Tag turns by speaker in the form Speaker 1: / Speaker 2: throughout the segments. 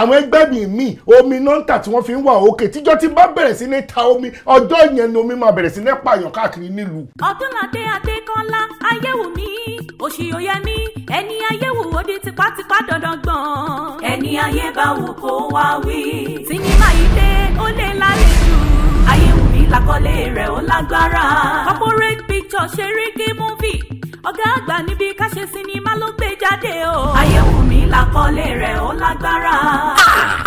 Speaker 1: àwọn ẹgbẹ́ mi mi omi nọ́ńtà tí wọ́n fi ń wà òkè tíjọ́ tí bá bẹ̀rẹ̀ sí ní ta omi ọjọ́ yẹn ni omi máa bẹ̀rẹ̀ sí ní pààyàn káàkiri nílùú.
Speaker 2: ọdúnládé adékọlá ayéwu mi òṣìyòyẹmí ẹni ayéwu òde tipátipá dandan gbọ̀n. ẹni ayé bá wò kó wá wí. sinimá yìí dé ó lè lálejò. ayéwu mi làkọlé rẹ̀ ó lágbára. corporate picture ṣeréke movie ọ̀gá àgbà níbi ká ṣe sinimá ló gbé jáde o. àyẹ̀wòmí làkọlé rẹ̀ ó lágbára.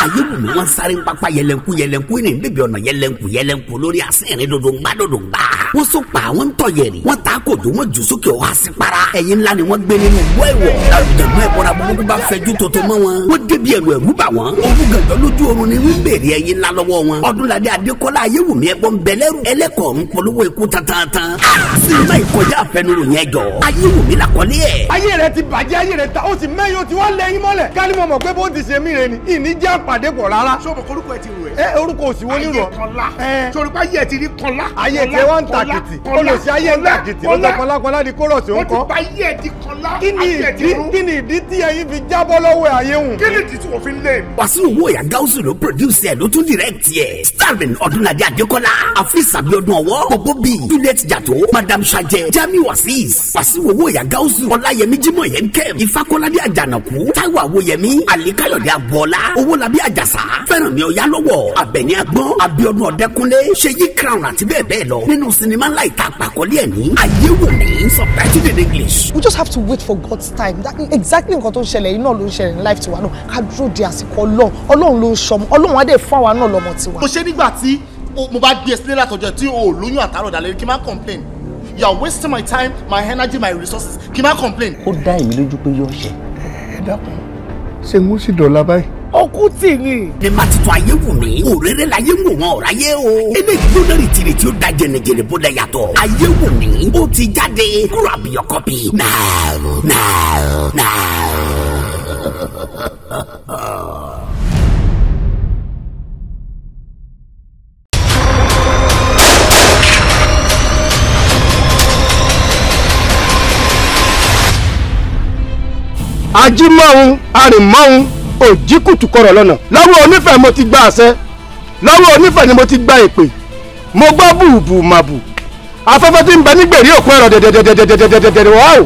Speaker 3: àyẹ̀wòmí ah, wọn sáré ń pápá yẹlẹ̀nkú yẹlẹ̀nkú ní níbi ọ̀nà yẹlẹ̀nkú yẹlẹ̀nkú lórí asẹ́rin dòdòǹgbà dòdòǹgbà. wọ́n sún pa àwọn ń wọ́n ta kò jó wọ́n jù sókè ó sí para. ẹ̀yin ńlá ni wọ́n gbé nínú gbọ́ ìwọ̀ àjẹmọ́ ẹ̀bọra burúkú bá fẹjú tòótọ́ mọ́ wọn. wọ́n débi ẹ̀rù ẹ̀rù bà wọ́n. òru gànjọ́ lójú oorun ni wọ́n bèrè ẹ̀yin ńlá lọ́wọ́ wọn ayé wù mí làkọ́lé ẹ̀. ayé rẹ ti bàjẹ́ ayé rẹ ta ó sì mẹ́yìn
Speaker 1: o ti wá lẹ́yìn mọ́lẹ̀ kárí mo mọ̀ pé bó ti ṣe mí rẹ ni ìní jẹ́ àpàdé pọ̀ rárá. sọ ma ko orúkọ ẹ ti rò ẹ. ẹ orúkọ òsì wo ni rọ. ayé kọlá torí pé ayé ẹ ti rí kọlá. ayé ẹ ti wá ń takìtì olùsí ayé ń takìtì ló lọkọlá kọlá di kóró sí òun kọ. kí ni ìdí tí
Speaker 3: ẹyin fi jábọ́ lọ́wọ́ ayé hùn. kí ni ìdí tí wọ́n fi lé. wàsíù wo ìyá gáúsù ló produce ẹ ló tún direct yẹ starring ọdúnladé wàásù owó ìyá gáúsù ọláyẹmí jímọ̀ yẹn kẹ́m ìfakọ́ládé àjànàkú táíwò àwòyẹmí àlíkáyọ̀dé àbọ̀ọ́lá owólabí àjàsà fẹ́rànmi ọ̀yálọ́wọ̀ àbẹ̀ní àgbọ̀n abíọ́dún ọ̀dẹ́kunlé ṣèyí crown àti bẹ́ẹ̀ bẹ́ẹ̀ lọ nínú sinimá ńlá ìta àpàkọ́lé ẹ̀ ní ayé wò ní subtitled in english.
Speaker 1: we just have to wait for God's time that exactly nǹkan tó ń ṣẹlẹ̀ iná ló ń ṣẹlẹ̀ ní life tiwa náà ká dúró de àsìkò ọlọ́run ọlọ́run ló ń ṣọmọ ọlọ́run á dẹ̀ fún àwa náà lọ́mọ tiwa. mo ṣe nígbà tí mo bá gbé e sílé látọjọ́ tí o ò lóyún àtàrọ̀dà lẹ́yìn complain you are wasting my time my energy my resources kí n má complain. ó dá èmi lójú pé yóò ṣe. ẹ
Speaker 3: dákun ṣé n ó sì dọ̀la báyìí. ọkú tì ní. ní má ti ayé wù mí òréré la yé wọn ọ̀rá yé o. eléyìí gbóná rìtìrì tí ó da jẹnẹjẹnẹ bó da yàtọ̀. ayé wù mí ó ti jáde grab your copy now now now.
Speaker 1: ajímọ̀hún arìmọ̀hún òjì kùtùkọ̀rọ̀ lọ́nà lọ́wọ́ onífẹ̀ mo ti gba àṣẹ lọ́wọ́ onífẹ̀ ni mo ti gba èpè mo gbọ́ bùbù màbù afẹ́fẹ́ tí ń bẹ nígbèrí
Speaker 4: òkú ẹ̀rọ dẹ̀dẹ̀dẹ̀dẹ̀dẹ̀dẹ̀dẹ̀ wá o.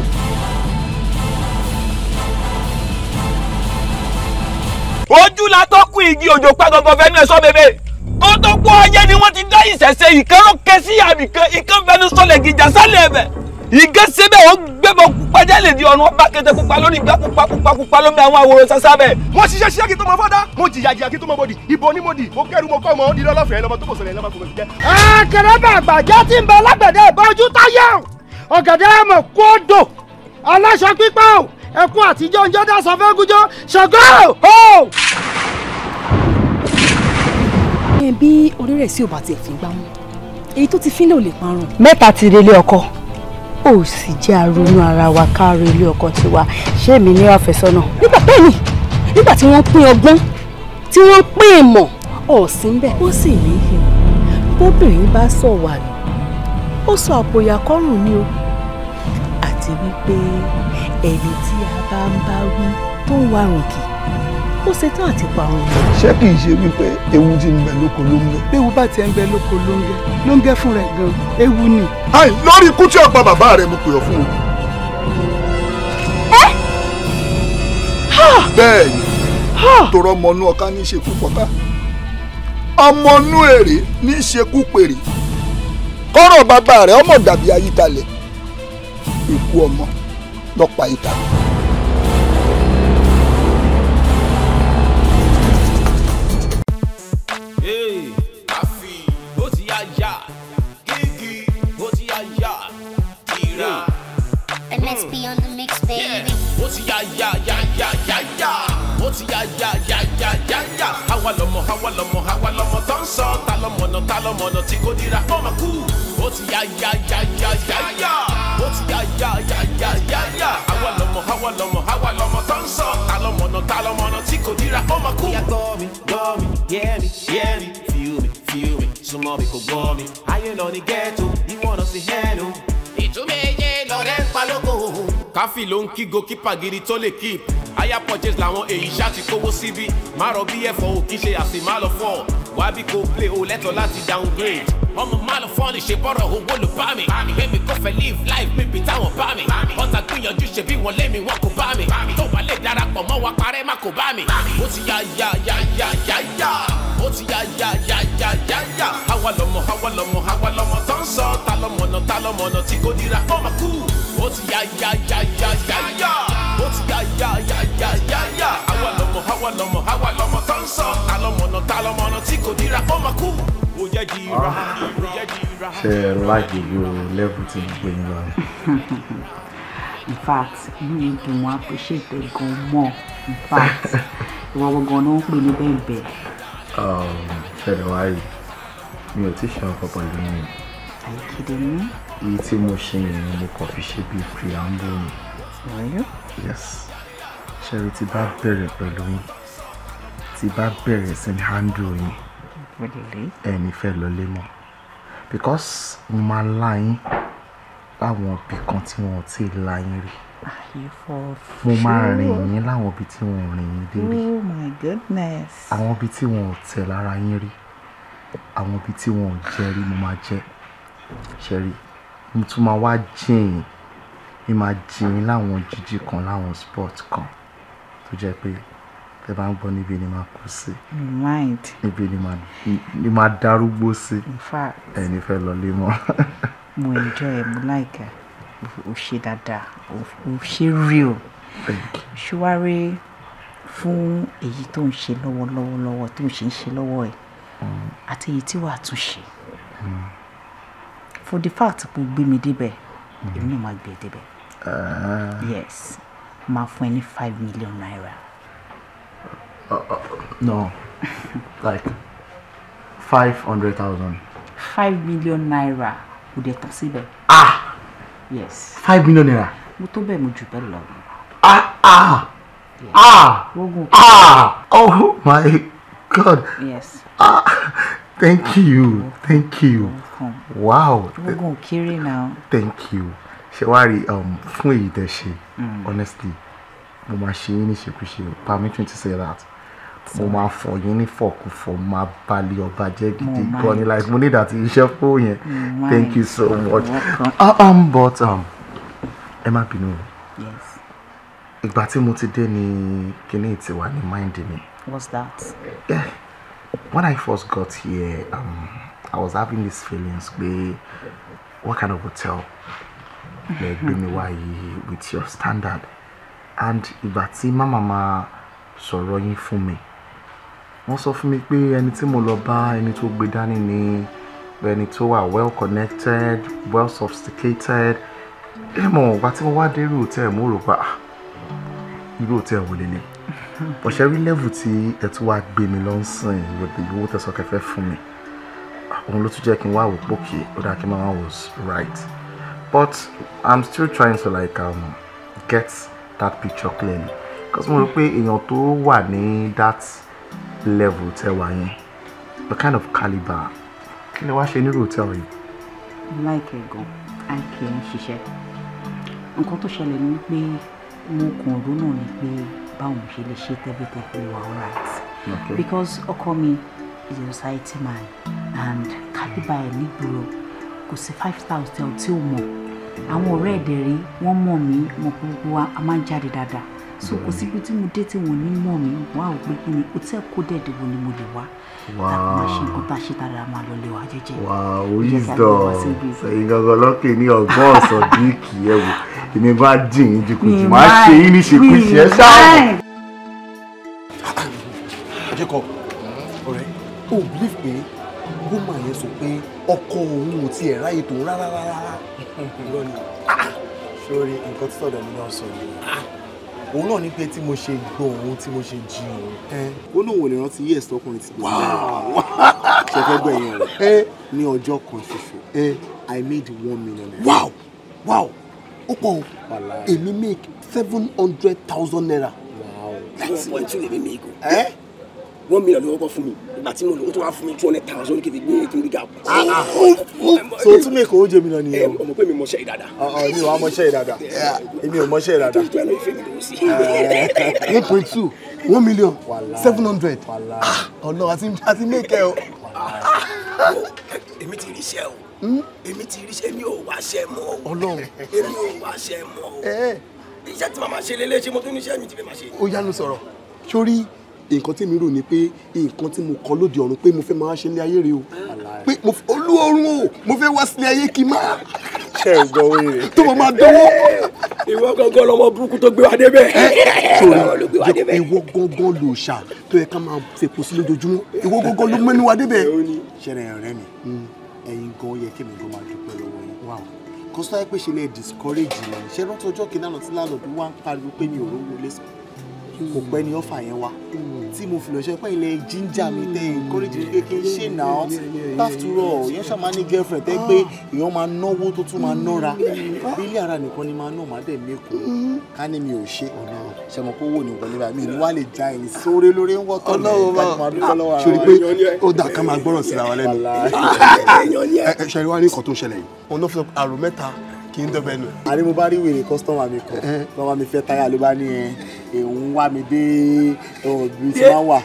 Speaker 4: ojú la tó kú igi òjò pa gangan fẹ́ ní ẹ̀ṣọ́ bèbè kó tó kú ọyẹ ni wọ́n ti dá ìṣẹ̀ṣe ìkànnì kẹsí àmì kan ìkànnì fẹ́nu sọlẹ̀ gìjà sálẹ̀ ẹ̀bẹ̀ ìgé síbẹ̀ ó gbẹ́bọ̀ pupa jálè di ọ̀run ọba kété pupa lórí ìgbà pupa pupa pupa lómi àwọn àwòrán sásá bẹ̀. mo ṣiṣẹ́ ṣiṣẹ́ kí tó mọ fọ́dá mo jìyà jìyà kí tó mọ bòdì ìbò ní mo dì mo kẹ́rù mo
Speaker 1: kọ́ ọmọ ó lọ́lọ́fẹ̀ẹ́ lọ́mọ tó kò sọ̀rọ̀ ẹ̀ lọ́mọ kò mọ̀ jẹ́. àkèrè bàbà jẹ́ tí ń bẹ lágbẹ̀dẹ ìbọjú táyà ọ̀gẹ̀dẹ̀ mọ̀ kódò aláṣọ pípọ̀ ẹkún àtijọ́ ń jọ́dá sọ fẹ́ gúnjọ́ ṣàgọ́ ò.
Speaker 2: bí orí rẹ̀ sí ò bá tiẹ̀ fi gbá mú èyí tó ti fínlẹ̀ ò lè parun.
Speaker 1: mẹ́ta ti relé ọkọ ò sì jẹ́ àrònú ara wa káàró ilé ọkọ tiwa ṣé èmi ní àfẹ́sọ́nà nígbà bẹ́ẹ̀ ni nígbà tí wọ́n pín ọgbọ́n tí wọ́n pín ìmọ̀ ọ̀sìn bẹ́ẹ̀. ó sì ní í bóbìnrin bá sọ̀wà nù ó sọ àpòyà ni o àti wípé ẹni tí
Speaker 5: a bá ń bá wí
Speaker 1: tó ń ó ṣetán àti pa àwọn èèyàn. ṣé kìí ṣe wípé ewu ti ń bẹ lóko ló ń gẹ. béwu bá tiẹ̀ ń bẹ lóko ló ń gẹ ló ń gẹ fún rẹ̀ gan ewu ni. àì lórí ikú tí ọ̀pá bàbá rẹ̀ mo pè ọ́ fún o. bẹ́ẹ̀ ni tòrọ ọmọnú ọ̀ká ní í ṣe kú pọ́ká ọmọnú èrè ní í ṣe kú pèrè kọ́rọ̀ bàbá rẹ̀ ọmọ dàbí ayítalẹ̀ ikú ọmọ lọ́pàá ìtàkùn.
Speaker 4: ya ya ya ya ya ya ó ti ya ya ya ya ya ya àwa lọmọ àwa lọmọ àwa lọmọ tó ń sọ ta lọmọnà ta lọmọnà tí kò dira ó mà kú ó ti ya ya ya ya ya ya ó ti ya ya ya ya ya ya àwa lọmọ àwa lọmọ àwa lọmọ tó ń sọ ta lọmọnà ta lọmọnà tí kò dira ó mà kú. ìyá gbọ́ mi gbọ́ mi yé mi yé mi fíú mi fíú mi súnmọ́ mi kò gbọ́ mi ayé lọ ní ghetto ìwọ̀n káfí ló ń kí goalkeeper gidi tó lè keep higher purchase làwọn èyí ṣáàtì kówó síbí má rọ bí ẹ̀fọ́ ò kí ṣe àsè má lọ fọ́ wá bí kò play o lẹ́tọ̀ọ́ láti downgrade ọmọ má lọ fọ́ lè ṣe bọ́rọ̀ owó ló bá mi èmi kò fẹ́ live life níbi táwọn bá mi ọ̀tá gbìyànjú ṣe bí wọ́n lémi wọn kò bá mi tó wà lè darapọ̀ mọ́ wa parẹ́ má kò bá mi ó ti yá yá yá yá yá yá ó ti yá yá yá yá yá yá àwa lọmọ àwa lọmọ àwa lọmọ tó sọ ta lọmọ náà ta lọmọ náà tí kò dira ó kú ó ti yá yá yá yá yá yá ó ti yá yá yá yá yá yá àwa lọmọ àwa lọmọ àwa lọmọ tó ń sọ talọmọnà talọmọnà tí kò dira ó máa kú ó yẹ di ra ó yẹ
Speaker 6: di ra. ṣe ẹ láàyè yóò lẹ́bù tí mo gbé
Speaker 1: yín lọ.
Speaker 3: in fact inú mi dùn wọn appreciate ẹ gan more. in fact
Speaker 1: ìwọ gbọ̀ngàn ló ń pè ní bẹ́ẹ̀ bẹ́ẹ̀. Um, ṣẹlẹ̀ wáyé mi ò tí ì ṣe ọkọ̀ pẹ̀lú mi. Are you kidding me? Èyí tí mo
Speaker 6: ṣe yẹn ni mo kàn preamble
Speaker 1: ni. you?
Speaker 6: Yes. Ṣẹ́rí ti bá bẹ̀rẹ̀ pẹ̀lú yín. Ti bá bẹ̀rẹ̀ sí ní handle yín. Ẹni fẹ́ lọlé mọ́. Because mo máa la yín
Speaker 1: láwọn ibì kan tí wọn ò tí ì la yín rí. Mo máa rìn yín láwọn ibi tí wọn ò rìn yín dé rí. Oh my goodness. Àwọn ibi tí wọn ò tẹ̀ lára yín rí. Àwọn ibi tí wọn ò jẹ́ rí mo máa jẹ́ ṣẹ́rí mo tún máa wá jìyìn mi máa jìyìn láwọn jíjì kan láwọn sport kan
Speaker 6: tó jẹ́ pé tẹ bá ń gbọ́ níbi ni máa kú sí níbi ni máa darúgbó sí ẹni fẹ́ lọ lé mọ́.
Speaker 1: mo enjoy ẹ mo like ẹ o ṣe dáadáa o ṣe o ṣùwárí fún èyí tó ń ṣe lọ́wọ́lọ́wọ́ tó ń ṣe ń ṣe lọ́wọ́ ẹ̀ mm. àti èyí tí wàá tún ṣe. Mm for the fact kò gbé mi débẹ̀ hmm. èmi náà máa gbé e
Speaker 6: débẹ̀
Speaker 1: yes máa fún ẹ five million naira.
Speaker 6: Uh, uh, no like five hundred thousand.
Speaker 1: five million naira kò dé tán síbẹ̀. ah yes. five million naira. mo tó bẹ́ẹ̀ mo jù bẹ́ẹ̀ lọ. ah ah yes. ah ah oh my god. yes. ah thank you thank you wow We ogun carry now thank you ṣe wá rí um, fún èyí tẹ́ ṣe mm. honestly mo máa ṣe yín ní
Speaker 6: ṣekúṣe permit me to say that mo máa fọ yín ní fọkùfọ máa balẹ̀ ọba jẹ́ gidi gan ni like mo need àti iṣẹ́ fún yẹn thank you so much uh, um, but um, ẹ má bínú ìgbà tí mo ti dé ni kíní ìtiwà ní mind mi. what's that. Yeah when I first got here, um, I was having these feelings pé what kind of hotel Like, gbé me why with your standard and ìgbà tí màmá ma mama yín for me. wọ́n sọ me be pé ẹni tí mo lọ bá ẹni tó gbé dání ni ẹni tó wà well connected well sophisticated ẹ mọ̀ ọ̀gbà tí mo wá dé irú òtẹ́ẹ̀ mo rò pa ah, irú òtẹ́ẹ̀ wò bó ṣe rí level tí ẹ tún wáá gbé mi lọ sìn ìrọ̀bì owó tẹ̀sán kẹfẹ́ fún mi òun ló tún jẹ́ kí n wá wò pókè ó dáa kí n máa was right but i'm still trying to like um, get that picture clearly because mo rò pé èèyàn tó wà ní that level tẹwà yẹn the kind of caliber kí ni wàá ṣe nírò tẹwà yìí.
Speaker 1: láìpẹ́ gan àìkè ń ṣiṣẹ́ nǹkan tó ṣẹlẹ̀ ni pé mo kàn ronú ni pé báwọn ṣe lè ṣe tẹ́bítẹ́ pé wà all right okay. because ọkọ mi is a society man and kálíbà ẹ̀ nígboro kò sí five thousand tí ó mọ̀ àwọn ọ̀rẹ́ ẹ̀dẹ̀ rí wọ́n mọ̀ mí mọ̀ gbogbo wa a máa ń jáde dáadáa so kò síbi tí mo dé tí wọn ní mọ mi wọn àwọn pé kí ni hotel coded wo ni mo lè wá láti máa ṣe nǹkan tá a ṣe tara máa lọ lè wá jẹjẹ. ó, á wisdom
Speaker 6: ẹ̀yin gangan lọ́kè ní ọgbọ́n ọ̀sán
Speaker 1: bíi kì í ẹ̀wò èmi bá dìn yín jùkùjù máa ṣe yín ní ṣèkúṣe ẹ̀ ṣáà. Jacob ọ̀rẹ́ o believe pé gómà yẹn sọ pé ọkọ òun ò tiẹ̀ ráyè tó rárá rárá. Ah, ah. sórí nǹkan tí sọ̀dọ̀ mi náà sọ yìí òun náà ní pé tí mo ṣe gbọ́ òun tí mo ṣe jí òun. ó lóun ò lè rántí yíyẹ sọkùnrin ti pè é ṣe fẹ́ gbẹ̀yìn rẹ̀ ní ọjọ́ kan ṣoṣo I made one million wow wow ó pọ̀ o èmi make seven hundred thousand naira. wow one point two lèmi make o one million ló kọ́kọ́ fún mi ìgbà tí mo lò ó tó wá fún mi two hundred thousand kí n fi gbé kí n fi ga. Ah, ah, ah. so o tún lè kó o jẹ mi lọ nìyẹn o. ọmọ pé mi mọṣẹ́ ìdàdà. èmi ò wá mọṣẹ́ ìdàdà èmi ò mọṣẹ́ ìdàdà. tó ìlú ìfẹ́ mi lò ó sí. eight point two one million seven hundred ọ̀nà àti mẹ́kẹ́ o. èmi ti rí iṣẹ́ o hmm? èmi ti rí iṣẹ́ mi ò wá ṣẹ́ mọ́ o èmi ò wá ṣẹ́ mọ́ o eh. iṣẹ́ tí màmá ṣe lélẹ́ṣẹ́ mo tún ní iṣẹ́ mi ti fẹ́ máa ṣe. ó yá ló sọ̀rọ̀ sórí nǹkan tí mi rò ni pé nǹkan tí mo kọ lóde ọ̀run pé mo fẹ́ máa ṣe ilé ayé
Speaker 3: rè o pé olúorun o mo fẹ́ wá sílé ayé kí n máa ṣe é gbọ́
Speaker 4: wẹ́rẹ́ tó mo máa dánwó. ìwọ gangan lọmọ burúkú tó gbé wa débẹ̀. sori
Speaker 1: ìwọ gangan ló ṣà tó yẹ ká máa fèpò sí lójoojúmọ́ ìwọ gangan ló mẹ́nu wa débẹ̀. ṣẹlẹ ọ̀rẹ́ mi hmm, ẹ̀yin gan yẹ kí mi ló máa dúpẹ́ lọ́wọ́ yín kọ́sọ́ ẹ pé ṣe lè discourage mi ṣé rántí ọjọ́ kìnnà tí lálọ́dún wá ń pariwo pé mi ò rówó lẹ́sìn kò pẹ́ ní ọ́fà yẹn wá hmm. tí mo fi lọ ṣe pé ilẹ̀ jíńjà mi tẹ hmm. encourage pé kí n ṣe náà after all yẹn ṣáà máa ní girlfriend tẹ́ pé ah. èèyàn máa náwó tó tún máa nára hmm. ah. ilé ara nìkan ni máa ná máa dẹ̀ mẹ́kọ̀ọ́ ká ní mi ò ṣe ọ̀nà ṣe mọ̀ pé owó ni wọlé bá mi ní wàá lè ja ẹ̀yìn sórí lórí ń wọ́tọ̀ ní ká máa dúpẹ́ lọ́wọ́ ara ah. ṣòrí pé ó dà ká máa gbọ́rọ̀ síra wa lẹ́nu ṣe wá ní nǹkan tó ṣẹlẹ̀ yìí òun náà fi àrò mẹ́ta kì í dọ́bẹ̀ nù. àní mo bá rí wèrè kọ́sítọ́mà mi kọ́ lọ́wọ́ eh. mi fẹ́ táyà ló bá ní ẹ eh, èhún wá mi dé òbí tí wọ́n wà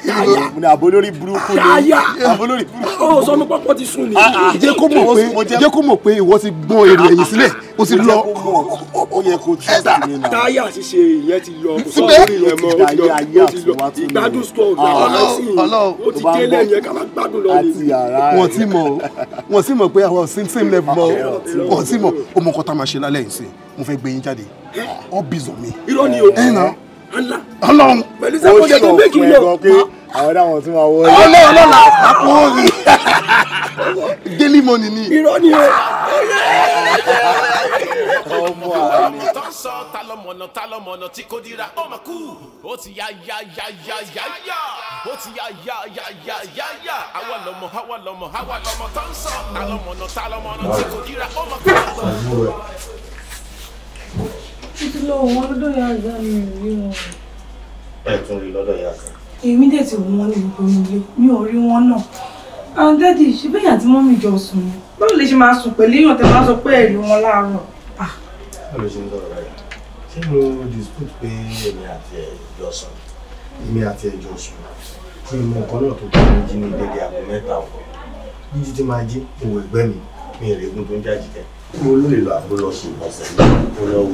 Speaker 1: mo ní àbólórí burúkú ni àbólórí burúkú. ó sọ mi pọ́pọ́ ti sùn ni. Ah, ah. jẹ́ kó mọ̀ pé jẹ́ kó mọ̀ pé ìwọ ti gbọ́n èrè ẹ̀yìn sílẹ̀ o ti lọ. ó yẹ kó trust mi náà. táyà ṣíṣe ìyẹn ti lọ kò sọ orí rẹ mọ ó ti lọ ó ti lọ ìgbádùn store ọ̀gá ah. ọlọ́sìn ó ti dé lẹ́yìn ẹ̀ ká
Speaker 3: máa gbádùn lọ ni. wọ́n ti
Speaker 1: mọ̀ wọ́n ti mọ̀ pé àwọn same same level mọ̀ wọ́n ti mọ̀ ó mọ̀ kọ́ta máa ṣe lálẹ́ yìí sí mo fẹ́ gbé yín jáde all biz on me. irọ́ ni o. ẹ̀ náà ńlá. Ọlọ́run
Speaker 5: ó sọ fún ẹ gan pé
Speaker 1: àwọn dáwọn tún máa wọlé. Ọlọ́run lọ́la àpò rí daily money ni. Irọ́ ni o.
Speaker 4: Ọmọ àlè. Tọ́sọ̀ talọ́mọ̀nà talọ́mọ̀nà tí kò dira ọmọ kú. Ó ti ya ya ya ya ya ya. Ó ti ya ya ya ya ya ya. Àwa lọmọ àwa lọmọ àwa lọmọ tọ́sọ̀ talọ́mọ̀nà talọ́mọ̀nà tí kò dira ọmọ kú lọ wọn lọ́dọ̀ ìyá ìyá mi ò rí wọn.
Speaker 1: ẹ tún rí lọ́dọ̀ ìyá kan.
Speaker 2: èmi dẹ̀ ti wò wọ́n ní gbogbo ilé mi ò rí wọn náà. àwọn dádì ṣe bẹ́ẹ̀ yàn tí wọ́n mi jọ sùn ni. báwo lè ṣe máa sùn pẹ̀lú èèyàn tẹ́ máa sọ pé ẹ̀rí wọn láàárọ̀. Ah.
Speaker 1: báwo lè ṣe ń sọ̀rọ̀ báyìí ṣé mo dispute pé èmi àti ẹ̀ jọ sùn èmi àti ẹ̀ jọ sùn kí ni mo kọ́ náà tó kí mi jí ní dédé aago mẹ́ta ọ̀pọ̀ mo ló lè lọ àbó lọ ṣe ìgbọ̀nsẹ̀ mo lọ wò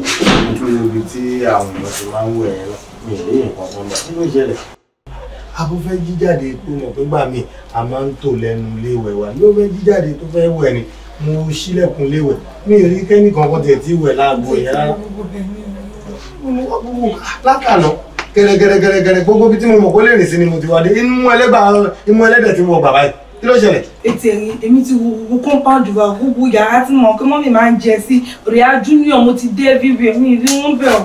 Speaker 1: nítorí ibi tí àwọn èèyàn ti máa ń wẹ̀ ẹ́ mi ò léyìn nǹkan kan lọ kí ló ṣẹlẹ̀ abúfẹ́ jíjáde tó mọ̀ pé gbà mí a máa ń tò lẹ́nu léwẹ̀ wa ló fẹ́ jíjáde tó fẹ́ wẹ̀ ni mo ṣílẹ̀kùn léwẹ̀ mi ò rí kẹ́nì kankan tẹ̀ tí wẹ̀ láago yẹn rárá látànà gẹ́rẹ́gẹ́rẹ́gẹ́rẹ́ gbogbo bí tí mo mọ̀ kó lè rìn sí ni mo ti mo bàbá kí ló ṣẹlẹ̀.
Speaker 2: ètò ẹ̀rìn èmi ti wo compound wa gbogbo yàrá tí mo kí mọ́mì máa ń jẹ sí rẹ̀ junior mo ti dé everywhere mi ìlú wọn bẹ̀ ọ́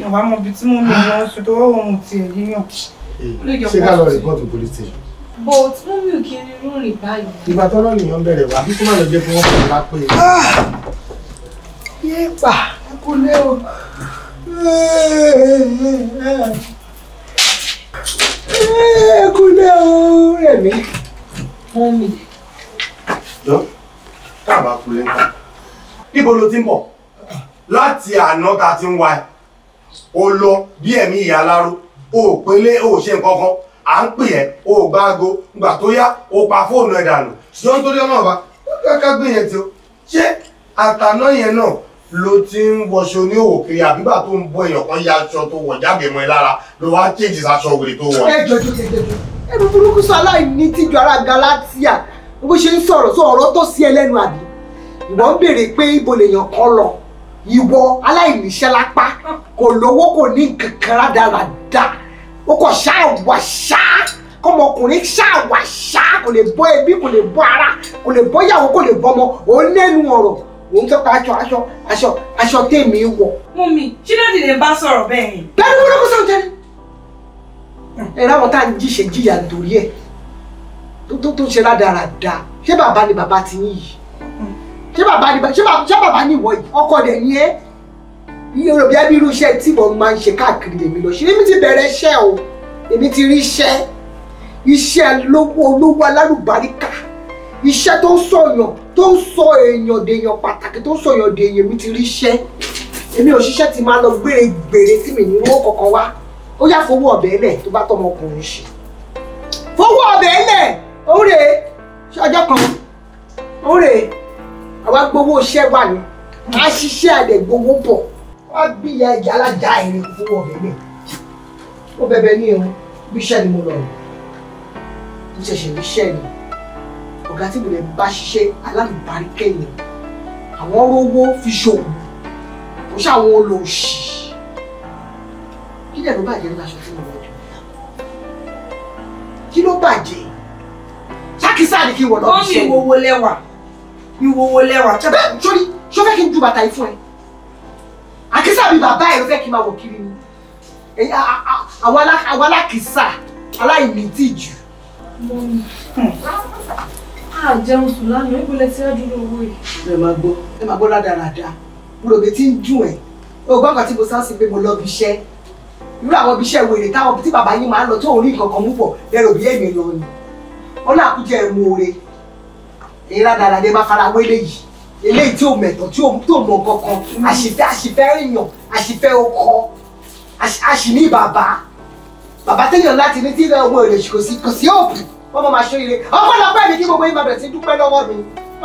Speaker 2: ìwà mọ̀ bí tí mo lè yan oṣù tó wọ́n wọn ti rí yàn.
Speaker 1: ṣé ká lọ report police station.
Speaker 2: but mọ́mì ò kiri irú rìn báyìí.
Speaker 1: ìgbà tọ́lọ́ nìyàn bẹ̀rẹ̀ wá bí kí má lọ jẹ́ kí wọ́n fún un lápẹ́. Ah! ẹ fún mi. jọ káàbà kulẹ̀ ń ta níbo ló ti ń bọ̀ láti àná ta ti ń wa ẹ̀ o lọ bí ẹ̀mí ìyá aláró o ò pélé o ò ṣe nǹkan kan à ń pè ẹ́ o gbá aago gbà tó yá o pa fóònù ẹ̀ dànù ṣùgbọ́n nítorí ọ̀nà ọba káká gbìyànjú ṣé àtàná yẹn náà ló ti ń wọṣọ ní òwò kiri àbígbà tó ń bọ èèyàn kan ya aṣọ tó wọ̀ jáde mọ́ ẹ lára ló wá kéjì sáṣọ wèrè tó wọ̀. ẹ jọjọ ẹ ẹnu burúkú sọ aláìní tíjú ara galatia bó ṣe ń sọ̀rọ̀ sọ ọ̀rọ̀ tó sí ẹlẹ́nu àbí ìwọ ń béèrè pé ibo lèèyàn kan lọ ìwọ aláìníṣẹ́ lápá kò lówó kò ní kankan rádaràda ó kọ̀ ṣáà wà ṣáà kọmọkùnrin ṣáàwà ṣáà kò lè bọ́ ẹbí kò lè bọ́ ara kò lè bọ́ ìyàwó kò lè bọ́ ọmọ òun lẹ́nu ọ̀rọ̀ òun fẹ́ pa aṣọ aṣọ aṣọ aṣọ tèmi wọ̀.
Speaker 2: mummy ṣílẹ̀ ti lè bá
Speaker 1: sọ̀rọ̀ bẹ́ẹ̀. bẹ́ẹ̀ ni wọ́n lọ́kọ́ sọ̀rọ̀ tẹ́lẹ̀ ẹ ráwọn tá à ń jíṣe jìyà nítorí ẹ tó tó ṣe rádaràda ṣé bàbá ni bàbá ti yín yìí ṣé bàbá ni ṣé bàbá ni ìwọ yìí ọkọ rẹ ni ẹ yorùbá ẹbí irú iṣẹ́ tí mo máa ń ṣe káàkiri èmi lọ ṣe èmi ti bẹ̀rẹ̀ iṣẹ́ o èmi ti rí iṣẹ́ iṣẹ́ lówó olówó alálùbáríkà iṣẹ́ tó ń sọ èèyàn tó ń sọ èèyàn dèèyàn pàtàkì tó ń sọ èèyàn dèèyàn mi ti rí iṣẹ́ èmi ò ṣiṣẹ́ ti máa lọ gbére gbére tí mi ní owó kankan wá ó yá fowó ọbẹ̀ lẹ̀ tó bá tọmọ ọkùnrin ṣe fowó ọbẹ̀ lẹ̀ òre ṣọjọ́ kan òre àwa gbowó iṣẹ́ wà ní a ṣiṣẹ́ àdẹ̀ gbowó pọ̀ wá gbìyà ẹja alájà ẹ̀rẹ̀ fowó ọbẹ̀ lẹ̀ ó bẹ̀bẹ̀ ní o bí iṣẹ́ ni mo lọ rò mo ṣẹ̀ṣẹ̀ rí iṣẹ́ ni ọ̀gá tí mo lè bá ṣiṣẹ́ alálùbáríkẹ́ ni àwọn rówó fi ṣòwò kò ṣàwọn olóòṣì kí lẹ̀ ló bàjẹ́ ló aṣọ tí mo wọ̀ jù kí ló bàjẹ́ ṣákísà ni kí wọ̀ lọ́ọ́ fi ṣe. ó ní ìwòwò lẹ́wà ìwòwò lẹ́wà. ṣẹ́bẹ́ sórí ṣó fẹ́ kí n ju bàtà yìí fún ẹ àkísà mi bàbá ẹ̀ ló fẹ́ kí n máa wọ̀ kiri ni àwọn alákìsà aláìní tìjú.
Speaker 2: Hmm.
Speaker 1: a jẹun sùn lánàá ìpínlẹ̀ tí wàá dúró owó yìí. ẹ máa gbọ́ ẹ máa gbọ́ rádaràda mo rò pé tí ń dùn ẹ̀ ògbọ́n kan tí mo sá sí pé mo lọ bí iṣẹ́ irú àwọn ibi iṣẹ́ wèrè táwọn tí bàbá yín máa ń lọ tó orí nǹkan kan mú pọ̀ lẹ́rọ bí èmi lọ ni ó náà kú jẹ́ ẹ̀mú oore èyí ládàlà dé máa fara wé léyìí eléyìí tí ò mẹ̀tọ̀ tí ò mọ kankan àṣìfẹ́ àṣìfẹ́ èèyàn àṣìfẹ́ ọkọ àṣìní bàbá bàbá téèyàn láti ní tí ilẹ̀ ọmọ èrè kò sí kò sí òòpù wọ́n máa ṣó ire ọpọlọpọ ẹ̀mí kí gbogbo yín máa bẹ̀rẹ̀ sí dúpẹ́ lọ́wọ́ mi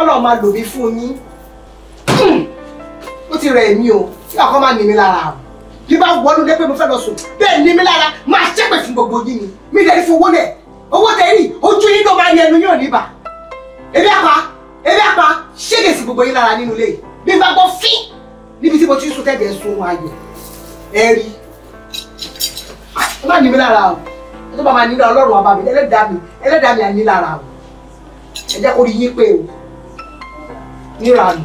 Speaker 1: ọlọ́run máa lò mí fún yín hmm. ó ti rẹ̀ mí o tí àkọ́ máa nì mí lára o bí bá wọnú lé pé mo fẹ́ lọ sùn bẹ́ẹ̀ ní mi lára máa ṣépè fún gbogbo yín ni mi lè fowó lẹ̀ owó tẹ̀rí ojú yín ló máa yẹnu yóò níbà ebi àpá ebi àpá ṣége sí gbogbo yín lára nínú ilé bí bá gbọ́ fín níbi tí mo ti sùn tẹ̀dẹ̀ sun ohun ayọ̀ ẹ rí ah, ẹ má ní mi lára o ẹ tó bá máa nílò ọlọ́run ọba mi ẹlẹ́dàá mi ẹlẹ́dàá mi àní lára o ẹ jẹ́ kó rí yín pé o níranù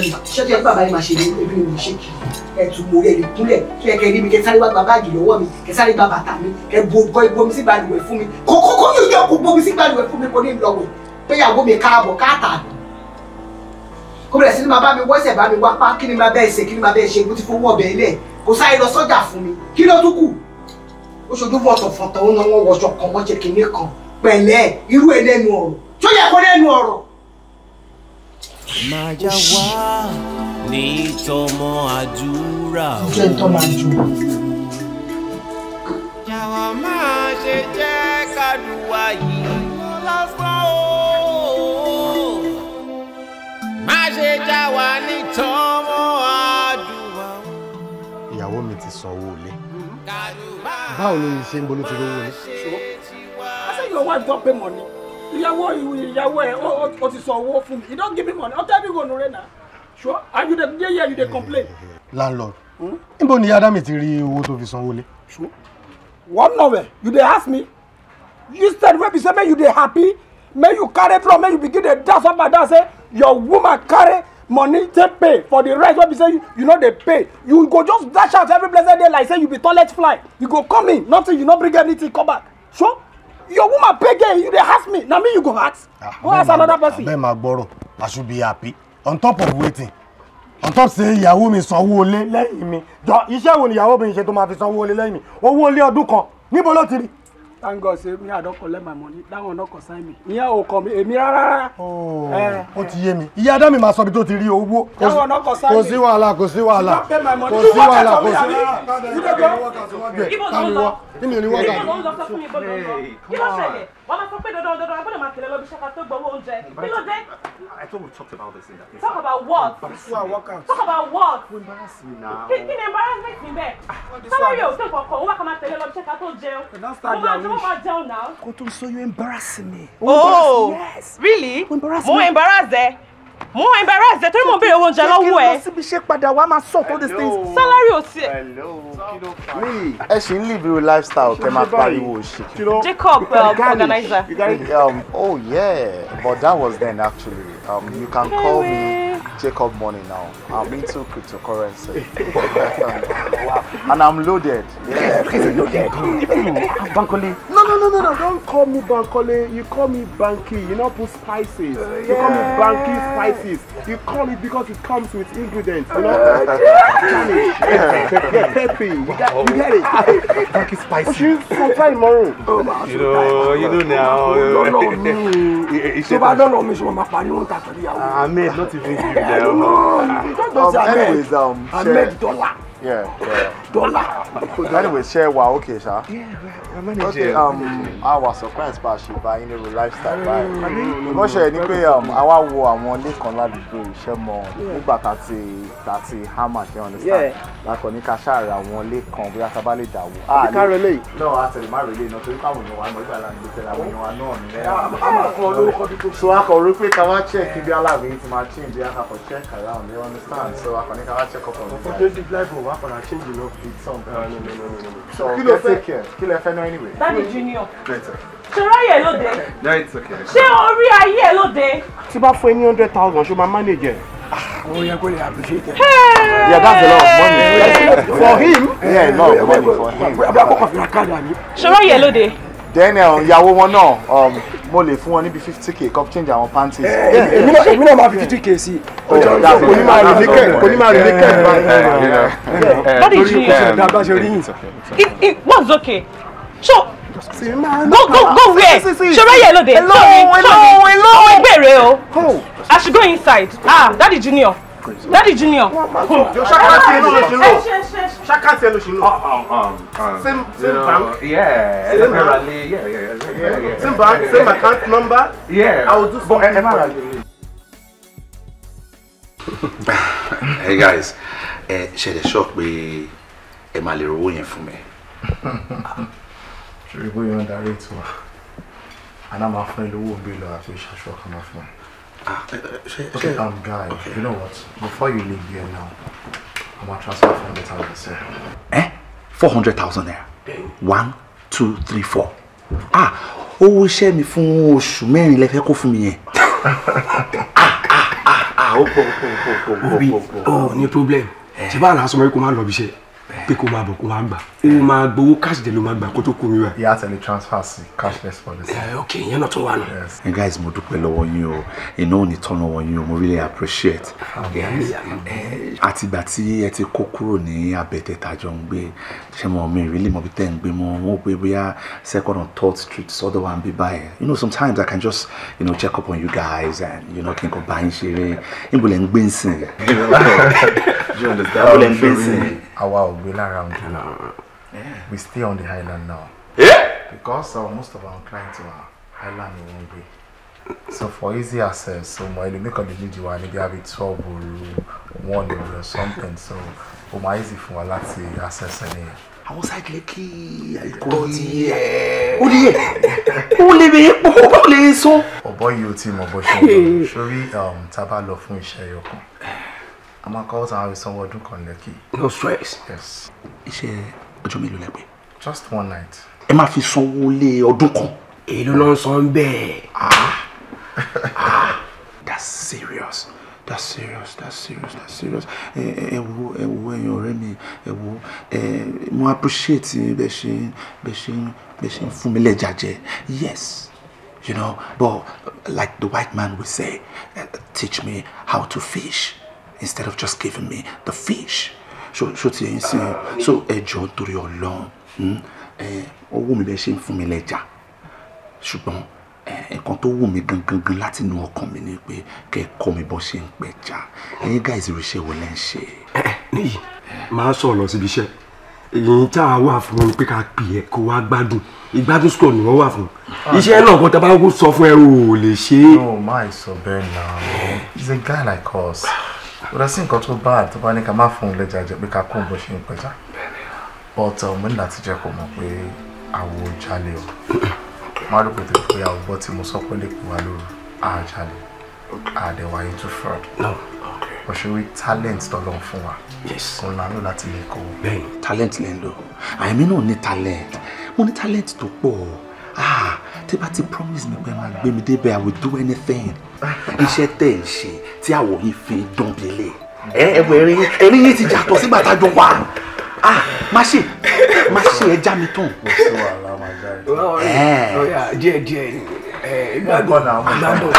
Speaker 1: ṣẹ́jẹ́ bí bàbá yìí máa ṣe ní ebi mi ṣe kì í ẹ̀tún mo rí ẹni kúnlẹ̀ kí ẹ kẹrí mi kẹ sáré wá gba báàgì lọ́wọ́ mi kẹ sáré gba bàtà mi kẹ bo kọ ibomi sí balùwẹ̀ fún mi kókó kó yóò yọ kó bomi sí balùwẹ̀ fún mi kó ní ìlọ́wọ̀ pé ìyàwó mi káàbọ̀ káàtà mi kó bẹ̀rẹ̀ sí ni máa bá mi wọ́sẹ̀ bá mi wá pa kí ni máa bẹ́ẹ̀ ṣe kí ni máa bẹ́ẹ̀ ṣe mo ti fowó ọbẹ̀ ilẹ̀ kò sáré lọ sọ́jà fún mi kí ló tún kù ó ṣojú fọ̀tọ̀fọ̀tọ̀ ó náwó wọṣọ kan wọ́n ṣe kinní kan pẹ̀lẹ́ irú ẹ̀ lẹ́nu ọ̀rọ̀ tó yẹ máa já wá
Speaker 7: ní tọmọ àdúrà o. jẹ́ tọ́mọ àdúrà. jàwọ́ máa ṣe jẹ́ kádùúwà yìí lásán o. má ṣe já wá ní tọmọ àdúrà. ìyàwó mi ti
Speaker 1: sanwó ilé báwo ló ṣe ń bolú ti rówó ni.
Speaker 7: ṣé your wife don pay money ìyàwó
Speaker 1: ìyàwó ẹ o ti sọ owó fún mi you don't give me money ọtá ẹbí wo nù rẹ na? sure and you dey dey here you dey complain. landlord hmm? níbo ni adam ti rí owó tó fi sanwó lé. sure one novel you dey ask me you said wey be say make you dey happy make you carry from. make you begin dey dance up and down say your woman carry money take pay for the rent wey be say you, you no know, dey pay you go just dash out every blessed day like say you be toilet fly you go come in nothing you no bring anything come back Sure your woman pay girl you dey ask me na me you go ask ah, go ask another person. abeg ma gbọ́rọ̀ i should be happy on top of waiting, on top say ìyàwó mi sanwó le lẹ́yìn mi jọ iṣẹ́ when ni ìyàwó mi ṣe tó máa fi sanwó le lẹ́yìn mi owó olé ọdún kan níbo ló ti tiri. thank god say me i don collect my money that one not consign me ìyẹn ò kàn èmi rárá. Oh, eh, ó ti yé mi ìyá dá mi máa sọ bí tó ti rí owó kò sí wàhálà kò sí wàhálà kò sí wàhálà
Speaker 7: kò sí wàhálà
Speaker 2: kí ni oníwọ́n gà. wọ́n lọ sọ fún mi gbọ́dọ̀ lọ kí ló ṣẹlẹ̀ wọ́n máa sọ pé dandan dandan agbọ́dọ̀ máa tẹ̀lé lọ́bí ṣẹ́ka tó gbọ́wọ́ oúnjẹ kí ló dé.
Speaker 3: I thought we talked about this in that. talk about
Speaker 2: what. talk about what. kí ni embarrassment mi bẹ́ẹ̀. Ah, sọ́wọ́n yóò tó kọ̀ọ̀kan owó àkàmà tẹ̀lé lọ́bí ṣẹ́ka tó jẹun. mo máa jẹun máa jẹun náà. kò tó so you embarrass me. oh yes. really mo embarrass ẹ mo wà embarrassed ẹ torí mo béèrè owó oúnjẹ lọ́wọ́ ẹ. kí ló síbi ṣe
Speaker 1: padà wá máa sọ all these things. salary ò sí
Speaker 6: mi ẹ ṣì ń live your lifestyle
Speaker 1: kẹ máa pariwo ṣe. Jacob um, organizer. Um, oh yeah but that was then actually um, you can call me Jacob Money now I'm into cryptocurrency and I'm loaded. Yeah. loaded. Bankole. no no, no, no, don't call me Bankole. You call me Banky. You know, put spices. Uh, yeah. You call me Banky spices. You call it because it comes with ingredients. You know?
Speaker 3: Uh, yeah. yeah. yeah. Pepe. You, got, you get it. Banky spices. You sometime tomorrow. Oh, You know, you know now. Don't know me. If I don't know, me, Mama Parion, that's what you are. not even you now. No, no. Don't say Ahmed. Dollar. Yeah, yeah.
Speaker 1: Dollar. anyway, share wow, okay, sir. Yeah, we're managing. Okay, um, I was surprised by she by any lifestyle by. Because share any pé um, àwa wo àwọn ilé kan ládùúgbò iṣẹ́ mọ̀ nígbà tàti tàti
Speaker 6: hammer ṣe understand. Lákọ̀ ní ká ṣàrà àwọn ilé kan bóyá tá a bá lè dàwó. A lè ká rẹ̀ relate. No, a tẹ̀lé má relate. No, so you can't know. I'm not even láti tẹ̀lé àwọn èèyàn wa náà ní lẹ́yìn. A máa fún ọ lórúkọ tuntun. So a kọ̀ rí pé ká wá check ibi aláàbí ti máa change bí a kà check around you understand so a kọ̀ ní ká
Speaker 1: check up on Ọkọ̀ tó di fly over máa padà change you know it's some no no no no no so kí ló fẹ́ kí ló fẹ́ náà anyway. dadi junior
Speaker 2: ṣọlá yẹ lóde ṣé orí ayé ẹ lóde.
Speaker 1: tí bá fún ẹ ní hundred thousand ṣó my manager. Ah, oh, you're going to appreciate it. Hey! Yeah, that's a lot of money. For him? Yeah, no, lot of money for him. Ṣọlá yellow day. Daniel, ìyàwó wọn náà. Um, mo lè fún wọn níbi fifty k cup change àwọn panties. Eh, èmi náà èmi náà máa fi fifty k sí. onímọ̀ oh, rìníkẹ̀ onímọ̀ rìníkẹ̀
Speaker 4: eh, báyìí. bọ́dì eh,
Speaker 2: jí what's okay so go go go where ṣọlá yẹ lóde ṣọmi ṣọmi ẹgbẹ́ rẹ o I should go inside ah daddy junior crazy. Daddy Junior.
Speaker 1: Yo, ṣákàtì ẹ̀ Same same bank.
Speaker 4: Yeah, same bank. Yeah, yeah, yeah. Same bank, same account number. Yeah. I will do something.
Speaker 5: Eh, hey guys,
Speaker 1: ẹ ṣẹlẹ̀ ṣọ́ pé ẹ máa lè rówó yẹn fún mi.
Speaker 6: Ṣé ìbò yóò ń darí ètò wa? Àná máa fún ẹ lówó bí lọ àti ìṣàṣọ
Speaker 1: kan máa fún Ah, uh, okay, um, guy, okay. you know what? Before you leave here now, I'm gonna transfer 400,000 eh? naira. Eh? 400,000 naira? One, two, three, four. Ah, oh, share me fún oṣù mẹ́rin lẹ fẹ́ kó fún mi yẹn.
Speaker 4: Ah, ah, ah, ó pọ̀, ó pọ̀, Oh, pọ̀, ó pọ̀, ó
Speaker 1: pọ̀. Ó ní problem. Ṣé báà lásán mọ́ ikú máa ń lọ bí iṣẹ́? pé kó máa bọ̀ kó máa gbà ó máa gbowó cash dẹ̀ ló máa gbà kó tó kú mi wá. he has transfer sí cashless policy. ẹ eh, ok ìyẹn náà tún wà nù. ẹ guys mo dúpẹ́ lọ́wọ́ yín o iná ò ní tọ́nà wọ yín o mo really appreciate. Eh, àtìgbà tí ẹ ti kó kúrò ní abẹ́tẹ̀ tàjọ ń gbé ṣé mo mi really mo bí tẹ́ ń gbé mọ́ wọ́n gbé bóyá second or third street sọ́dọ̀ wa ń bí báyẹn you know sometimes I can just you know, check up on
Speaker 3: you guys and you know kí n kò bá yín ṣeré ń bolẹ̀ ń gbé ń sìn. ń
Speaker 1: bolẹ̀
Speaker 6: ń gbé ń sìn àwa ò gbé lára we stay on the highland now yeah. because uh, most of our clients are highland ni wọ́n gbé so for easy access so mo ẹlòmí kan lè méjì maybe have àbí twelve or one or something so ó máa easy fún wa láti access ẹni yẹn.
Speaker 1: àwọn sáìkì lẹ́kì àìkúrò ti yẹ ó lè yẹ ó lè bẹ pọ ó lè sọ. ọ̀bọ yìí ó ti mọ̀ bó ṣe ń lọ sórí um, tá lọ fún iṣẹ́ yọkan a máa kọ́ ọ̀tà àwọn ìsanwó
Speaker 6: ọdún kan lẹ́kì. no stress. yes.
Speaker 1: iṣẹ́ ọjọ́ mélòó lẹ
Speaker 6: just one night.
Speaker 1: ẹ máa fi sanwó lé ọdún kan. èló ló ń san bẹ́ẹ̀. ah ah,
Speaker 4: ah. that's serious that's serious that's serious that's serious ẹ wo ẹ
Speaker 1: wo ẹ̀yin ọ̀rẹ́ mi ẹ wo ẹ mo appreciate bẹ ṣe bẹ ṣe bẹ ṣe fún mi lẹja jẹ yes you know but like the
Speaker 4: white man will say uh, teach me how to fish instead of just giving me the fish so so so, sìn so ẹjọ́ torí Ọlọ́run hmm?
Speaker 1: ó wù mí bẹ́ẹ̀ ṣe ń fún mi lẹ́jà ṣùgbọ́n ẹ̀kan tó wù mí gangan láti inú ọkàn mi ni pé kẹ́ ẹ kọ́ mi bọ́ ṣe ń pẹja ẹ̀yin guys ìrìṣẹ́ wo lẹ́ ń ṣe. níyì máa sọ̀rọ̀ lọ síbi iṣẹ́ èyí tá a wà fún ni pé ká pè ẹ́ kó wá gbádùn ìgbádùn school ni wọ́n wà fún ah. iṣẹ́ náà kó tábà kó sọ fún ẹ o ò lè no
Speaker 6: my sọ bẹ́ẹ̀ now. Eh. he's a guy like us
Speaker 1: kò dẹ̀ sí nǹkan tó bad tó bá ní
Speaker 6: ká má fún un lẹ́jà jẹ́ pé ká kó bó ṣe ń pẹja but ọmọ um, ní láti jẹ́ kó mọ̀ pé àwo jalè o má rí pé pé àwo bọ́ tí mo sọ pé lè pè wá lóru àjálè àdẹ̀wà into fraud òṣèré talent tọ́lọ́ fún wa
Speaker 1: òun la lò láti lè kó. bẹ́ẹ̀ni talent lè ń lò àìmí ní talent mo ní talent tó pọ̀ o ah tí bá ti promise me, pé máa gbé mi débẹ̀ i will do anything
Speaker 3: iṣẹ́ tẹ̀ ń ṣe tí àwọ̀ yìí fi dán bí lè Eh, ẹwọ ẹrin ẹrin yìí ti jàtọ̀ sígbà tá a jọ wà ah má ṣe má ṣe ẹ já mi tán. díẹ̀ díẹ̀ ìgbàgbọ́ ìgbàgbọ́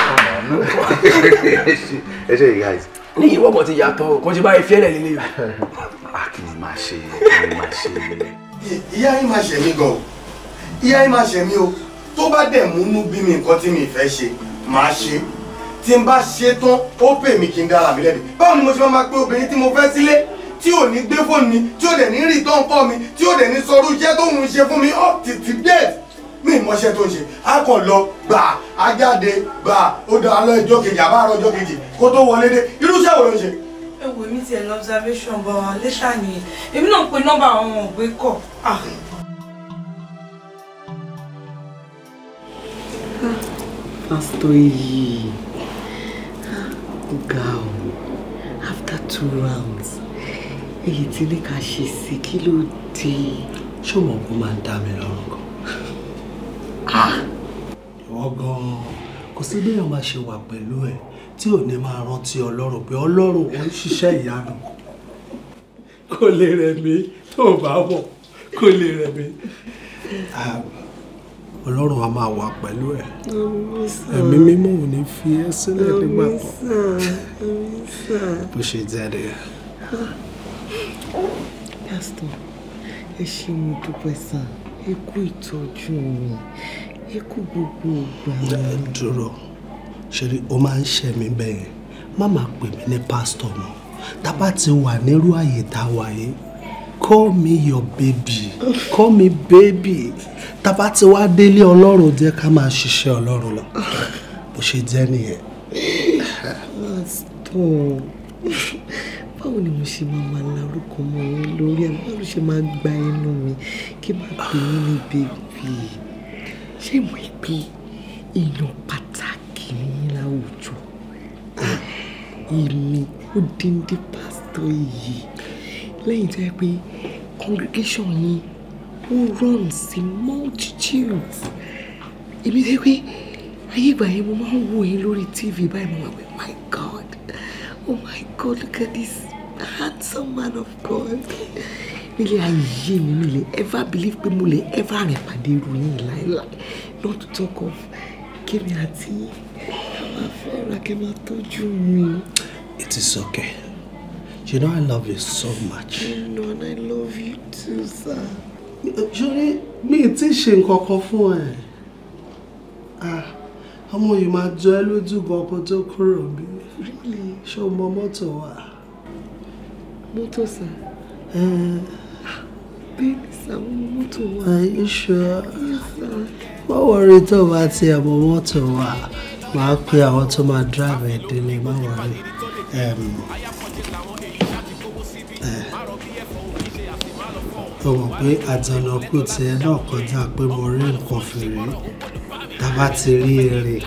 Speaker 3: ẹ ṣe yìí guys.
Speaker 1: ní ìwọ kan ti yàtọ̀ o kan ti báyìí fiẹlẹ lílé o. a kì í a ṣe
Speaker 3: kì í máa ṣe.
Speaker 1: ìyá yín máa ṣe mí gan o ìyá yìí máa ṣe mí o tó bá dẹ̀ múnú bí mi nǹkan tí mi fẹ́ ṣe máa ṣe tí n bá ṣe tán ó pè mí kí n dára mi lẹ́bi báwo ni mo ṣe máa pé obìnrin tí mo fẹ́ sílé tí ò ní gbé fóònù mi tí ò dẹ̀ ní rí tán kọ́ mi tí ò dẹ̀ ní sọrú iṣẹ́ tó ń ṣe fún mi up to to date mi ìmọ̀ṣẹ́ tó ń ṣe a kàn lọ gbà á jáde gbà ó dá lọ ọjọ́ kejì àbá àrọ ọjọ́ kejì kó tó wọlé dé irú iṣẹ́ wo ló ń ṣe.
Speaker 2: ewu mi ti ẹ̀ lọ observation bọ̀ ọ́ lẹ́ṣà nìyẹn èmi náà pe nọ́mbà àwọn ògbé kọ̀ ah,
Speaker 1: pásítọ̀ yìí ó ga ọ́ after two rounds èyí tí ní ká ṣe sí kí ló dé. ṣé òun kò máa ń dá mi lọ́rùn gan. ìwọ gan-an kò sí bí èèyàn máa ṣe wà pẹ̀lú ẹ̀ tí o ní máa rántí ọlọ́run pé ọlọ́run ò ń ṣiṣẹ́ ìyanu Ah ọlọ́run a máa wà pẹ̀lú ẹ̀ ẹ̀mí mímọ́ ò ní fi ẹ́ sílẹ̀ nígbà kan bó ṣe jáde. pásítọ̀ ẹ ṣe mo dúpẹ́ sàn ẹ kú ìtọ́jú mi ẹ kú gbogbo ìgbà mi. dúró ṣeré o máa ń ṣe mí bẹ́ẹ̀ má máa pè mí ní pásítọ̀ mọ́ tá a bá ti wà nírú àyè tá a wà yìí call me your baby call me baby tábà tí wàá délé ọlọ́run jẹ́ ká máa ṣiṣẹ́ ọlọ́run lọ bó ṣe jẹ́ nìyẹn. báwo ni mo ṣe máa máa larúkọ ọmọ mi lórí ẹ báwo ṣe máa gba ẹnu mi kí n máa pè é ní bèbí ṣé mo pé èèyàn pàtàkì ní láwùjọ èmi ó dín dín pásítọ̀ yìí lẹ́yìn tó yẹ pé congregation yìí ó rọrùn sí multitudes ibi tó yẹ pé ayé ìgbà yẹn mo máa ń wò yín lórí tv báyìí mo wà pé my god oh my god look at this handsome man of god nílé ayé mi mi lè ever believe pé mo lè ever rìn pàdé irú yín láéláé not to talk of kémi àti àwọn afẹ́ra kẹ́ máa tọ́jú mi. it is okay. You know I love you so much. You know and I love you too, sir. Ṣorí me
Speaker 5: ti ṣe nǹkan kan fún ẹ. Ah, ọmọ yìí máa jọ ẹ lójú gan kó tó kúrò bí. Really? Ṣé o mọ mọ́tò wa? Mọ́tò sir.
Speaker 1: Bẹ́ẹ̀ni sir, mo mọ mọ́tò wa. Are you sure? Yes sir. Má worry, tó o bá tiẹ̀ mọ mọ́tò wa. Màá pe àwọn tó máa drive ẹ̀ délé, worry. Um. o mọ̀ pé àjànàkú tiẹ̀ náà kọjá pé mo rí nǹkan fèrè tá a bá ti rí eré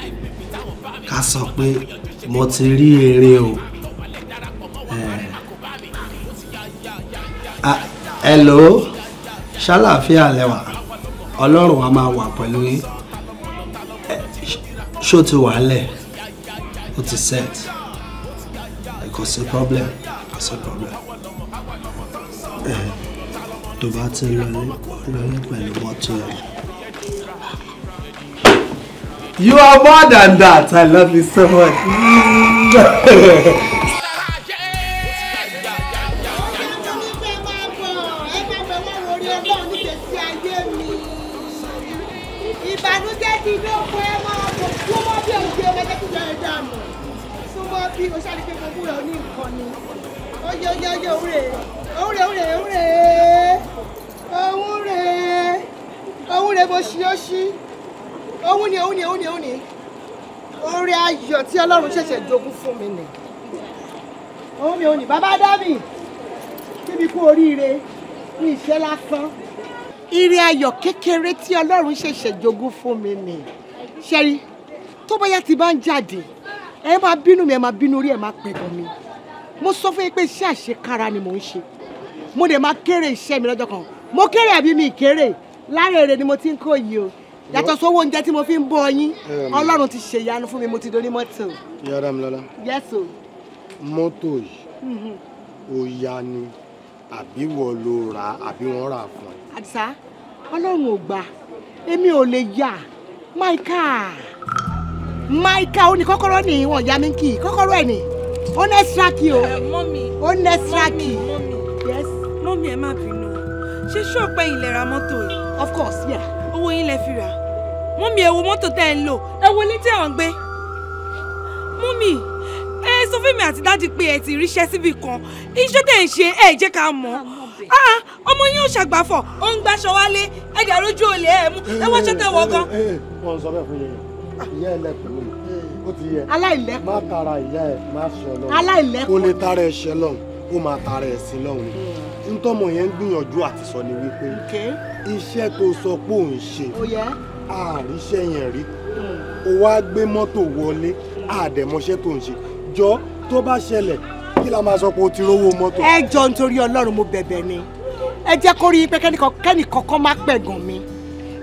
Speaker 1: ká sọ pé mo ti rí eré o. hello ṣàlàáfíà lẹ́wà ọlọ́run wa. máa wà pẹ̀lú yín ṣó ti wà lẹ̀ ó ti set kò sí problem kò sí problem. Uh, tó bá ti lọ ní pẹ̀lú mọ́tò ẹ̀. You are more than that. I love you so much. lásán ire ayọ̀ kékeré tí ọlọ́run ṣẹ̀ṣẹ̀ jogún fún mi nì ṣẹ́rí tó bá yá ti bá ń jáde ẹ máa bínú mi ẹ máa bínú orí ẹ máa pẹ̀gàn mi mo sọ fún yín pé iṣẹ́ àṣekára ni mò ń ṣe mo dẹ̀ máa kéré iṣẹ́ mi lọ́jọ́ kan mo kéré àbí mi kéré lára èrè ni mo ti ń kó yìí o yàtọ̀ sówó oúnjẹ tí mo fi ń bọ́ yín ọlọ́run ti ṣe ìyanu fún mi mo ti dorí mọ́tò. yàrá mi lọ́la. yẹ́sò. mọ́tò yìí mm-hmm. ó yá ni àbí wọ́n ló ra àbí wọ́n rà fún ẹ. àdìsá ọlọ́run ò gbà èmi ò lè yà máìkà máìkà ó ní kọ́kọ́rọ́ ní ìwọ̀n ya mi kì í kọ́kọ́rọ́ ẹ̀ ní ó ní ẹ́sírà o ó ní ẹ́sírà
Speaker 2: mọ́mí ẹ má bínú ṣé ṣọ́ọ̀pẹ́ yìí ra mọ́tò yìí. of course yà. owó yín lẹ fi rà mọ́mí ẹ wo mọ́tò tẹ́ ẹ ń lò ẹ wo ilé tí à ń gbé mọ́mí ẹ sọ fún mi àti dáàdi pé ẹ ti ríṣẹ́ síbi kan iṣẹ́ tẹ̀ ń ṣe ẹ jẹ́ ká mọ̀ ah, ọmọ yín ò ṣàgbàfọ̀ ó ń gbaṣọ wálé ẹ dẹ̀ rojú olè
Speaker 8: ẹ mú
Speaker 1: ẹ wọ́n ṣẹ́tẹ̀ wọ gan. Eh, eh, eh, wọ́n sọ bẹ́ẹ̀ fún yẹn ìyá ẹ lẹ́kùn mi ó ti yẹ aláìlẹ́kùn má tara ìyá ẹ má ṣe lọ aláìlẹ́kùn kó lè tara ẹ ṣe lọ ó máa tara ẹ sí lọ́hùn ntọ́mọ hmm. yẹn ń gbìyànjú àti sọ ni wípé iṣẹ́ tó sọ pé òun ṣe àríṣẹ́ yẹn rí hmm. o wá gbé mọ́tò wọlé àdẹ̀mọ́ṣẹ́ tó ń ṣe jọ tó bá ṣẹlẹ̀ kí la máa sọ pé o ti rówó mọ́tò. ẹ jọ nítorí ọlọ́run mo bẹ̀bẹ̀ ni ẹ jẹ́ kó rí i pé kẹ́nìkan kẹ́nìkan kan máa pẹ̀gàn mi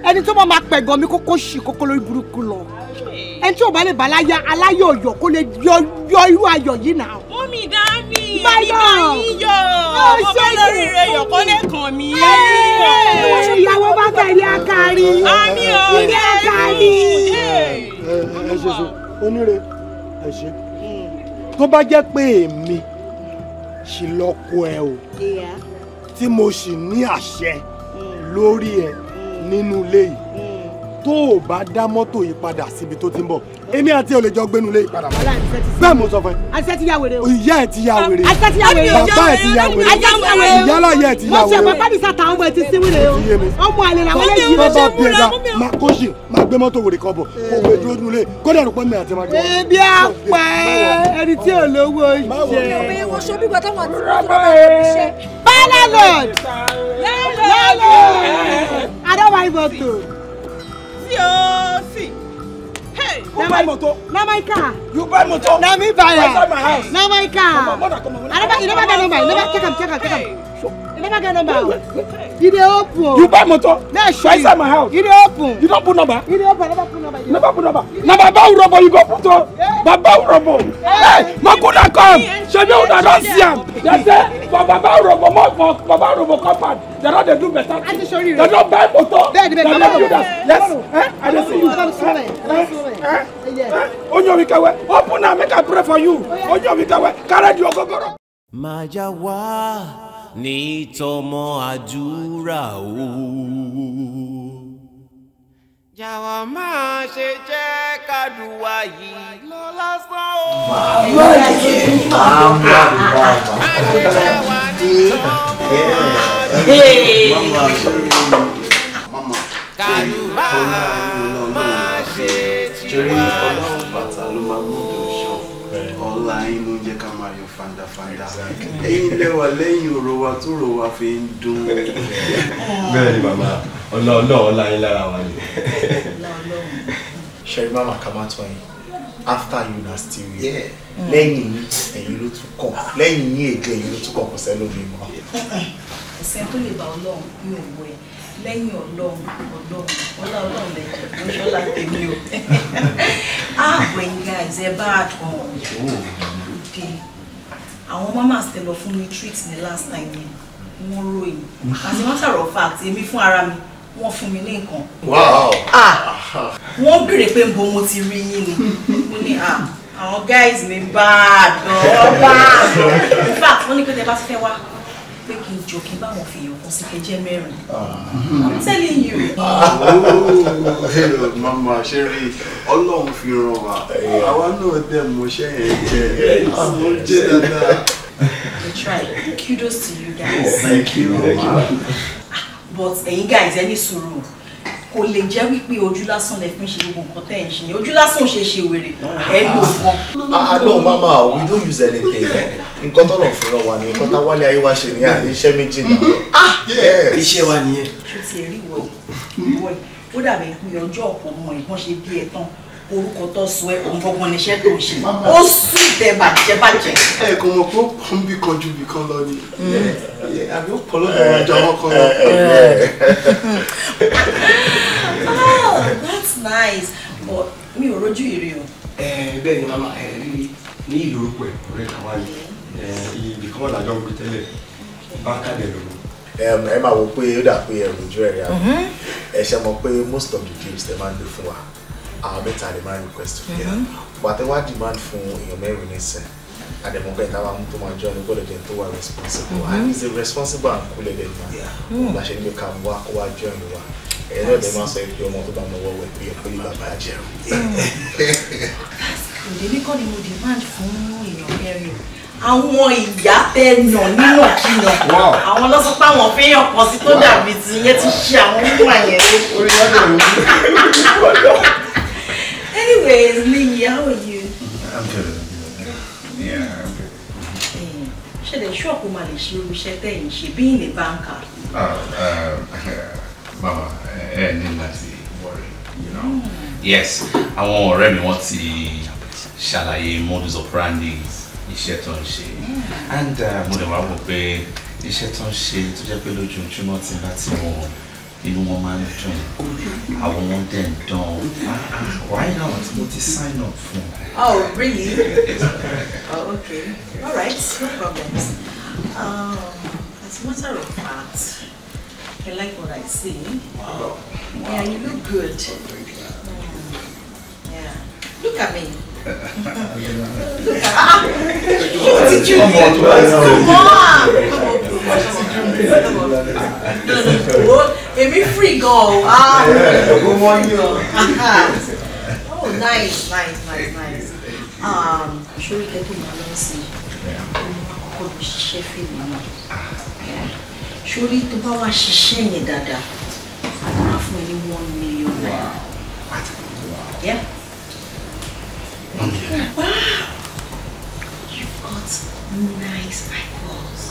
Speaker 1: ẹni tó bá máa pẹ̀gàn mi kókó ṣì kókó lórí burúkú lọ ẹni tí ò bá lè bá láyà aláyọ̀ ọ̀yọ̀ kó lè yọ irú ayọ̀ yìí náà.
Speaker 2: omi dání ìbá yíyọ ọmọ bá lórí rẹ yọkọ lẹkàn mi. ìyàwó bá tẹ̀lé akari ilé
Speaker 1: akari. ẹ ẹ ṣe ṣe onírè ẹ ṣe tó bá jẹ́ pé èmi sì lọ́kọ ẹ o tí mo sì ní àṣẹ hmm. lórí ẹ hmm. nínú ilé yìí hmm. tó o bá dá mọ́tò yìí padà síbi tó ti ń bọ̀ èmi àti olè jọ gbénu lé bẹ́ẹ̀ mo sọ fún ẹ. àṣẹ ti ya wèrè o. ìyá ẹ ti ya wèrè. àṣẹ ti ya wèrè o. bàbá ẹ ti ya wèrè. àṣẹ ti ya wèrè o. ìyálà yẹ ẹ ti ya wèrè o. mo ṣe bàbá mi sàtà ọmọ ẹ ti sin wèrè o. ọmọ àlè làwọn lè yí. bàbá bí ẹja máa kó ṣì máa gbé mọ́tò wèrè kan bọ̀ kó gbé dúró dúró lé kódà ló pẹ́ mi àti máa jọ. ebi apá ẹni tí ò lówó jẹ. bálá
Speaker 2: lord lálọ́
Speaker 1: àdáwà ìbọ̀tò. Who buy motor? Na my car. You buy motor? Na me buy it. Na my car. Come
Speaker 2: come on, on, You never get number. buy. never check him, check him, check him. Never get number.
Speaker 1: You dey open. You buy motor. Let's show you. inside my house.
Speaker 4: You dey open. You don't put number. You dey open. Never put number. Never put number. Na baba rubber. you go put o. Baba rubber. Hey, Makuna come. Shebi una don see am. They say for baba
Speaker 3: urobo more for baba urobo compound. They don dey do better. I dey show you. They don buy motor. They dey
Speaker 8: do that.
Speaker 4: Yes. Eh? I dey
Speaker 8: see you.
Speaker 4: Onyomikawe, eh? eh? open am make I pray for you. Onyomikawe, oh, carry the ogogoro.
Speaker 7: Majawa ní tọmọ àdúrà o. jàwọ́ máa ṣe jẹ́
Speaker 8: kádùwà yìí lọ lásán o. màmá yìí máa ń wà wà wà. má ṣe jẹ́ wà ní
Speaker 3: tọmọ àdúrà.
Speaker 8: kádùwà máa ṣe tiwa.
Speaker 1: Mario
Speaker 6: fanda fanda ẹ̀yin
Speaker 1: lẹ́wà lẹ́yìn ọ̀rọ̀ wa tó rọ̀ wa fi ń dún. bẹ́ẹ̀ ni màmá ọlá ọlá ọlá yín lára wa ni. ṣe mama kamato yin after you na still here mm. lẹ́yìn yín ẹ̀yin ló tún kàn lẹ́yìn yín èdè ẹ̀yin ló tún kàn kò sẹ́lò mi mọ́. ẹ̀sìn tó lè bá ọlọ́run mi ò wẹ̀ lẹ́yìn ọlọ́run ọlọ́run ọlá ọlọ́run lẹ́yìn ọlọ́lá tèmi o. ah when guys ẹ bá a tán. Oh. okay àwọn mamas tẹ lọ fún retreat ní last time yẹn wọ́n ròyìn as a matter of fact èmi fún ara mi wọ́n fún mi ní nǹkan. Ah. wọ́n béèrè pé nbo mo ti rí yín ni mo ní ah, àwọn guys mi bad ọ̀ bad in fact wọ́n ní pé tẹ bá ti fẹ́ wá Joking kí n bá wọn fi ìyókùn sí kẹjẹ ah. i'm telling
Speaker 4: you. Oh, hello mama ṣe rí ọlọ́run fi ràn wá àwa náà
Speaker 6: dẹ̀ mọ iṣẹ́ yẹn jẹ àmọ́ jẹ dáadáa. we try
Speaker 1: kudos to you guys.
Speaker 5: thank you. but ẹ̀yin guys ẹ
Speaker 1: ní kò lè jẹ́ wípé ojú lásán lè fi ń ṣe gbogbo nǹkan tẹ́ ẹ̀ ń ṣe ojú lásán ò ṣe ṣe wèrè ẹ̀ ń lò ah, ah, mama we don't use anything nǹkan tọ́lọ̀ fún lọ wà ní nǹkan tá wálé ayé wa ṣe ní àná iṣẹ́ méjì náà. Ah, iṣẹ́ wa nìyẹn. ṣé o ti rí ìwọ ìwọ ó dàbí ìpín ọjọ́ ọ̀pọ̀ ọmọ ìbọn ṣe bí ẹ tán orúkọ tó sọ ẹ òun gbọgbọn níṣẹ́ tó ń ṣe ó sùn tẹ bàjẹ́ bàjẹ́. ẹ kò mọ̀ pé ó pọ̀ ń bì kan ju bì kan lọ ni mm. àbí ó pọ̀ lọ́dọ̀
Speaker 5: wọn jọ wọn kan lọ.
Speaker 1: oh that's nice but mi ò rojú ìrè o. bẹ́ẹ̀ ni mama rí ní ìlú orúkọ ẹ̀ ọ̀rẹ́ kan wá ní ibì kan làjọ ń gbé tẹ́lẹ̀ bákàdé lòun ẹ máa wo pé ó dà pé ẹrù ojú ẹ̀rí àwọn mm-hmm. ẹ̀ṣẹ̀ mọ̀ pé most of the games ẹ máa ń gbé fún wa àwọn mm-hmm. better demand request to together but what demand for your mẹ́rin nísìn àdèmọ̀gbẹ́ ìta wa mú tó máa jọ ẹni gbọ́dọ̀ jẹ́ responsible mm-hmm. and he's a responsible and cool headed man òun la ṣe ní ká wá kó wá jọ ẹni wa ẹ̀yìn náà lè máa sọ pé ọmọ tó bá mọ wọ́wọ́ ẹ̀pẹ́ ẹ̀pẹ́ yìí demand fún èèyàn mẹ́rin àwọn ìyá tẹ nà nínà kìnà àwọn lọ́sọ pé àwọn fẹ́yàn kan sí tó dàbí ti yẹn ti ṣe àwọn mímọ àyẹ̀wò. Anyways, Lee, how are you? I'm good. I'm good. Yeah, I'm good. Eh, ṣé lè ṣú ọ̀pọ̀ máa lè ṣe irú iṣẹ́ tẹ̀yìn ṣe being a banker? um,
Speaker 4: Mama, ẹ ní
Speaker 5: láti worry, you know. Hmm.
Speaker 4: Yes, I want ọ̀rẹ́ mi wọ́n ti ṣàlàyé modus operandi iṣẹ́ tó ń ṣe. Hmm. And uh, mo lè wá wò pé
Speaker 3: iṣẹ́ tó ń ṣe tó jẹ́ pé lójoojúmọ́ ti bá ti wọ̀ In woman's máa I want them done dẹ̀ ń dán o ah, why now tí sign up fún.
Speaker 1: oh
Speaker 8: really oh okay all right no problems
Speaker 2: um, as a matter of fact I like what I see wow.
Speaker 1: Wow. yeah you look good
Speaker 8: yeah look at me. look at me. Come on. Come on.
Speaker 2: èmi free gan o ah
Speaker 7: oh nice nice nice nice Um,
Speaker 1: kẹ́tọ́ máa lọ sí ọkọ mi ṣiṣẹ́ fèmí náà sori tó bá wá ṣiṣẹ́ yẹn dáadáa
Speaker 8: one million naira. Yeah. One million. Wow. You've got nice eyeballs.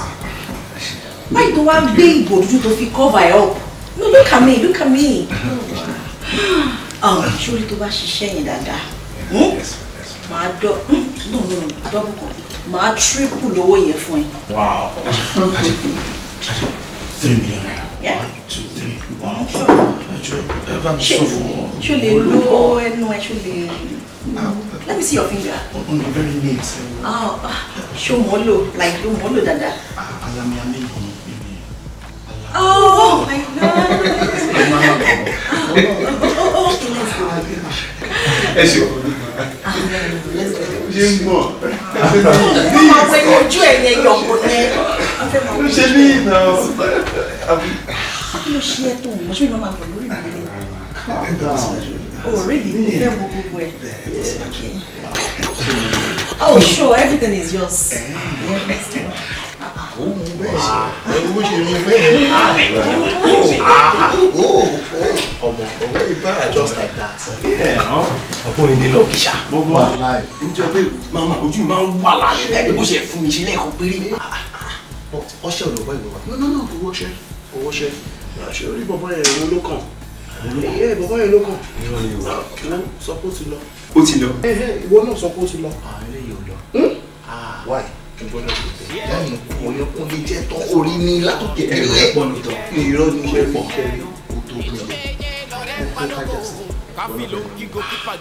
Speaker 1: Why do I ń gbé ìbò dúdú tó cover up no look at me look at me Oh, ah, ṣórí tó bá ṣiṣẹ́ yẹn dáadáa máa hmm? dọ́ hmm? no no double kan máa triple lówó yẹn fún wow three million yeah. one two three one Sure. Sure. ẹ bá mi sọ ah, Let me see your finger. On the very nails. Oh, show mọ́ lò, like ṣó mọ́ lò dáadáa. Àlàmì àmì yìí.
Speaker 3: Oh, I know. Ẹ ṣe ṣe ń bọ̀. Mo máa wẹ ojú ẹ̀ yẹn yọ̀kọ̀ yẹn. Ló ṣe ní ìnà ọ̀sán. Kí ló ṣe ẹ tó wọ̀? Ṣé ìlú máa wọ̀ lórí ìbílẹ̀? Oh, really? Yeah. Yeah. Yeah. Okay. Oh, sure. Everything is yours. Yeah ewu ṣe rí bẹ́ẹ̀ ọmọ very bad just like that
Speaker 4: ọkùnrin ní lọ́ọ̀kì ṣá gbogbo àlàyé níjọ pé màmá ojú máa ń wà lálẹ́ ẹgbẹ́ bó ṣe fún mi ṣe lẹ́ẹ̀kan
Speaker 1: péré ọṣẹ ọ̀nà ọ̀bá ìgbọ̀nwá no no no owó ṣẹ owó ṣẹ ṣe orí bọ̀bọ̀ yẹn ló kàn ẹ bọ̀bọ̀ yẹn ló kàn ìwọ sọ pé ó ti lọ ó ti lọ ìwọ náà sọ pé ó ti lọ àwọn eléyìí ò lọ why oyún kún lè jẹ́ tán orí ní látòkè délẹ̀ irọ́ ní ìṣẹ́ pọ̀ kó tó kájà sí. Orí bí ní ìbò ṣe bò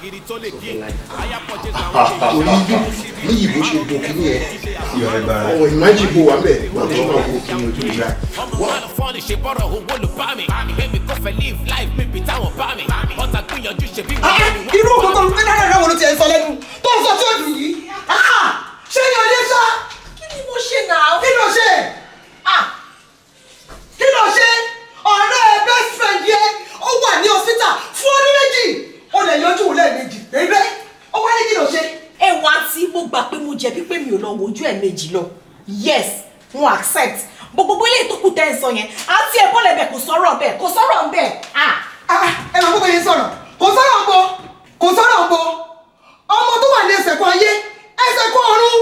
Speaker 1: kí ni ẹ. Ọ̀wọ̀ ìmájì bò wà mẹ́. Wọ́n ti máa bò ojú mi.
Speaker 4: Èmi kò Irú òkòtò ń gbé dáadáa rẹ̀ wọ́n ló ti ẹ̀ Tó ń
Speaker 1: ṣé yóò lé sá. kí ni mo ṣe náà. kí ló ṣe. Ah! kí ló ṣe. ọ̀rẹ́ best friend yẹ ó wà ní ọ̀sítà fún ọdún méjì ó lè yọjú òun lẹ́ẹ̀mejì bẹ́ẹ̀ ó wá ní kí ló ṣe. ẹ wá tí mo gbà pé mo jẹ̀bi pé mi ò lọ wojú ẹ̀ méjì lọ yes mo accept gbogbo ilé ìtókù tẹ́ ẹ sọ yẹn àti ẹ̀ bọ́lẹ̀ bẹ̀ kò sọ̀rọ̀ bẹ̀ kò sọ̀rọ̀ bẹ̀. Ah! Ah, ẹ máa gbọ́dọ̀ yẹn sọ̀rọ̀ kò sọ̀rọ̀ bọ̀ kò sọ̀rọ̀ bọ̀ ọmọ tó wà ní ẹsẹ̀ kan ayé ẹsẹ̀ kó ọ̀run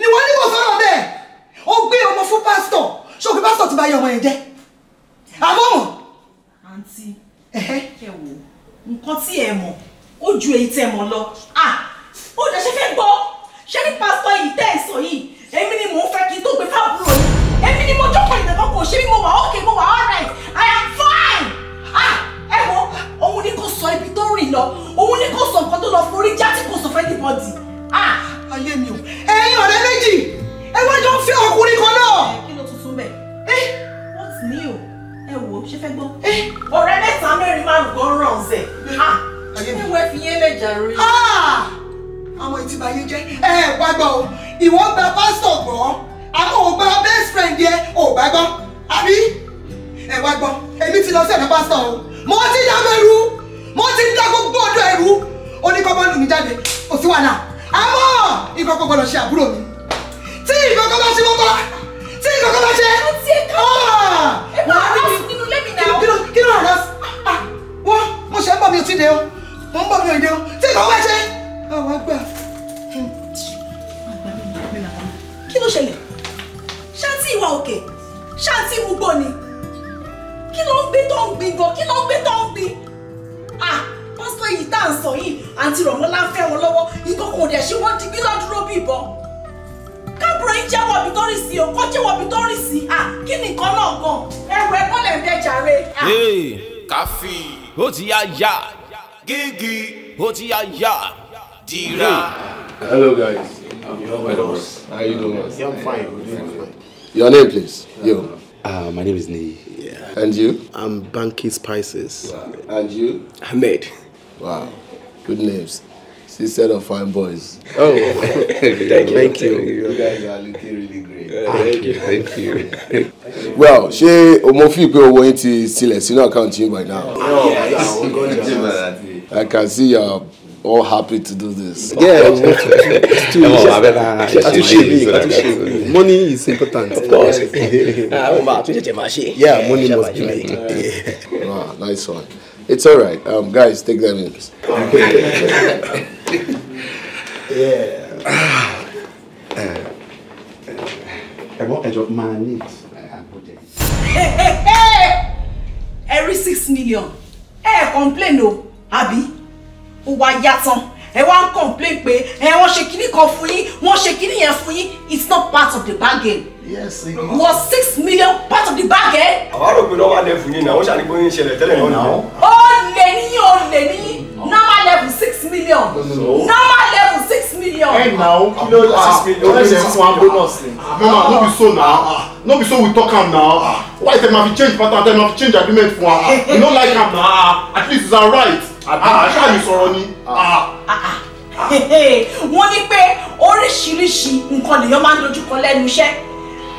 Speaker 1: ni wọ́n ní kò sọ̀rọ̀ bẹ́ẹ̀ ó gbé ọmọ fún pásítọ̀ ṣó pé pásítọ̀ ti bá yẹ ọmọ yẹn jẹ́ àmọ́. àǹtí
Speaker 2: kẹ wo nǹkan tí ẹ mọ̀ ó ju èyí tẹ mọ̀ lọ ó dẹ̀ ṣe fẹ́ gbọ́ ṣé ní pásítọ̀ yìí tẹ́ ẹ̀ sọ yìí èmi ni mò ń fẹ́ kí n tó gbé fáàbùrò yìí èmi ni mo jókòó ìdàgbọ́ kò ṣe mí mo wà okay mo wà alright I am fine ẹ mọ̀
Speaker 1: òun ni kò sọ ibi tó rìn lọ òun ni kò sọ nǹkan tó lọ forí já tí kò sọ fẹ́ dìbọn dì ayé mi o ẹ̀yin ọ̀rẹ́ méjì ẹ wá jọ ń fi ọkùnrin kan náà. kí ló tuntun bẹ̀? Eh? what's new? ẹ wò ó ṣe fẹ́ gbọ́. Eh? ọ̀rẹ́ mẹ́ta mẹ́rin máa ń gbọ́ ràn ṣẹ̀. ìwé fi yẹn lè jàre.
Speaker 7: àwọn ìtìbàyé jẹ́ ẹ wá gbọ́
Speaker 1: o ìwọ gba pásítọ̀ gbọ́ àmọ́ ò gba best friend yẹ ò bá gbọ́ àbí ẹ wá gbọ́ èmi ti lọ sí ẹ̀dá pásítọ̀ o mo ti dá mẹ́rù mo ti dá gbogbo ọdún ẹ̀rù oníkọ́bọ́ọ̀lù mi jáde kò sí wàhálà àmọ́ ìkọ̀kọ̀ gbọ́dọ̀ ṣe àbúrò mi tí ìkọ̀kọ̀ bá ṣe mọ́tọ́ tí ìkọ̀kọ̀ bá ṣe. wọ́n ah! á rí mi nínú ilé mi náà. kí ló rà sí. Ah! wọ́n mo ṣe ń bọ̀ mi ò tí ì dé o mo ń bọ̀ mi ò ì dé o tí ìkọ̀kọ̀ bá ṣe. àwọn àgbà kí ló ṣẹlẹ̀ ṣáàtì ìwà òkè
Speaker 2: ṣáàtì ìmúgbó ni kí ló ń gbé tó ń gbin gan kí ló ń gbé tó ń gbin pé yìí tá à ń sọ yìí àǹtí rọ̀mọ́lá ń fẹ́ wọn lọ́wọ́ ìkọ̀kọ̀ òdẹ̀ ṣé wọ́n di gbílọ̀ dúró bí ìbọn. kábùrọ̀ yìí jẹ́wọ́ ibi tó rì sí o kọ́ jẹ́wọ́ ibi tó rì sí à kí ni nǹkan náà gan ẹrù ẹgbọ́n lẹ̀ ń bẹ jàre.
Speaker 4: káfí. ó ti yá yá. gígì. ó ti yá yá. dira. hello guys
Speaker 7: i'm your how you doing. i'm fine. your
Speaker 6: name please. yo. Uh, my name is Niyi. Yeah. And you? I'm Banky Spices. Wow. And you? Ahmed. Wow, good names. She set of fine boys. Oh, thank, you, thank you.
Speaker 1: you. guys are looking really great. Uh, thank you. Thank
Speaker 8: you.
Speaker 6: well, ṣé o mọ̀ fi pé owó yín ti sílẹ̀ sínú àkáǹtì yín by now?
Speaker 1: No, yes.
Speaker 6: I can see you're all happy to do this. Yeah, it's too
Speaker 1: Money is important. Of
Speaker 6: course. Ah,
Speaker 4: yeah, money must be made. Wow, nice one.
Speaker 6: It's all right. Um, guys, take them in. Okay. yeah. Ẹ̀gbọ́n ẹ̀jọ̀ máa
Speaker 1: Hey, hey, hey! Every six million. Ẹ complain no. àbí? Who are yá tán ẹ wá ń complain pé ẹ wọ́n ṣe kinní kan fún yín wọ́n ṣe kinní yẹn fún yín it's not part of the bargain. yes it was. was six
Speaker 2: million part of the bargain.
Speaker 3: àwa rò pé normal level yín náà wọ́n ṣàní pé ń ṣẹlẹ̀ tẹ́lẹ̀ náà nìyẹn.
Speaker 2: ó lè
Speaker 1: ní ó lè ní normal level six million normal level six million. ẹ na o kí ló ló lè fún wa bonus ni. no ma no be so na no be so we talk am na why dem ma fi change pattern dem ma fi change agreement fún wa we no like am na at least it's our right. Ah. àṣàlì sọ̀rọ̀ ni. Ah. Ah. wọ́n ní pé
Speaker 2: oríṣiríṣi nǹkan lèèyàn máa ń dojúkọ lẹ́nu iṣẹ́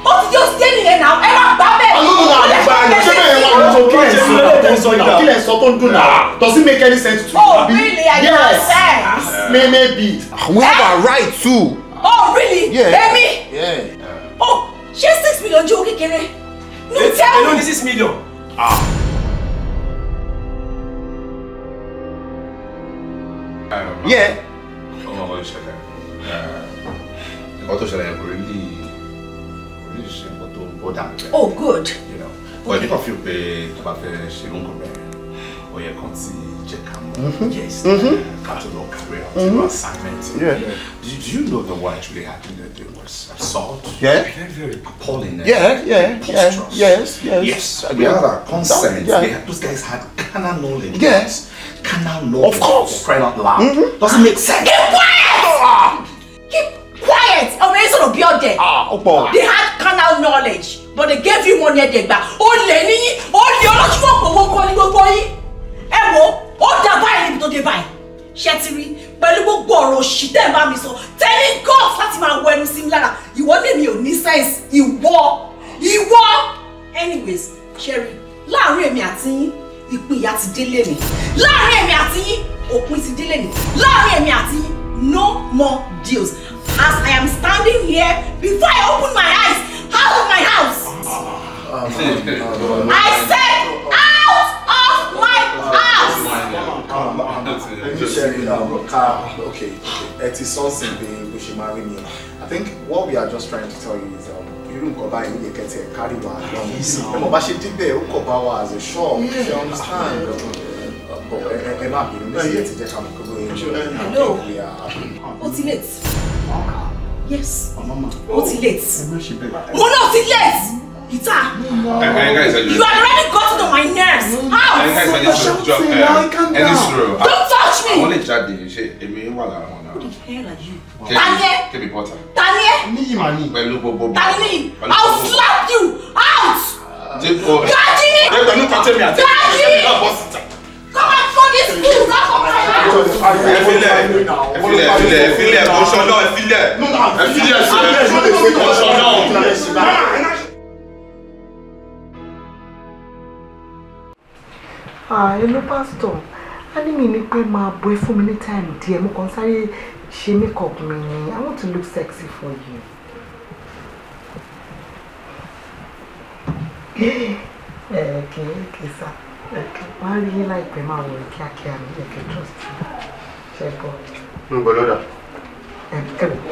Speaker 2: ó ti di oṣù tẹ́lẹ̀ yẹn náà ẹ
Speaker 7: máa gbá bẹ́ẹ̀. olóògùn náà lè gba àyè
Speaker 1: ṣé bẹ́ẹ̀ wà lóṣù kí lè sọ tó ń sọ ìdá kí lè sọ tó ń dùn náà
Speaker 3: does it make any sense to you. oh really i don't know sense. may may be. we have eh? our right
Speaker 4: too. oh really. èmi. oh ṣé six million jẹ́ owó kékeré. no eh, tell eh, me. èló ni six million. ah. yẹ. ọmọ ọmọ ìṣẹ̀lẹ̀
Speaker 3: nǹkan tó ṣẹlẹ̀ kò rí ní orí ìṣe nǹkan tó ń
Speaker 1: oh good. you know but nípa fi pé tó bá fẹ́ ṣe lóńgbò rẹ̀ ó yẹ kàn tí. Mm-hmm. Yes, mm-hmm. part career, mm-hmm. assignment. Yeah. Did you know that what actually happened? That there was assault. Yeah. Very, very appalling. Uh, yeah, yeah, yeah. Yes, yes. Yes. We yeah. have our consent. Yeah. Had, those guys had carnal knowledge. Yes.
Speaker 3: Carnal knowledge. Of course. Crying out loud. Mm-hmm. Doesn't make sense. Keep quiet.
Speaker 1: Keep quiet. Ọ̀rẹ́ sọ̀rọ̀ bí ọ̀dẹ̀. Ah, ọ̀pọ̀. They had carnal knowledge but they
Speaker 2: gave you money ẹ̀dẹ̀gbà. Olè níyí, olè ọlọ́sùn ọ̀pọ̀ gbogbo ní gbogbo yín. Ẹ
Speaker 1: wo. ó dà báyìí níbi tó dé báyìí ṣe ti rí pẹ̀lú gbogbo ọ̀rọ̀ òṣì tẹ́ ẹ̀ bá mi sọ tẹ́lí gọ́ọ̀f láti máa wọ ẹnu sí mi lára ìwọ lèmi ò ní sẹ́ǹsì ìwọ ìwọ anyways ṣẹ́rí láàárín èmi àti yín ìpínyà ti délé mi láàárín èmi àti yín òpin ti délé mi láàárín èmi àti yín no more deals as I am standing here before I open my eyes out of my house. Ah, ah, ah. I said out of my house. Okay, It is something we should marry me. I think what we are just trying to tell you is um, you don't báyìí yẹ kẹtẹ kárí
Speaker 6: wa lọ́wọ́ ẹ mọ̀ bá ṣe díbẹ̀ ó kọ̀ bá as a shop ṣe understand
Speaker 1: bọ̀ ẹ má bínú ní sílẹ̀ ti jẹ́ ká mọ̀ pé bóyá ẹ ó ti late yes ó ti late ó
Speaker 3: náà ti late. Peter, no. I, I, I, I, you have already gotten on my nerves. No. How? I, I, I,
Speaker 4: I, I, I, I, I, Don't touch me. Àwọn lè jáde ṣe èmi wà lára wọn náà. Who
Speaker 2: the hell are you?
Speaker 4: Taniye. Kebi Potter. Taniye. Níyì màá ní. Pẹ̀lú gbogbo. Taniye, I will slap
Speaker 2: you
Speaker 8: out.
Speaker 4: Gaji. Pẹ̀lú kọ́tẹ́ mi àti ẹ̀ṣẹ̀ mi náà bọ́ síta.
Speaker 8: Come and throw this fool out feel
Speaker 4: it. house. Ẹ̀fílẹ̀ ẹ̀fílẹ̀ ẹ̀fílẹ̀ feel it. náà
Speaker 5: ẹ̀fílẹ̀ ẹ̀fílẹ̀ ẹ̀ṣẹ̀ feel it. hello pastor
Speaker 1: a ní mi ni pé máa bo ẹ fún mi ní time díẹ̀ mo kàn sáré ṣe makeup mi i want to look sexy for you.
Speaker 3: ẹ̀ẹ́dẹ̀kẹ́ ẹ̀ẹ́dẹ̀kẹ́ sá
Speaker 1: wọ́n á rí yín láìpẹ́ máa wọ̀ ẹ́ kíákíá mi ẹ̀ẹ́dẹ̀kẹ́ trust me ṣe bọ́. ń gbọ́ lọ́dà.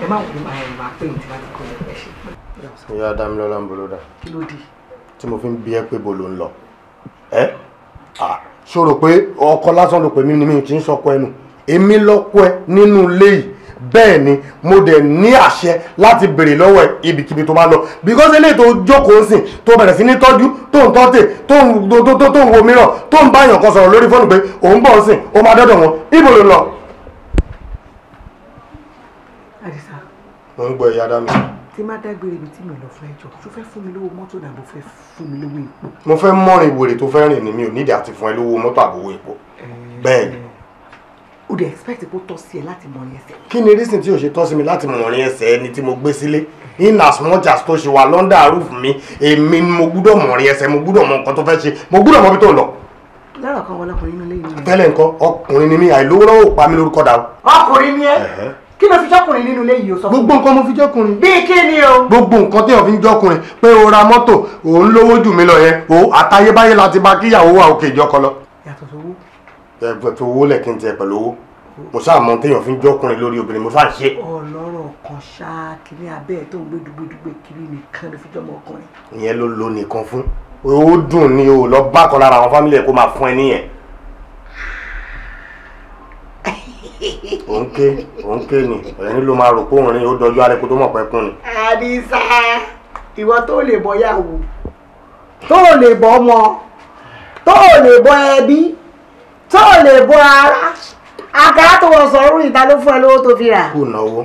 Speaker 1: ẹ má wọlé máa ẹ̀ máa pè ní tí wọ́n ti kọ́ ẹ ṣe pé. ìyá adámilọ́lá ń bọ̀ lọ́dà. kí ló dé. tí mo fi ń bí ẹ pé bo ló Ah, ṣó rò pé ọkọ lásán ló pè mí ni mi kì í ṣọkọ ẹnu èmi lọ́kọ ẹ nínú ilé yìí bẹ́ẹ̀ ni mo dẹ̀ ní àṣẹ láti béèrè lọ́wọ́ ẹ ibikíbi tó bá lọ because eléyìí tó jókòó sìn tó bẹ̀rẹ̀ sí ní tọ́jú tó ń tọ́tẹ̀ tó ń tó tó ń wo mìíràn tó ń báyàn kan sọ̀rọ̀ lórí fóònù pé òun bọ̀ sìn ó máa dọ́dọ̀ wọn ibo ló lọ. mo ń gbọ́ ìyá dá mi tí má dágbére ibi tí mi lọ fún ẹjọ́ tó fẹ́ fún mi lówó mọ́tò náà mo fún mi lówó epo. mo fẹ́ mọ́rin wèrè tó fẹ́ rìn ni mi ò nídìí àti fún ẹ lówó mọ́tò àbówó epo bẹ́ẹ̀ ni. o dey expect kó tọ́ sí ẹ láti mọ orin ẹsẹ̀. kí ni reason tí o ṣe tọ́ sí mi láti mọ orin ẹsẹ̀ ẹni tí mo gbé sílé in as much as tó ṣe wà lọ́ndà roof mi èmi mo gbúdọ̀ mọ orin ẹsẹ̀ mo gbúdọ̀ mọ nǹkan tó fẹ́ ṣe mo gbúdọ̀ mọ bí tó lọ lára kan wọn ọkùnrin ni kí ló fi jọkùnrin nínú ilé yìí o sọ fún mi. gbogbo nǹkan mo fi jọkùnrin. bíi kí ni o. gbogbo nǹkan téèyàn fi ń jọkùnrin pé o ra mọ́tò òun lówó jù mí lọ yẹn o àtayébáyé láti bá kíyàwó wa òkè ìjọkọ lọ. yàtọ̀ sówó. ẹ fi owó lẹ̀ kí n tiẹ̀ pẹ̀lú owó mo sáà mọ téèyàn fi ń jọkùnrin lórí obìnrin mo sáà ṣe. ọlọ́rọ̀ kan ṣáà kiri abẹ́ ẹ̀ tó ń gbé dùgbẹ́dùgbẹ́ kiri nìkan ló fi jọmọ ọkùnrin. ìyẹn ló lo nìkan fún owó dùn ni o lọ bá kan lára àwọn fámìlì ẹ kó máa fún ẹ níyẹn ò ń ké ò ń ké ni ẹni ló máa rò póun rìn ó dọjú arẹkọ tó mọ̀ pẹ́ kún ni. àdìsá ìwọ tó lè bọ yàwó tó lè bọ ọmọ tó lè bọ ẹbí tó lè bọ ara àkàrà tó wọ sọ̀rọ̀ ìta ló fún ẹ lówó tó fi rà. kò náwó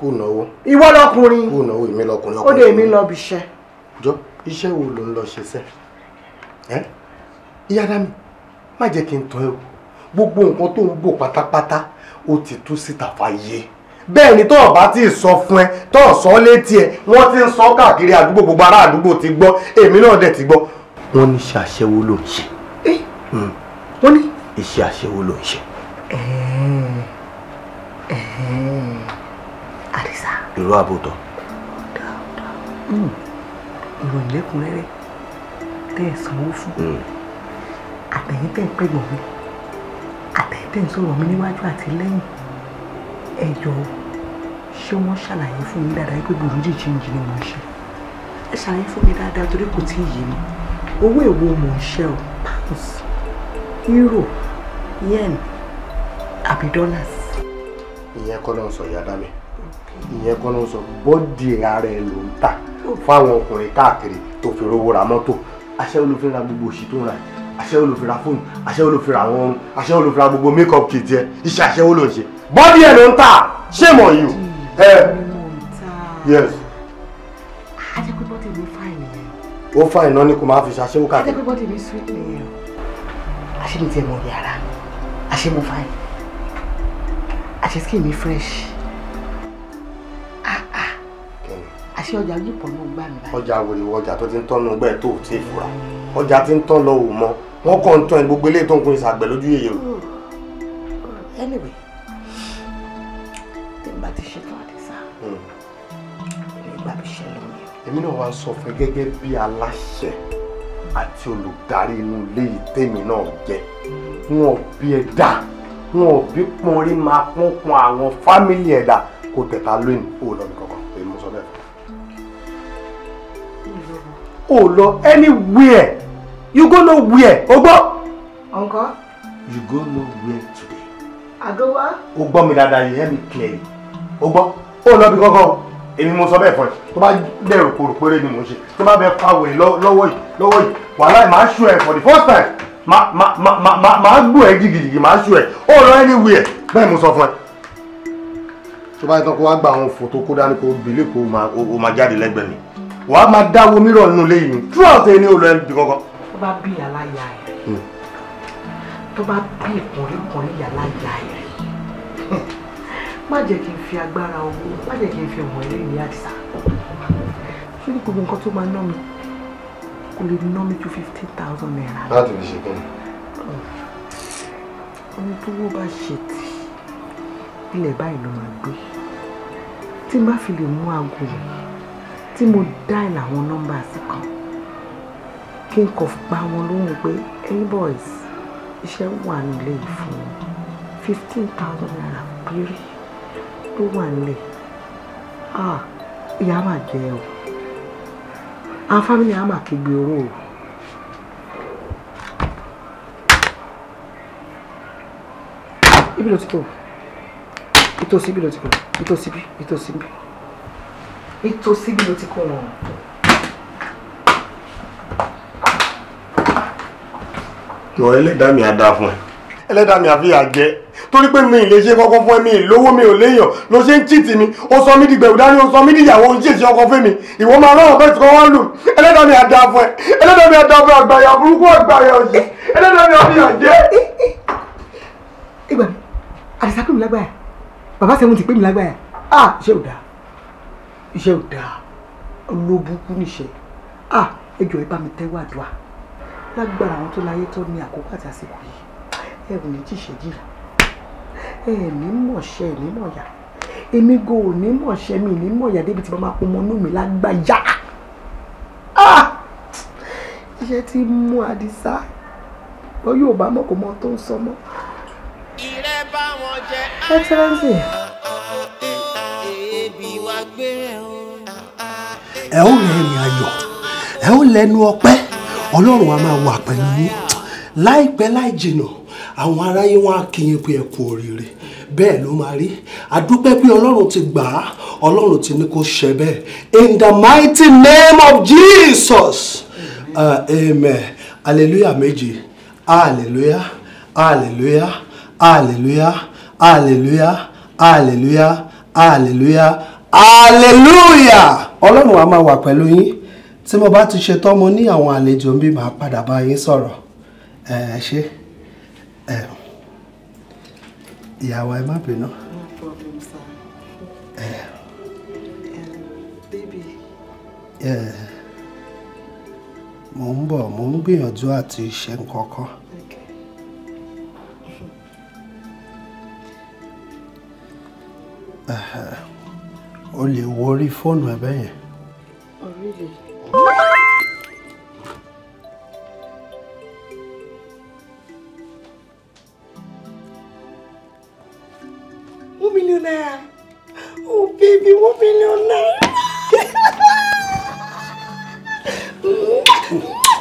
Speaker 1: kò náwó. ìwọ lọkùnrin kò náwó èmi lọkùnrin lọkùnrin. ó dé èmi lọ bìṣẹ. jọ iṣẹ́ wo ló ń lọ ṣe sẹ́ ẹ́ ìyá dá mi má jẹ́ kí n tọ́ ẹ o gbogbo nǹkan tó ń bò pátápátá ó ti tú síta fàyè bẹ́ẹ̀ ni tọ́ọ̀ bá ti sọ fún ẹ tọ́ọ̀ sọ létí ẹ wọ́n ti ń sọ káàkiri àdúgbò gbogbo ará àdúgbò ti gbọ́ èmi náà dẹ̀ ti gbọ́. wọ́n ní iṣẹ́ aṣẹ́wó ló ń ṣe. Eh? Hmm. wọ́n ní. iṣẹ́ aṣẹ́wó ló ń ṣe. àdìsá. ìró àbòtọ́. Hmm. ìròyìn lẹ́kùnrẹ́rẹ́ tẹ́ ẹ̀ sanwó fún hmm. àtẹ̀yìntẹ̀ ń pẹ́ gbọ̀ngàn àbẹ̀tẹ̀ ń sọ̀rọ̀ mi níwájú àti lẹ́yìn ẹ jọ ṣé wọ́n ṣàlàyé fún mi dáadáa pé burújí jíjì ni mò ń ṣe ẹ ṣàlàyé fún mi dáadáa torí kò tí ì yé mi owó èwo mò ń ṣe o pounds euro yen àbí dollars. ìyẹn kọ́ ló ń sọ ìyá dámẹ́ ìyẹn kọ́ ló ń sọ bọ́dì ara ẹ̀ ló ń tà fáwọn ọkùnrin káàkiri tó fi rówó ra mọ́tò aṣẹ́wó ló gbogbo òṣì tó ń ra yìí aṣẹ́wó ló fi ra fóònù aṣẹ́wó ló fi ra àwọn ohun aṣẹ́wó ló fi ra gbogbo make up kìí tiẹ̀ iṣẹ́ aṣẹ́wó ló ń ṣe bọ́dí ẹ̀ ló ń tà ṣé mọ̀ yìí o. ẹ ẹ yes. ajẹ́pẹ́ bọ́dí mi fáìnì yẹn. ó fáìnì náà ni kò máa fi ṣaṣẹ́wó káàkiri. ajẹ́pẹ́ bọ́dí mi sweet nìyẹn o. àṣé mi tiẹ̀ mọ̀ yàrá àṣé mo fáìnì àṣé skin mi fresh ah, ah. àṣé ọjà yìí pọ̀ náà gbà mí. ọjà wo ni ọjà tó ti ń tọ́nu ọgbẹ́ tó ò tí ì fura. Mm ọjà tí ń tán lọ wò mọ́ wọ́n kàn ń tán ẹ gbogbo eléyìí tó ń kun ìsàgbẹ̀ lójú yèyè o. anyway tí n bá ti ṣètò àdìsá ìgbà mi ṣe lómi. èmi náà wá sọ fún ẹ gẹ́gẹ́ bí aláṣẹ àti olùdarí inú ilé ìtẹ́mi náà jẹ́ wọn ò bí ẹ dá wọn ò bí pọ́n rí máa pọ́n pọ́n àwọn fámìlì ẹ̀dá kò tẹ̀ta lóyún òun lọ́nà kan. o lọ anywhere you go nowhere o gbọ́. ọ̀nkọ́. you go nowhere today. àgọ́wá. o gbọ́ mi dáadáa you hear me clearly o gbọ́ o lọ bí kankan èmi mo sọ bẹ́ẹ̀ fún ẹ tó bá dẹ̀rù kòrò péré ni mò ń ṣe tó bá bẹ fa wèrè lọ́wọ́ yìí lọ́wọ́ yìí wàhálà màá for the first time màá màá gbò ẹ jìgìjìgì màá ṣù ẹ o lọ anywhere bẹ́ẹ̀ mo fun. fún ẹ tó bá yẹ kó wá gba àwọn fòtò kó dání kó bìlì kó o máa jáde lẹ́gbẹ̀ẹ́ mi wà á máa dáwọ́ mírọ̀ nínú ilé yìí throughout ẹni ò lọ ẹbí kankan. tó bá bí aláya ẹ hmm. tó bá bí ìkùnrin kùnrin aláya ẹ má jẹ́ kí n fi agbára owó má jẹ́ kí n fi ọmọ ilé ìní àdìsá ṣé ní gbogbo nǹkan tó máa ná mi kò lè ná mi ju fifteen thousand naira. láti fi ṣe kí ni. ohun tó wó bá ṣe tì ilẹ̀ báyìí ló máa gbé tí n bá fi lè mú aago mi tí mo dial àwọn nọ́mbà sí kí n kò pa wọn lóhùn pé hey boys iṣẹ́ wà nílé fún fifteen thousand naira péré tó wà nílé ah ìyá máa jẹ o àwọn fámìlì á máa kígbe oró o. ibi ló ti kọ ìtòsí ibi ló ti kọ ìtòsí ibi ìtòsí ibi nítòsí bí ló ti kó wọn. ìwọ ẹlẹ́dàá mi á dáa fún ẹ ẹlẹ́dàá mi àfihàn jẹ́ torí pé mi lè ṣe kọ́kọ́ fún ẹ mi lówó mi ò léèyàn ló ṣe ń títì mi ó sọ mí dìgbẹ̀rù dání ó sọ mí dìyàwó ó ń ṣèṣe ọkọ fún mi ìwọ máa rán ọ̀bẹ tí kò wọ́n lù ẹlẹ́dàá mi àdá fún ẹ ẹlẹ́dàá mi àdá fún àgbàyà burúkú àgbàyà òṣì ẹlẹ́dàá mi àfihàn jẹ́. ìgbà mi àdìsá pè mí lágbàyà bàbá sẹ́wọ̀n ti pè mí lágbàyà ah ṣé ò dáa iṣẹ́ ò dáa olóbùkú níṣẹ́ ah ẹ jọ̀ọ́ ẹ bá mi tẹ́wọ́ àdúrà lágbára àwọn tó láyé tó ní àkókò àti àsìkò yìí ẹ ò ní tí ṣe jìyà ẹ ní mọ̀ ṣe ẹ ní mọ̀ yà èmi go ò ní mọ̀ ṣe mi ní mọ̀ yà débi tí mo máa pọnmọ inú mi lágbáyà iṣẹ́ tí mú àdìsá wọ́n yóò bá mọ̀ kó mọ tó ń sọ mọ́.
Speaker 7: ìrẹ́ bá wọn jẹ. ẹ
Speaker 1: ẹ ó rẹ́rìn ayọ̀ ẹ ó lẹ́nu ọpẹ́ ọlọ́run a máa wà pẹ̀lú yín láìpẹ́ láì jìnà àwọn aráyé wọn á kí pé ẹ kú oríire bẹ́ẹ̀ ló máa rí àdúpẹ́ pé ọlọ́run ti gbà á ọlọ́run ti ní kó ṣe bẹ́ẹ̀ in the mighty name of Jesus uh, amen hallelujah méje hallelujah hallelujah hallelujah hallelujah hallelujah hallelujah hallelujah ọlọ́run á máa wà pẹ̀lú yín tí mo bá ti ṣetán mo ní àwọn àlejò ń bí màá padà bá yín sọ̀rọ̀ ẹ ṣe ẹ ìyàwó ẹ má bínú. baby. ẹ mo ń bọ̀ mo ń gbìyànjú àti ṣe nǹkan kan. Uh-huh. o lè wo orí fóònù ẹ bẹ́yẹn. One oh, million naira. Oh baby, one million naira.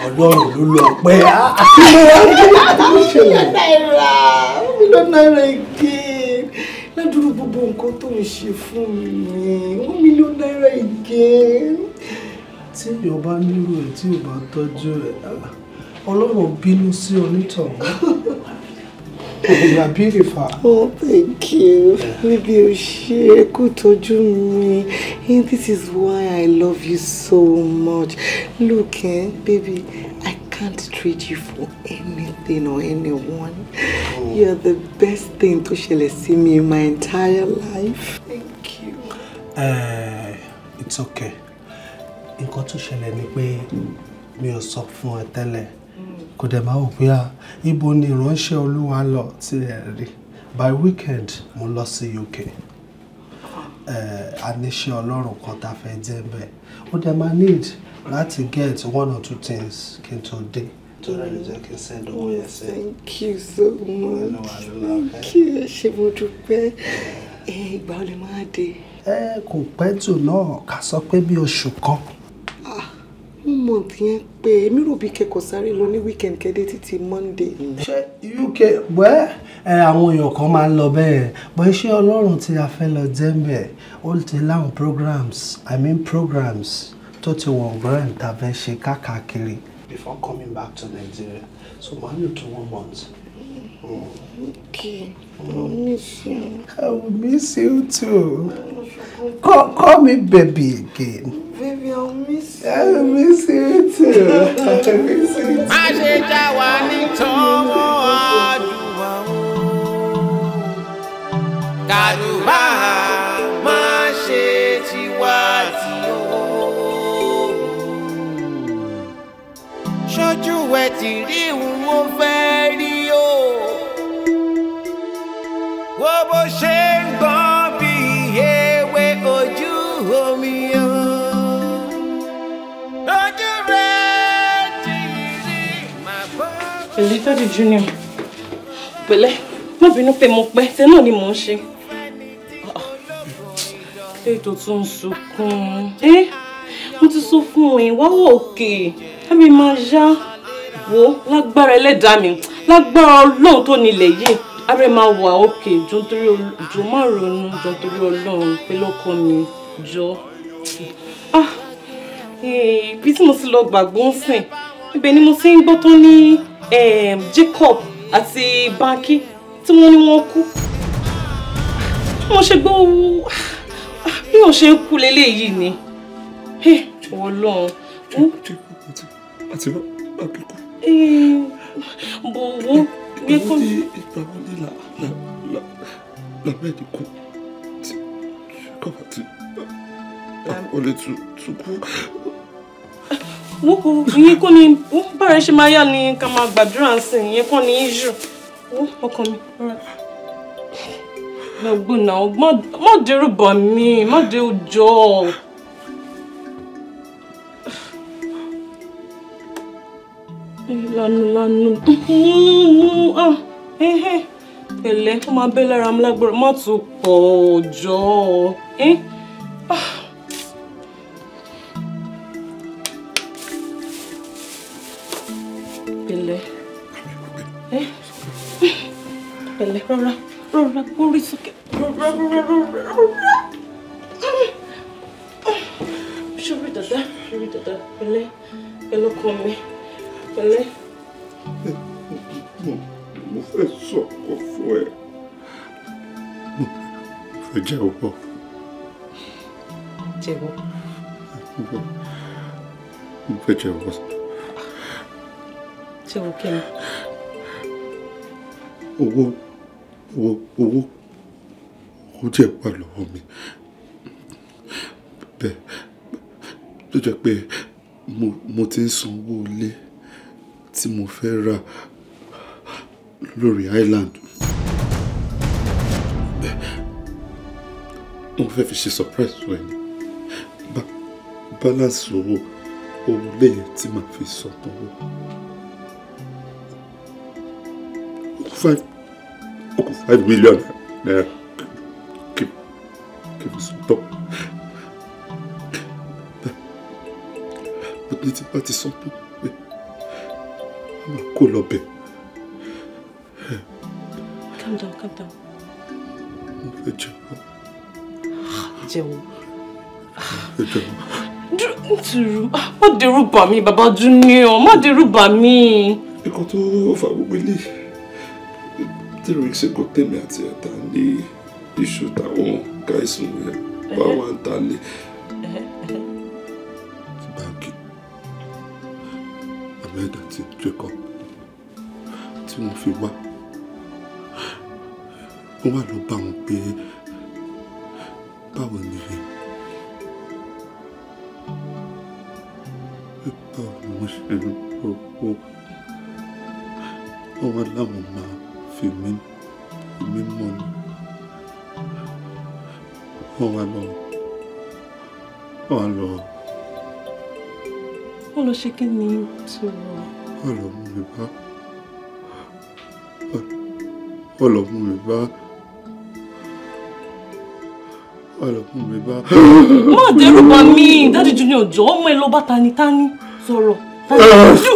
Speaker 1: Ọlọ́run not lọ pẹ́. One million naira. One million naira again. gbogbo nǹkan tó ń ṣe fún mi one million naira again. tí èèyàn bá nílò ẹ̀ tí ò bá tọ́jú ẹ̀ ọlọ́run bínú sí onítọ̀hún ògùnà bírífà.
Speaker 5: oh thank you bíbí o ṣe é kó tọ́jú
Speaker 1: mi and this is why i love you so much look eh, baby can't treat you for anything or anyone. Oh. You're the best thing to ṣẹlẹ̀ sí mi in my entire life. Thank you. Uh, it's okay. Nǹkan tó ṣẹlẹ̀ ni pé mi ò sọ fún ẹ tẹ́lẹ̀. Kò dẹ̀ máa wò pé à ah, ibo ni ìránṣẹ́ Olúwa lọ tí ẹ rí. By weekend, mo lọ sí UK. Uh, a níṣẹ́ Ọlọ́run kan tá a fẹ́ jẹ́ bẹ́ẹ̀. Ó dẹ̀ need láti get one or two things kí n tó dé tó rẹ̀ jẹ́ kí n send owó yẹn sí. thank you so much thank you ẹ ṣé mo dúpẹ́ ìgbà ò lè máa dé. ẹ kò pẹ́ tù náà ká sọ pé bí oṣù kan. mo mọ tiẹ̀ pé èmi rò bí kẹ́kọ̀ọ́ sáré lọ ní weekend kẹ́dẹ́ títí monday. ṣé uk wẹ́ ẹ àwọn èèyàn kan máa ń lọ bẹ́ẹ̀ bọ́ iṣẹ́ ọlọ́run tí a fẹ́ lọ jẹ́ ń bẹ̀ ó ti láwọn programs i mean programs tó ti wọ ọ̀gbọ́n ta ṣe káàkiri. before coming back to Nigeria so màá lò tó months. month. Mm. Okay, I'll miss you. I will miss you too. Call, call me baby again.
Speaker 7: Baby, I'll miss
Speaker 1: you.
Speaker 8: I'll miss you too.
Speaker 7: I'll miss you too. Má ṣe já wa ní tọ́mọ́ àdúrà o. Kàdùbà. tójú ẹ ti rí òun ó fẹ́ rí o. wo bó ṣe ń gbọ́n bí ewé ojú omi o. lójú rẹ ti rí màbọ́. èyí tó junior pẹ̀lẹ́
Speaker 2: má bínú pé mo pẹ́ tẹ náà ni mò ń ṣe. ètò tún ń sunkún. ẹ mo ti sọ fún ẹ wá òkè. Okay ẹ̀mí máa yá wo lágbára ẹlẹ́dàá mi lágbára ọlọ́run tó nílẹ̀ yìí ààrẹ máa wà òkè jọ nítorí jọ má ronú jọ nítorí ọlọ́run pé lọ́kọ mi jọ. ibi ah, tí mo ti lọ gbàgbọ́ ń sìn ibẹ̀ ni mo ti ń gbọ́ tó ní ehm, Jacob àti Banky tí wọ́n ní wọ́n kú mo ṣe gbọ́ ah, bí mo ṣe ń kú leléyìí ni ọlọ́run àti
Speaker 1: má bùkún. bọ̀wọ̀ yẹ kó. ìgbà wo ni
Speaker 3: làbẹ́ẹ̀dì kú tí kọ́fà tí olè tún kú.
Speaker 2: wọ́n kò yẹ kó ni bára ṣe máa yá ni ká máa gbàdúrà sí i yẹ kó ni issue wọ́n ọkàn mi gbogbo náà má dẹ́rù bà mí má dẹ́rù jọ. lanu lanu ah, pẹ̀lẹ́ ó máa bẹ́ lára mi lágbára má tún pọ̀ jọ eh? ah. pẹ̀lẹ́ eh? pẹ̀lẹ́ rọra rọra kórí sókè rọra rọra rọra ah. ṣorí dada ṣorí dada pẹ̀lẹ́ pẹ̀lẹ́ ọkọ mi
Speaker 1: pẹ̀lẹ́ mo fẹ́ fún ẹ mo
Speaker 3: fẹ́ jẹ́wọ́. jẹ́wọ́. mo fẹ́
Speaker 2: kí ni.
Speaker 1: owó owó owó ó jẹ́ wà lọ́wọ́ mi bẹ́ẹ̀ ló jẹ́ pé mo ti ń sanwó ilé tí mo fẹ́ rà lórí island mo fẹ́ fi ṣe surprise fún ẹni balance owó owó lẹ́yìn tí màá fi sọ̀tọ̀wọ́ five okùn five million naira kí kí fi sọ̀tọ̀ bó ní ti bá ti sọ̀tọ̀ máa kó
Speaker 2: calm down calm down. mo fẹ́ jẹun. jẹun. mo fẹ́ jẹun. dúró má dẹ́rù bà mí bàbá Junior má dẹ́rù bà mí. nǹkan tó fà gbogbo ilé tẹ̀rọ
Speaker 3: ìṣègùn tèmi àti ẹ̀ta ní iṣu táwọn gáìsùn rẹ̀ bá wà ń ta lé.
Speaker 1: àti Jacob tí wọ́n fi wá wọ́n wà lọ bá wọn pé báwo ni báwo
Speaker 3: ni wọ́n ṣe ń rọ́pò wọ́n wá láwọn máa fi mí mí mọ́ ni wọ́n wá lọ wọ́n
Speaker 1: wá lọ.
Speaker 2: wọ́n lọ ṣe kí ni tí
Speaker 8: wọ́n
Speaker 1: ọlọ́mú mi bá ọlọ́mú mi bá ọlọ́mú mi bá. má dẹ́rù bà mí dáàdì
Speaker 2: junior jọ ọmọ ẹ lọ bá tani tani sọ̀rọ̀ tani ah.
Speaker 8: jù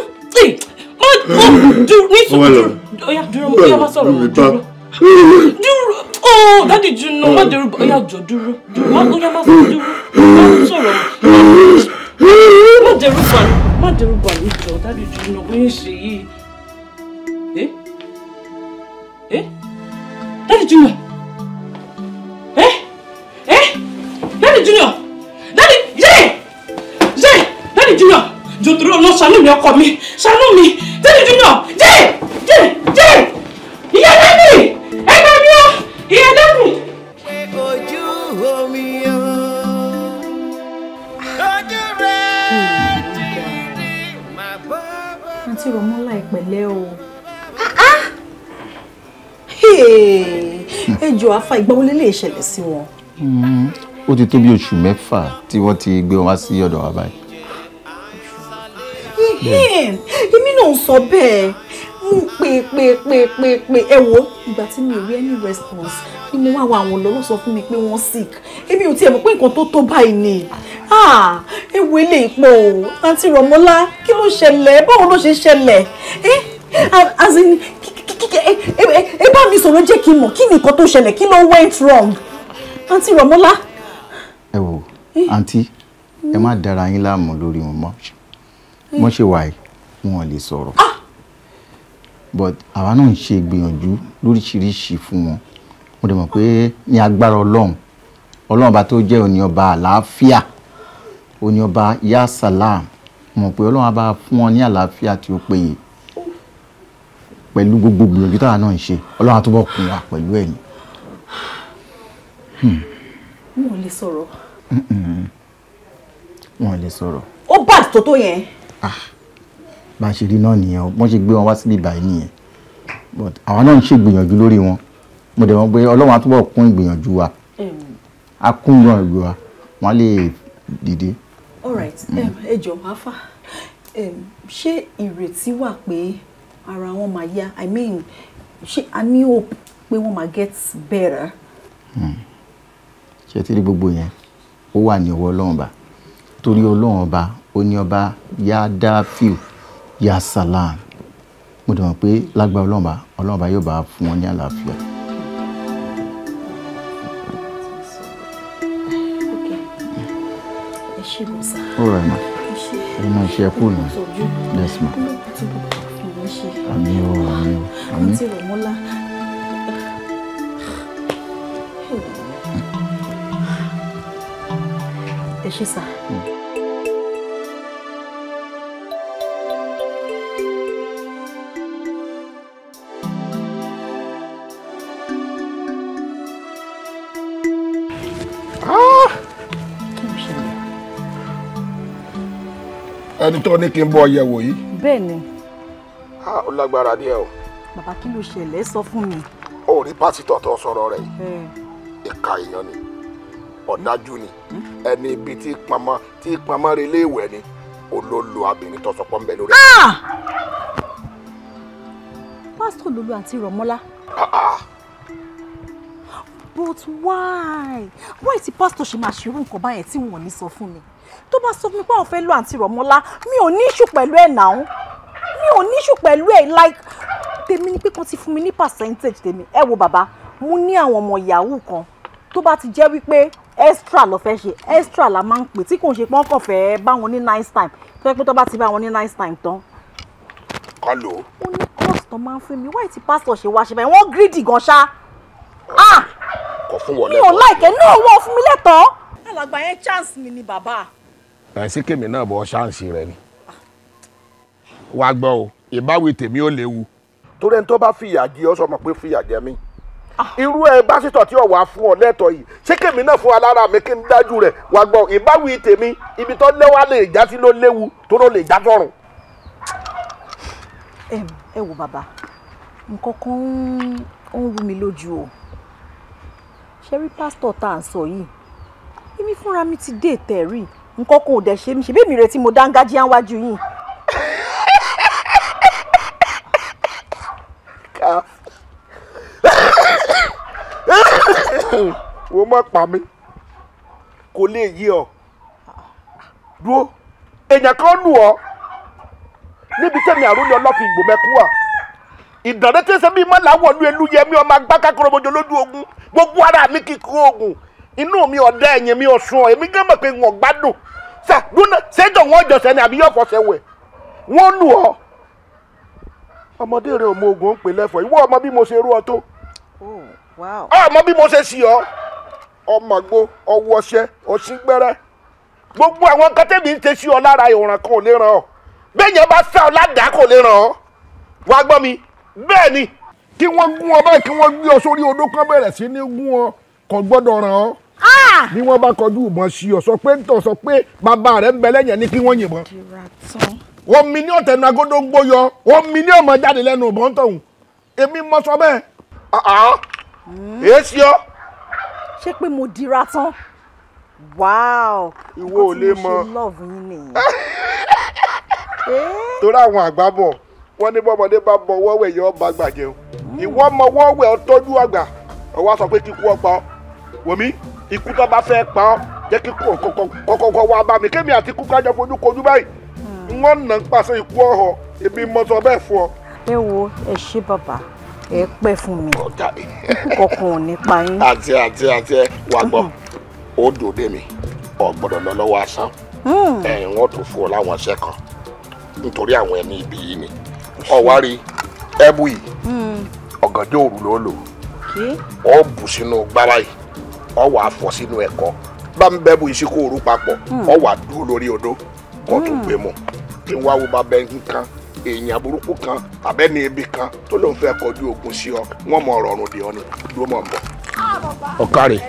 Speaker 8: má
Speaker 2: jù ní sùúrù ọyà dúró mo kí ọ má sọ̀rọ̀ dúró dúró oh dáàdì junior má dẹ́rù bà ọyà jọ dúró dúró má ọyà má sọ̀rọ̀ dúró má sọ̀rọ̀ má dẹ́rù bà mí má dẹrù bà mí jọ dáàbì jù lọ bóyá ṣe yìí. ẹ ẹ dáàbì jù lọ. Junior dadi yeye yeye dadi Junior jòtòrò ọlọ ṣàánú mi ọkọ mi ṣàánú mi dadi Junior yeye yeye yeye ìyá dadi ẹgbẹ
Speaker 7: mi ọ ìyá dadi.
Speaker 1: àǹtí Rọ̀mọ́lá ìpẹ̀lẹ́ o ah, ah. ejò afa ìgbà wọlé lè ṣẹlẹ̀ sí wọn.
Speaker 6: Hmm, ó ti tó bí oṣù mẹ́fà tí wọ́n ti gbé wọn wá sí ọ̀dọ̀ wa báyìí.
Speaker 1: èmi náà ń sọ bẹ́ẹ̀ ń pè pè pè pè pè ẹ wo ìgbà tí mi ò rí any response ni mo wá àwọn àwọn lọ́lọ́ sọ fún mi pé wọ́n sick èmi ò tiẹ̀ mọ̀ pé nǹkan tó tó
Speaker 2: báyìí ni ah, ẹ wo ilé ìpọ̀ o àǹtí Rọ̀mọ́lá kí ló ṣẹlẹ̀ báwo ló ṣe ṣẹlẹ̀ ẹ bá mi sọ̀rọ̀ jẹ́ kí n mọ̀ kí ni nǹkan tó ṣẹlẹ̀ kí ló went wrong àǹtí Rọ̀mọ́lá.
Speaker 6: ẹ wo àǹtí ẹ má dára yín láàmú lórí wọn mọ́ wọ́n ṣe wà yìí wọn ò lè sọ̀rọ̀. ah but àwa náà ń ṣe ìgbìyànjú lóríṣiríṣi fún wọn mo dẹ̀ mọ̀ pé ní agbára ọlọ́run ọlọ́run ọba tó jẹ́ òní ọba àlàáfíà òní ọba yá sàlám mọ̀ pé ọlọ́run ọba fún wọn ní àlàáfíà tí ó péye pẹ̀lú gbogbo gbìyànjú táwa náà ń ṣe ọlọ́run àtúbọ̀ kún wa pẹ̀lú ẹ̀yìn. Hmm.
Speaker 1: wọn ò lè sọ̀rọ̀.
Speaker 6: wọn ò lè sọ̀rọ̀.
Speaker 1: ó bá àtòtó yẹn. ah
Speaker 6: bá ṣe rí náà nìyẹn wọ́n ṣe gbé wọn wá sílé ìbàyí nìyẹn but àwa náà ń ṣe ìgbìyànjú lórí wọn mo dẹ̀ mọ̀ pé ọlọ́run á kún ìgbìyànjú wa á kún ìgbìyànjú wa wọ́n lè dìde.
Speaker 1: all right mm. ẹ jọ̀ọ́ afa ṣé ìrètí wà pé ara wọn máa yá i mean ṣé a ní hope pé wọ́n máa get better.
Speaker 6: Hmm. ṣé ẹ ti rí gbogbo yẹn ó wà ní ọwọ́ ọlọ́run ọba torí ọlọ́run ọba ó ní ọba yá dá fíù ya salam mo dẹ̀ mọ̀ pé lágbára ọlọ́ọ̀bá ọlọ́ọ̀bá yóò bá fún wọn ní àlàáfíà.
Speaker 1: all right ma ẹ máa ṣe ẹ kú nù yes ma
Speaker 6: àmì o àmì o ah,
Speaker 5: àmì.
Speaker 1: ẹ ṣe sá. Hmm.
Speaker 4: ẹni tó ní kí n bọ yẹ̀wò yìí. bẹ́ẹ̀ ni. ó lágbára díẹ̀ o.
Speaker 2: bàbá kí ló ṣẹlẹ̀ sọ fún mi.
Speaker 4: ó rí pásítọ̀ tó sọ̀rọ̀ rẹ̀ yìí ìka èèyàn ni ọ̀dájú ni hmm?
Speaker 1: ẹni ibi tí pamọ́ tí pamọ́ relé ìwẹ̀ ni olólo abìnrin tó sọpọ́ ń bẹ lórí. Ah! pásítọ̀ lulu àti rọ̀mọ́lá. Ah, ah but why why ti pastor ṣe máa ṣerú nǹkan báyẹn
Speaker 2: tí wọn ò ní sọ fún mi tó bá sọ fún mi pé àwọn fẹ́ lo àǹtí Rọ̀mọ́lá mi ò ní ìṣù pẹ̀lú ẹ̀ náà mi ò ní ìṣù pẹ̀lú ẹ̀ like tèmi ni pé kan ti fún mi ní percentage tèmi ẹ wo bàbá mo ní àwọn ọmọ yahoo kan tó bá ti jẹ́ wípé extra lọ fẹ́ ṣe
Speaker 1: extra la máa ń pè tí kò ń ṣe pọ́n kàn fẹ́ bá wọn ní nice time tó yẹ pé tó bá ti bá wọn ní nice time tán. kálò. ó ní cost tó máa ń fún mi wáyé tí pásítọ̀ ṣe wá ṣe báyìí wọ́n gírídì gan ṣá.
Speaker 4: ah kò fún wọn lẹ́tọ̀ọ́. mi ò
Speaker 2: láìkẹ́ ní owó
Speaker 1: fún mi lẹ́tọ̀ọ́. alàgbà yẹn chance mi ni bàbá.
Speaker 4: ẹ̀sìn kèmí náà bọ̀ ṣáǹsì rẹ ni. wàá gbọ́ o ìbáwí tèmi ò léwu. torí ẹni tó bá fìyà jẹ ọ sọ ma pé fìyà jẹ mí. Ah. irú ẹ pásítọ̀ tí ọ̀wá fún ọ lẹ́tọ̀ọ́ yìí ṣé kèmí náà fún alára mi kí n dájú rẹ̀ wàá
Speaker 1: gbọ́ ìbáwí tèmi ibi tó lẹ́wà lè já sí ló léwu tó ló lè já tọ̀run. ẹ wo bàbá nǹkan kan ń wú mi lójú o ṣe rí pásítọ̀ tá à ń sọ yìí èmi fúnra mi ti dé tẹ̀rí nǹkan kan ò dẹ̀ ṣe mí ṣe bẹ́ẹ̀ mi retí mo dángájíá wájú yìí. wo mọ̀ pa mi kò lè yí ọ dúró èèyàn kan lù ọ níbi tẹ̀mí àrùn ni ọlọ́fin ìgbòmẹ́kú wà ìdàdé tí ń ṣe bíi mọ́láwọ̀ lu elu yẹ mi ọmọ agbáka kọ́rọ́bọjọ lójú ogun gbogbo ara mi kíkọ́ ogun inú mi ọ̀dá ẹ̀yìn mi ọ̀sùn ọ̀ èmi gán
Speaker 4: mọ̀ pé wọ́n gbádùn sà dúnà ṣẹ́jọ̀ wọn jọ̀sẹ̀ ni àbí yóò fọṣẹ wẹ̀ wọ́n lù ọ́ ọmọdé
Speaker 1: rẹ ọmọ ogun ń pè lẹ́fọ̀ ìwọ ọmọ bí mo ṣe rú ọ tó
Speaker 4: oh,
Speaker 1: ọmọ bí mo ṣe sì ọ ọmọ àgbo ọwọ́ṣẹ ọ̀ṣíngbẹ́rẹ́
Speaker 4: gbogbo àwọn kọ́tẹ́bì ń ṣe sí ọ lára ìwòrán kan ò lè ràn ọ bẹ́ẹ̀ yẹn bá sá ọ ládàá kò lè ràn ọ wá gbọ́ mi bẹ́ẹ̀ ni kí wọ́n gún ọ báyìí kí wọ́n gbé ọ
Speaker 1: sórí odó kan bẹ̀rẹ̀ sí ní gún ọ kò gbọ́dọ̀ ràn ọ́ ni ah! wọ́n bá kọjú ìbọn sí ọ sọ pé ń tọ̀ sọ pé bàbá rẹ̀ ń bẹ lẹ́yìn ni kí wọ́n yìnbọn omi ní ọ̀tẹ̀ nu agodo ń gbóyọ omi ní ọmọ jáde lẹ́nu ìbọn tọ̀hún èmi mọ sọ bẹ́ẹ̀ hmm. èsì ọ. ṣé pé mo dira tán wow ìwọ ò lè mọ eh? torí àwọn àgbà bọ̀ wọ́n ní bọ́mọdé bá bọ wọ́wẹ̀ yẹn ọba gbàjẹ́ o ìwọ mọ wọ́wẹ̀ ọtọ́jú àgbà ọwọ́ sọ pé kíkú ọpa ọ wòmí ikú tó bá fẹ́ pa ọ jẹ́ kíkú kọ̀kọ̀kọ̀ wá bá mi kémi àti ikú kájọ fojú kojú báyìí wọ́n nà ń pàṣẹ ikú ọ̀họ̀ èmi mọ sọ bẹ́ẹ̀ fún ọ. ẹ wo ẹ ṣe bàbá ẹ pẹ́ fún mi kọkàn ò ní pa yín. àti àti àti ẹ wà gbọ́ ó dòde mi ọ̀gbọ́dọ̀ lọ lọ́wọ́ àṣà hmm. ẹ̀ wọ́n tún fún ọ láwọn iṣẹ́ kan nítorí àwọn ẹni ibi yìí ni. ọ̀wárí ẹ̀bù yìí hmm. ọ̀gànjọ́ òru ló lò ó bù sínú gbára yìí wà á fọ̀ sínú ẹ̀kọ́ bá ń bẹ́bù yìí sí òru hmm. ó wà á dúró lórí odó kó tó hmm. gbé mu kí n wá bẹ nǹkan ebi kan tó ogun sí ọ ọ ni
Speaker 3: ọ̀kárẹ̀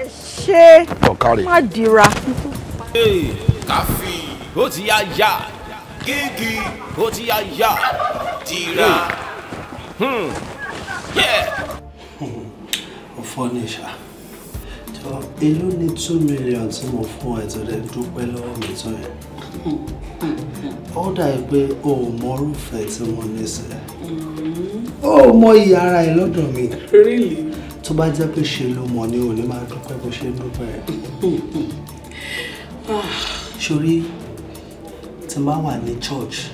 Speaker 3: ṣé ọ̀kárẹ̀ má dira.
Speaker 4: káfí Gigi. ya ya, Dira. Hmm. Yeah.
Speaker 1: Ọ̀fọ́ ni ṣá. Jọ èló two million tí mo fún ẹ tó lè dúpẹ́ lọ́wọ́ mi tó yẹ. Ó dàbí pé o ò mọrúfẹ́ tí mo ní sẹ́. Ó mm-hmm. mọ ìyá ara ẹ lọ́dọ̀ mi. Really? Tó bá jẹ́ pé ṣe ló mọ̀ ni ò ní máa dúpẹ́ bó ṣe ń dúpẹ́. Ah. Ṣorí tí máa wà ní church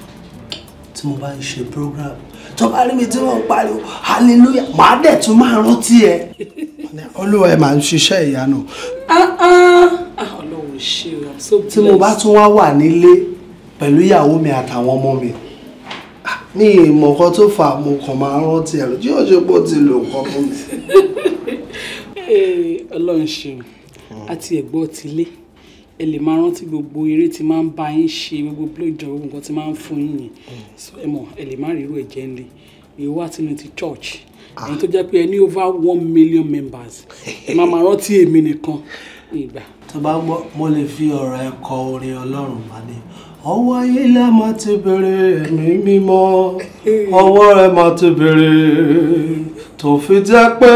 Speaker 1: tí mo bá ń ṣe program tó bá rí mi tí wọ́n ń pariwo hallelujah màá dẹ̀ tún máa rántí ẹ. olúwa ẹ máa ń ṣiṣẹ́ ìyanu.
Speaker 5: ọlọ́run i'm so blessed. tí mo bá
Speaker 1: tún wá wà nílé pẹ̀lú ìyàwó mi àtàwọn ọmọ mi ní ah, ìmọ̀ kan tó fà mo kàn máa rántí ẹ lójú ọjọ́ pé ti lò nǹkan fún mi.
Speaker 5: ọlọ́run ṣeun àti hmm. ẹ̀gbọ́n ti lé ẹ lè máa rántí gbogbo eré tí máa ń bá yín ṣe gbogbo blójọ gbogbo nǹkan tí máa ń fún yín so ẹ mọ̀ ẹ lè má rírú ẹ jẹ nílé wá tinú ti church èyí ah. tó jẹ́ pé ẹ ní over one million members máa máa rántí èmi nìkan ìgbà. tó bá gbọ́ mo lè fi
Speaker 1: ọ̀rọ̀ ẹ kọ orin ọlọ́run wá ní ọwọ́ ilẹ̀ má ti bèrè ẹ̀mí mímọ́
Speaker 7: ọwọ́ rẹ̀ má ti bèrè tó fi jẹ́ pé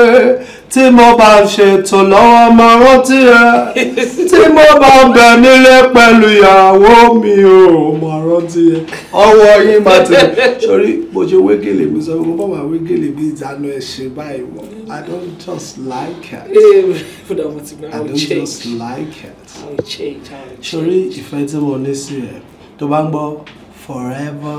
Speaker 7: tí mo bá ń ṣètò lọ́wọ́ máa rántí ẹ tí mo bá ń bẹ
Speaker 1: nílé pẹ̀lú ìyàwó mi ò máa rántí ẹ ọwọ́ yín má ti bèrè sórí mo ṣe wégele mi sọ fún bàbá wégele mi ìdáná ẹ ṣe báyìí wọ́n I don't
Speaker 5: just like it eh, I don't just like it
Speaker 1: sórí ìfẹ́ tí mo ní sí ẹ tó bá ń gbọ́ forever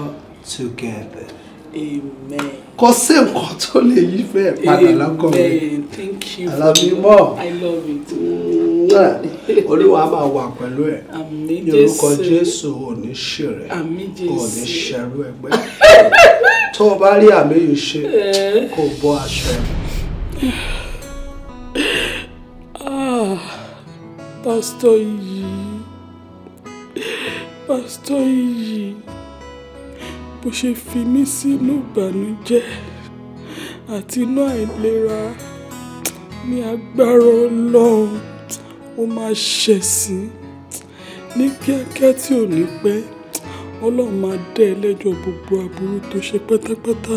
Speaker 1: together.
Speaker 5: amen.
Speaker 1: kò sí nǹkan tó lè yí fẹ́ padà lọ́kàn mi. thank you. alamimọ. i love it. olúwa máa wà pẹ̀lú ẹ̀. àmín jésù. ní orúkọ jésù òní ṣèrè. àmín jésù. òní ṣẹrú ẹgbẹ́. tó o bá rí àmì yìí ṣe eh. kó o bọ́ aṣọ ẹ̀.
Speaker 5: Ah, pastor yìí pásítọ̀ yìí bó ṣe fi mí sínú ìbànújẹ́ àti inú àìlera ní agbára ọlọ́run ó máa ṣẹ̀sìn ní kíákíá tí ò ní pẹ́ ọlọ́run máa dẹ́ ẹlẹ́jọ́ gbogbo aburú tó ṣe pátápátá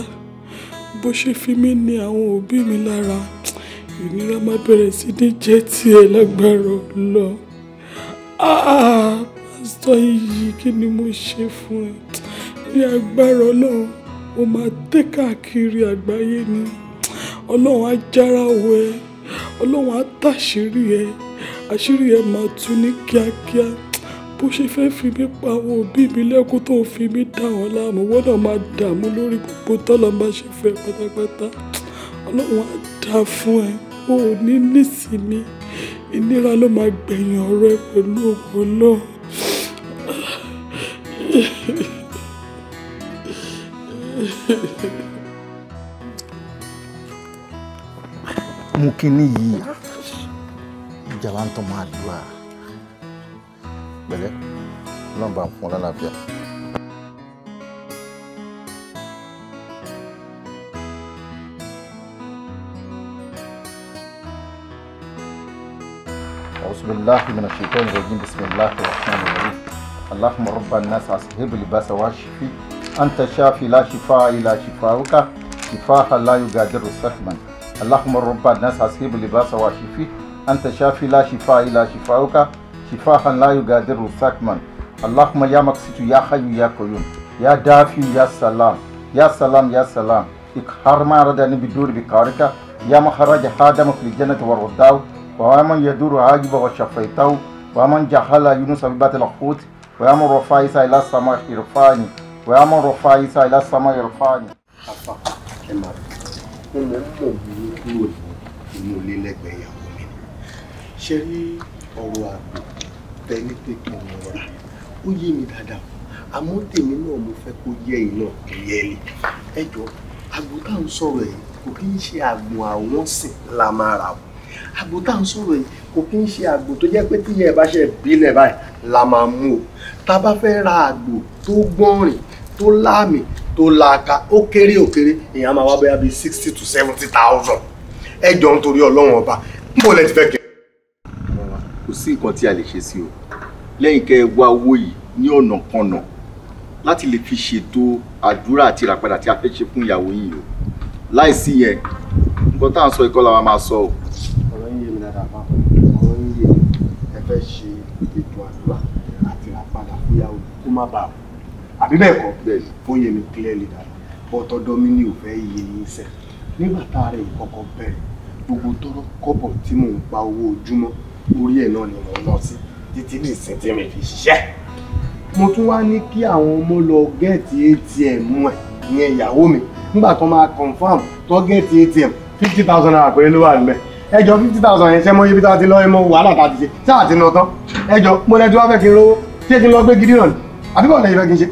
Speaker 5: bó ṣe fi mí ní àwọn òbí mi lára ìnira máa bẹ̀rẹ̀ sí ní jẹ́ tiẹ̀ lágbára ọlọ́run. Ah! pásítọ̀ yìí kí ni mo ṣe fún ẹ ní agbára ọlọ́run mo máa tẹ́ káàkiri àgbáyé ni ọlọ́run á jára wọ ẹ ọlọ́run á tàṣírí ẹ àṣírí ẹ máa tú ní kíákíá bó ṣe fẹ́ fi mí pa àwọn òbí mi lẹ́kún tó fi mí dà wọ́n láàmú wọ́n náà máa dààmú lórí gbogbo tọ́lọ́ bá ṣe fẹ́ pátápátá ọlọ́run á dà fún ẹ o ò ní nísìmí ìnira ló máa gbẹ̀yìn ọ̀rọ̀ ẹ pẹ̀lú ògo náà.
Speaker 6: Mungkin iya jalan tomat dua, tọ́ Belum bang, à pẹ̀lẹ́ ya. Bismillahirrahmanirrahim. Bismillahirrahmanirrahim. اللهم رب الناس أصحب لباس واشفي أنت شافي لا شفاء إلا شفاؤك شفاء لا يغادر سقما اللهم رب الناس أصحب لباس واشفي أنت شافي لا شفاء إلا شفاؤك شفاء لا يغادر سقما اللهم يا مقسط يا حي يا قيوم يا دافي يا سلام يا سلام يا سلام اقهر ما ردني بدور بكارك يا مخرج في الجنة والرداو ومن يدور عاجب وشفيته ومن جهل يونس ببات الأخوت ويامر رفائس إلى السماء يرفعني ويامر رفائس إلى السماء يرفعني. afa
Speaker 1: ẹ máa fún mi mọ mi kúrò nínú ilé lẹ́gbẹ̀ẹ́ ìyàwó mi ṣe rí ọ̀rọ̀ àgbò tẹni pé kí n rọra ó yé mi dáadáa àmọ́ tèmi náà mo fẹ́ kó yẹ iná kò yẹ ni ẹ jọ àgbò tá à ń sọ̀rọ̀ yìí kò kí ń ṣe àgbò àwọn sìn la máa rà o àgbò tá à ń sọ̀rọ̀ yìí kò kí ń ṣe àgbò tó jẹ́ pé tíyẹ bá ṣe bílẹ̀ báyìí la máa mú o tá a bá fẹ́ ra àgbò tó gbọ́nrìn tó láàmì tó laaka ó kéré ó èèyàn máa wá bóyá bíi sixty to seventy thousand ẹ jọ ń torí ọlọ́run ọba níbo lẹ ti fẹ́ kẹ́. kò sí nǹkan tí a lè ṣe sí o
Speaker 6: lẹ́yìn kẹ́ ẹ wá owó yìí ní ọ̀nà kanà láti lè fi ṣètò àdúrà àti ìràpadà tí a fẹ́ ṣe fún ìyàwó yìí o láìsí yẹn nǹkan tá à ń sọ ikọ́ la máa sọ o. ọ̀rọ̀ yín yé mi dáadáa báwo ọ̀rọ̀ yín yé mi ẹ fẹ́ ṣe ètò àdúrà
Speaker 1: má bàa mú àbí bẹ́ẹ̀ kọ́ ó yẹ mi clearly dáadáa bọ́tọ̀ domini ò fẹ́ yẹ yín sẹ́ nígbà tá a rẹ̀ ìkọ̀kọ̀ bẹ̀rẹ̀ gbogbo tọ́rọ́ kọ́bọ̀ tí mò ń pa owó ojúmọ́ orí ẹ̀ náà ni mò ń lọ sí títí ní ìsìn tí mi fi ṣiṣẹ́ mo tún wá ní kí àwọn ọmọ lọ gẹ́ẹ̀tì atm ẹ̀ ìyẹn ìyàwó mi nígbà tó máa confam tó gẹ́ẹ̀tì atm fifty thousand naira péré ló wà níbẹ̀ ẹjọ fifty thousand yẹn ṣe mọ ibi tá a ti lọ ẹ mọ wàhálà tá a ti ṣe tá a ti nà tán ẹjọ mo lẹ tí wàá fẹ́ kí n lówó ṣé kí n lọ gbé gidi náà ni àbíbọ̀ ọ̀nà ìfẹ́ kí n ṣe.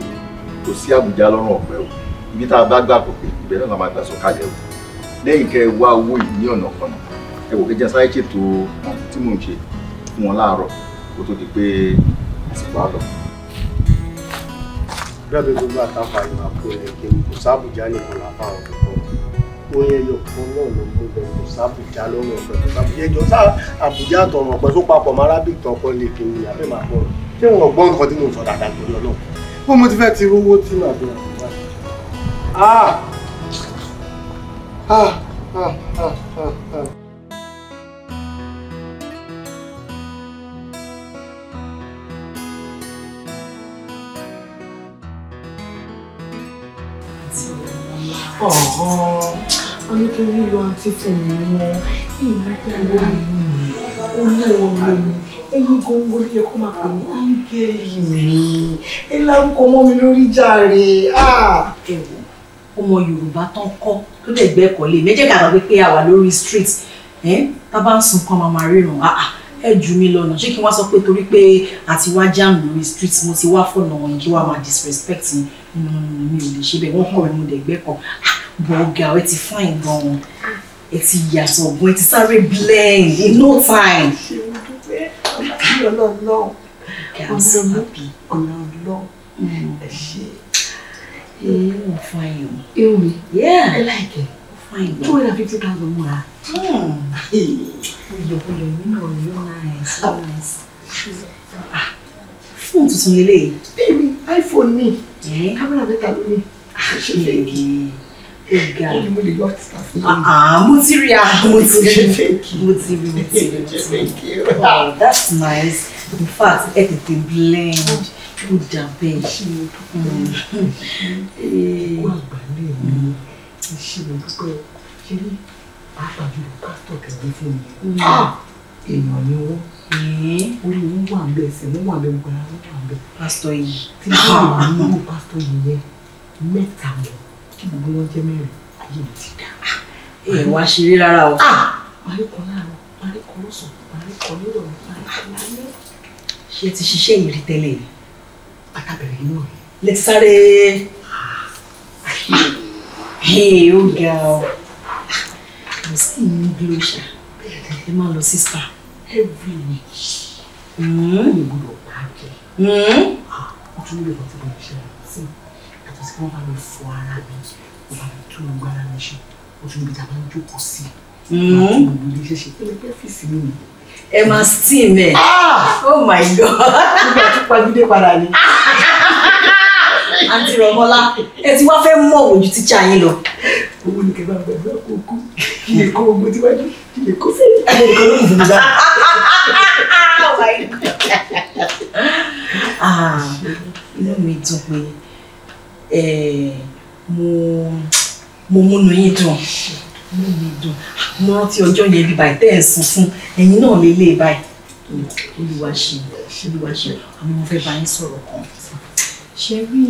Speaker 6: kò sí àbújá lọ́rùn ọ̀pẹ o ibi tá a bá gbà kò pé ibẹ̀ náà la máa gbà sọ̀kalẹ̀ o lẹ́yìn kẹ́ ẹ wá owó yìí ní ọ̀nà kan náà ẹ wò kéjà sáré ṣètò ọ̀hún tí mò ń ṣe fún wọn láàárọ̀ kó tó di pé àsìkò àlọ́.
Speaker 1: bẹ́ẹ̀ gbogbo àtàfà ìwà kò rẹ̀ kí n kò sábùjá nìkan làbá ọ̀dọ̀ kan ó yẹ yọ kan náà ló mú bẹ kò sábùjá lọ́rùn ọ̀pẹ kò sábùjá ìjọ sá àbújá àtọ̀rọ̀ ọ̀pẹ tó papọ̀ mọ́ arábìtàn kan lè kéwìn àbẹ́ màá bọ̀rọ̀ ṣé wọn ò gbọ́ nǹkan tí mo sọ dáadáa torí ọlọ́run bó mo ti fẹ́ ti rówó tí mà bí wọn bá ṣe.
Speaker 8: ah ah ah ah ah.
Speaker 1: Ọ̀hún.
Speaker 5: Ó ní kí wíwọ títì nìyẹn,
Speaker 1: ìmọ̀ tó wà nínú rẹ̀, ó ní òun lòun ẹyin gbogbo ló yẹ kó máa pè ní ike yìí ẹ lárúkọ mọ́ mi lórí jàre. ẹ wo ọmọ yorùbá tán kọ́ tó dẹ̀ gbẹ́ ẹ̀kọ́ lé méjèèjì àgbà pé a wà lórí street tá a bá ń sun kan máa máa ríran ẹ jù mí lọ́nà ṣé kí wọ́n sọ pé torí pé àti wá jam lórí street mo ti wá fọ̀nà wọn kí wọ́n máa disrespect mi ò lè ṣe bẹ́ẹ̀ wọ́n kọ́ mi mo dẹ̀ gbẹ́ kan bọ̀ọ̀gà ẹ ti fine gan-an ẹ ti yàtọ̀ gan ẹ ti sáré
Speaker 2: blend in no time
Speaker 5: ọlọ́ọ̀lọ́ọ̀
Speaker 1: ọ̀nà ọlọ́ọ̀ ẹ ṣe. Ewu fine o. Ewu mi? Yeah. I like it. Fine. Two hundred and fifty thousand mo ra. Oyọ̀bọ̀lọ̀ mi náà yóò nice ah. nice. Fóònù ah. tuntun lélẹ̀ yìí. Bẹ́ẹ̀ni iPhone ni. Kámẹ́rà eh? mẹ́ta ló ní. Ah, ṣé fẹ́ kí? mo lè gbọ́ títà sí i. mo ti rí a ah, mo ti rí mo ti rí mo ti rí wow oh, that's nice in fact ẹ tètè blend ó dà bẹ́ẹ̀. Mm. kó àgbà ní ìlú ìṣirò dúpẹ́ ṣe ní àpàjù pásítọ̀ kẹ̀kẹ́ fún mi mm. ah! èèyàn ni wọ́n orí wọn wà ń bẹ ẹsẹ̀ wọn wà ń bẹ gbogbo ara wọn wà ń bẹ. pásítọ̀ yìí. tí wọ́n wà nínú pásítọ̀ yìí yẹn mẹ́ta lọ kí mo gbé wọn jẹ mẹ́rin ayé mi ti dá. Ah, ẹ wá ṣeré rárá o. parí ah! kan láàárọ̀ parí kan lọ́sàn-án parí kan nírọ̀lẹ́ parí kan lálẹ́. ṣé ti ṣiṣẹ́ ìrì tẹ́lẹ̀ ni àtàbẹ̀rẹ̀ inú rẹ̀ lẹ sáré. Ah! ó ga ọ mo sì ń gbé ọṣà ẹ máa lọ sí spa every week. ìgbọ̀dọ̀ hmm? pàákẹ́. ọdún hmm? mélòó kan ti bọ̀ ṣe é sí yàtọ̀ sí kí wọ́n bá mi fọ ara mi tún lọ gbára mi ṣe o tún níbi tá a máa ń jókòó sí i mm-hmm. máa tún lọ ilé iṣẹ́ ṣe
Speaker 5: pé lẹ́gbẹ́ ọ́fíìsì
Speaker 1: mi ẹ máa steam ẹ ah! oh my god. nígbà tó pagídé padà ni.
Speaker 5: àǹtí Rọ̀mọ́lá
Speaker 1: ẹ ti wá fẹ́ mọ̀ wò ju tíṣà yín lọ. owó ni kẹfà gbàgbé ọkọ òkú kí lè kó ogun tíwájú kí lè kó sẹ́yìn kí
Speaker 8: lè kó lóògùn fún mi dá. Oh
Speaker 2: ah, inú mi dùn pé eh,
Speaker 1: mo mo múnú yín dùn múnú mi dùn mo rántí ọjọ́ yẹn bí báyìí tẹ́ ẹ̀ sunkún ẹ̀yin náà lè lè e báyìí olúwa ṣe olúwa ṣe àwọn ọmọ fẹ́ bá yín sọ̀rọ̀ kan ṣe rí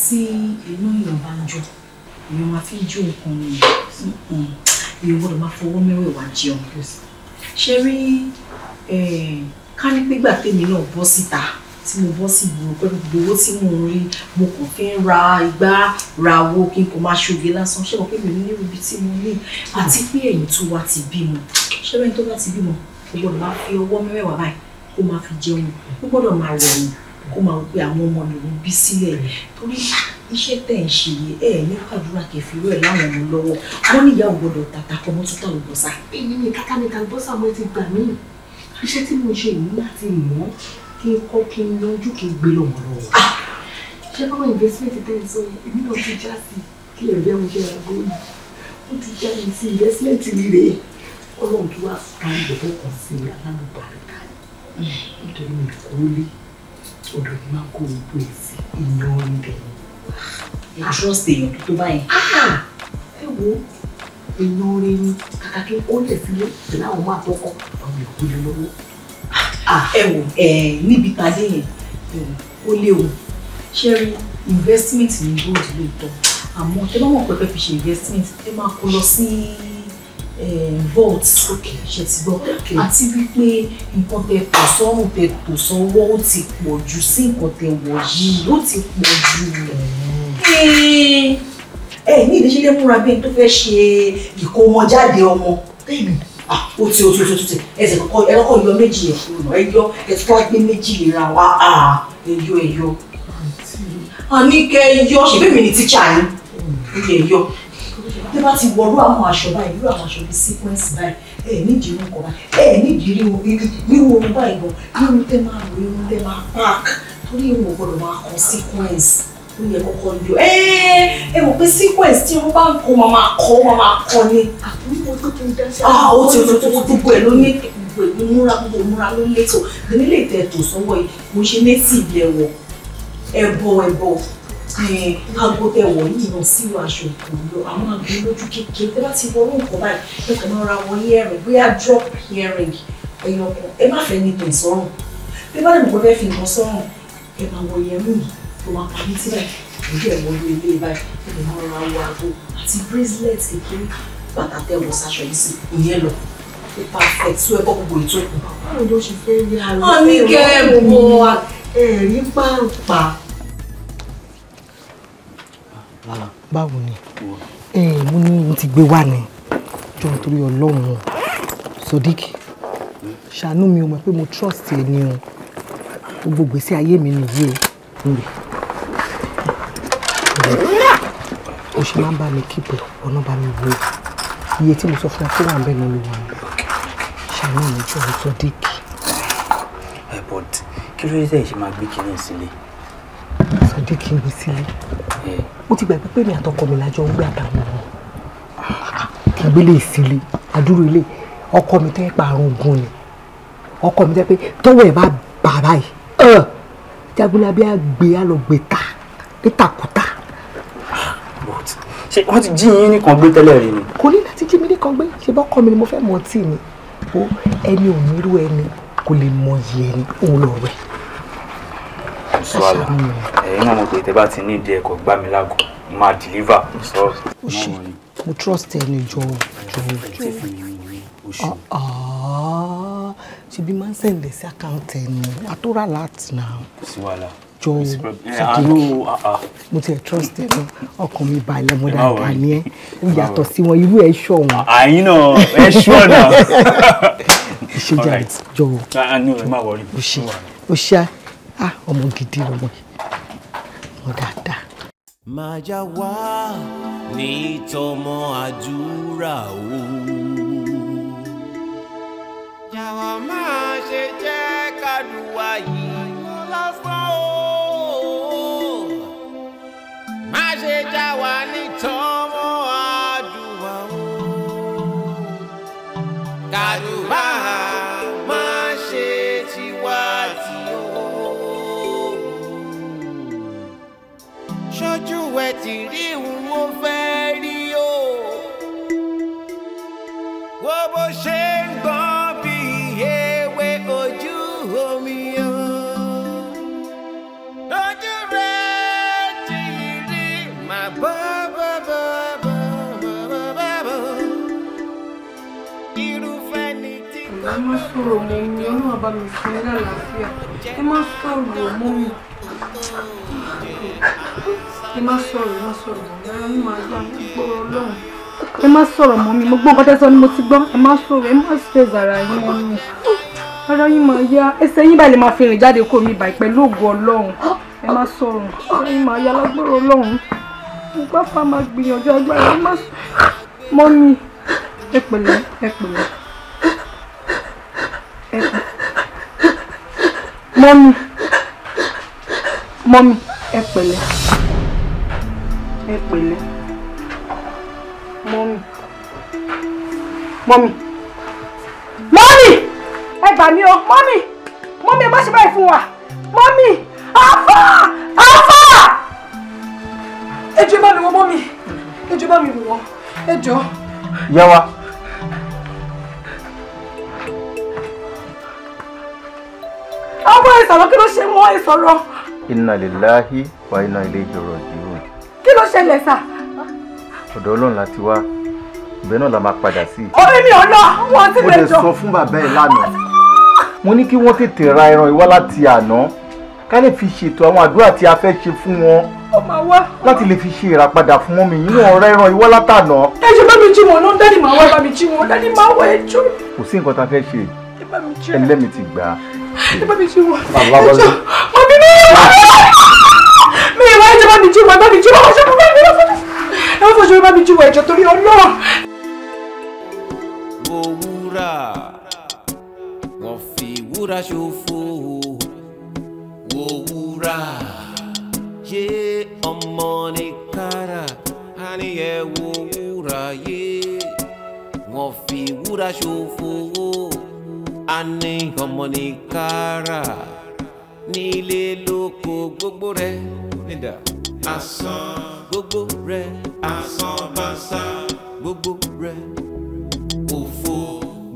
Speaker 1: tí inú èèyàn bá ń jó èèyàn máa fi jó nǹkan ni èèyàn gbọ́dọ̀ máa fọwọ́ mẹ́wẹ̀ẹ̀wá jẹun ṣe rí eh, ká ní pé gbà tèmi náà bọ́ síta tí mo bọ́ sí ìgboro pẹ̀lú gbogbo owó tí mo ń rí mo kàn fi ń ra igbá ra owó kí n kò máa ṣoge lásán ṣé mo pé mi ní ibi tí mo ní àti pé ẹ̀yìn tó wá ti bímọ ṣé bẹ́ẹ̀ tó bá ti bímọ kò gbọ́dọ̀ máa fi ọwọ́ mẹ́wàá báyìí kó máa fi jẹun kó gbọ́dọ̀ máa rẹ̀yìn kó máa pe àwọn ọmọ lòún bí sílẹ̀ torí iṣẹ́ tẹ̀ ń ṣe yìí ẹ̀ ní pàdúrà kẹfì rẹ̀ láwọn ọmọ lọ́wọ́ wọ́n níyà ò gbọ́dọ̀ tàtà kọ́ mọ́tò tà lùbọ́sà. èmi ni kátà ni tàlùbọ́sà mo ti gbà mí iṣẹ́ tí mo ṣe ìmú láti mọ̀ kí n kọ́ kí n yanjú kí n gbé lọ́mọ lọ́wọ́. Ah! ṣé báwọn investment tẹ́ ń sọ yẹn èmi náà ti já sí kí lè rí oúnjẹ àgọ́ yìí ó ti já mi sí investment rere ọlọ́run tó wà fún ìgbẹ́bọ̀ kan sí mi alálùbáríkà nítorí mi kò lé ọ̀dọ̀ mi máa kó gbogbo ẹ̀ sí ìyan ibẹ̀
Speaker 3: ni. ẹ trust
Speaker 1: èèyàn tó tó báyìí. Ah! ẹ wo èèyàn rẹ ni kàkà kí n kó lẹ̀ sílé Ah, ẹ wò ẹ níbi tadé yẹn ó léwu ṣé rí investment ní gold lóòótọ́ àmọ́ ẹ bá wọn pẹ́pẹ́ fi ṣe investment ẹ máa kó lọ sí vault ṣe ti gbọ́ àti wípé nǹkan tẹ tò sọ́run tẹ tò sọ́wọ́ ó ti pọ̀ jù sí nǹkan tẹ wọ̀ yìí ó ti pọ̀ jù ẹ ní ìdíṣẹ́lẹ̀ múra bí tó fẹ́ ṣe ìkómọjáde ọmọ ah ó ti o tún tún tún ẹsẹ̀ kọ́kọ́ ẹ kọ́kọ́ yọ méjì yẹn fún un ẹ yọ ẹ tún wá gbé méjì yẹn ra wá ah ẹ yọ ẹ yọ
Speaker 2: àní kẹ yọ ṣèbí mi ni tíṣà
Speaker 1: yín ẹ yọ bí bá ti wọlú àwọn aṣọ báyìí irú àwọn aṣọ bíi sequence báyìí ẹ nídìí irun kọba ẹ nídìí irun bíbí irun orun báyìí bọ irun tẹ máa lò irun tẹ máa park torí irun ò gbọ́dọ̀ máa kọ sequence ó yẹ kọ́kọ́ yọ
Speaker 2: ẹ ẹ
Speaker 1: mọ̀ pé sequence tí wọ́n bá ń kọ́ máa kọ́
Speaker 2: máa kọ́
Speaker 3: ni. àkókò tó tó ń dá sí ah, àwọn ọmọ
Speaker 8: tó tó tó gbogbo ẹ̀ ló
Speaker 1: ní gbogbo ẹ̀ ló múra gbogbo múra ló létò nílé ìtẹ̀tò sọ́wọ́ yìí mo ṣe létí ilẹ̀ wọ̀ ẹ̀bọ ẹ̀bọ aago tẹ wọ̀ yìí náà sínú aṣọ ìkòló àwọn àgbẹ̀ lójú kékeré tẹ́ bá ti wọnú nǹkan báyìí ẹ kàn máa ra wọn earring bóyá drop earring ẹ̀yàn kan ẹ má fẹ́ ní tẹ̀sán tẹ́ bá lè mọ̀ pé fẹ́ fi nǹkan sọ́rùn ẹ máa wọ earring yìí ó máa pa mí sílẹ̀ ojú ẹ̀ ní ilé báyìí ó ra owó aago àti bracelet kékeré bàtà tẹ́wọ̀ sáṣọ yìí sí ìyẹn lọ ó perfect tó ẹ gbogbo ètò ẹ̀kọ́. báwo ló ṣe fẹ́ rí ara ẹ̀ ní kẹ́ ẹ̀ bọ̀ ẹ̀rí pàápàá. báwo ni mo ní mo ti gbé wá ni jọ nítorí ọlọ́run Sodiq ṣàánú mi o mọ̀ pé mo trust ẹ ni o gbogbo gbèsè ayé mi nìyí o o ṣe máa ń bá mi kíkọ ọ̀nà bá mi wo iye tí mo sọ fún ọ tó wà ń bẹ ní olúwa mi ṣàánú mi jọ ọ sọ díìkì. ẹ but kí ló dé tẹ̀ ṣe máa gbé kinní sílé. sọdíìkì mi sílé mo ti gbàgbé pé mi àtọkọ mi lájọ ń gbé àtàwọn ọmọ kí n gbélé ìsílé àdúró ilé ọkọ mi tẹ́ pa àrùn ogun ni ọkọ mi tẹ́ pé tọ́wọ́ ẹ̀ bá bàbá yìí jagunlabi àgbé alọ́gbẹ̀ta nítakùtà ṣé wọ́n ti jí yín nìkan gbé tẹ́lẹ̀ rí ni. kò ní láti jí mi nìkan gbé ṣe bọ́ kọ́ mi ni mo fẹ́ mọ tí mi o ẹni ò ní irú ẹni kò lè mọ iye ẹni òun lọ rẹ. sọ́ọ̀lá ẹ̀yin náà mo pè tẹ́ bá ti ní ìdí ẹ̀kọ́ gbá mi lágọ̀ọ́ máa deliver. o ṣe mo trust ẹni jọ jọ ṣe ah, bí máa ń sẹ̀ǹdẹ̀ sí àkáǹtì ẹni àtúrà láti náà. sí jọ ṣàkíyò uh, uh. mo tiẹ̀ trust ẹ lọ ọkàn mi balẹ̀ mo dáadáa ni ẹ ó yàtọ̀ sí wọn irú ẹ ṣọ wọn. àyín náà ẹ ṣọ náà. ṣe jàre jọ̀wọ́
Speaker 7: jọ̀wọ́ ah, o ṣe
Speaker 1: o ṣe a ah, ọmọ gidi lọmọ
Speaker 7: mo dáadáa. máa já wá ní tọmọ àdúrà o jàwọ́ máa ṣe jẹ́ kádùá yìí lásán wà ní tọ́mọ àdùwà o. kàdùbà má ṣe tiwa tí o. ṣojú ẹ ti rí ìwúwo fẹ́.
Speaker 5: má sọ̀rọ̀ mọ́ mi ọlọ́run bá mi fún yín lálàáfíà ẹ má sọ̀rọ̀ mọ́ mi ẹ má sọ̀rọ̀ ẹ má sọ̀rọ̀ mọ́ mi ara yín máa gbà mí gbọ́ ọlọ́run
Speaker 2: ẹ má sọ̀rọ̀ mọ́ mi mo gbọ́ nǹkan tẹ́sán ni mo ti gbọ́ ẹ má sọ̀rọ̀ ẹ má stress ara yín mọ́ mi ara yín máa yá ẹsẹ̀ fi rìn jáde kó mi báyìí
Speaker 5: pẹ̀lú ògo ọlọ́run ẹ má sọ̀rọ̀ ara yín máa yá lágbóró ọlọ́run mo gbá fa máa gbìyànjú agbára ẹ má mọ́ mi ẹ pẹ̀lẹ́ ẹ
Speaker 2: mọ́mí
Speaker 1: mọ́mí ẹ pẹ̀lẹ́ ẹ pẹ̀lẹ́ mọ́mí mọ́mí
Speaker 2: mọ́mí ẹ gbà mí o mọ́mí mọ́mí ẹ má ṣe báyìí fún wa mọ́mí àfà àfà ẹ jọ̀ọ́ bá mi wò mọ́mí ẹ jọ̀ọ́ bá mi wò ẹ jọ̀ọ́. yá wa. ọmọ ẹ sọ̀rọ̀ kí ló ṣe mọ́
Speaker 6: ẹ sọ̀rọ̀. inna lillahi wa inna ilayhi raji'un.
Speaker 2: kí ló ṣẹlẹ̀ sà.
Speaker 6: ọ̀dọ̀ ọlọ́run la ti wá ibẹ̀ náà la máa padà sí.
Speaker 7: ọ̀rẹ́ mi ọ̀nà wọn ti lè jọ. mo lè sọ
Speaker 6: fún bàbá ẹ lánàá mo ní kí wọ́n tètè ra ẹran ìwá láti àná ká lè fi ṣètò àwọn àdúrà tí a fẹ́ ṣe fún wọn láti lè fi ṣe ìràpadà fún wọn mi nínú ọ̀rẹ́ ẹran ìwá látànà. ẹ ṣe bá mi jí wọn náà dádì máa wá bá mi
Speaker 2: jí wọn dádì máa wọ ẹjọ́.
Speaker 6: kò sí nǹkan tá a fẹ́ ṣe ẹlẹ́mi ti gbà á ẹ bá mi jí wọn ẹ jọ
Speaker 2: wọn bí mi ah! mi ìwà ẹ jẹ bá mi jí wọn ẹ bá mi jí wọn ẹ jọ bá mi jí wọn ẹ wọ́n fọṣọ bá mi jí wọn ẹ̀jọ̀ torí ọlọ́run.
Speaker 7: wo wúrà wọ́n fi wúrà ṣòfò wo wúrà yé ọmọ ní kára á ní ẹ wo wúrà yé wọ́n fi wúrà ṣòfò. Ani ní ọmọ ni kára nílé lóko gbogbo rẹ̀ nídà. asán gbogbo rẹ̀ asán bàṣà gbogbo rẹ̀ òfò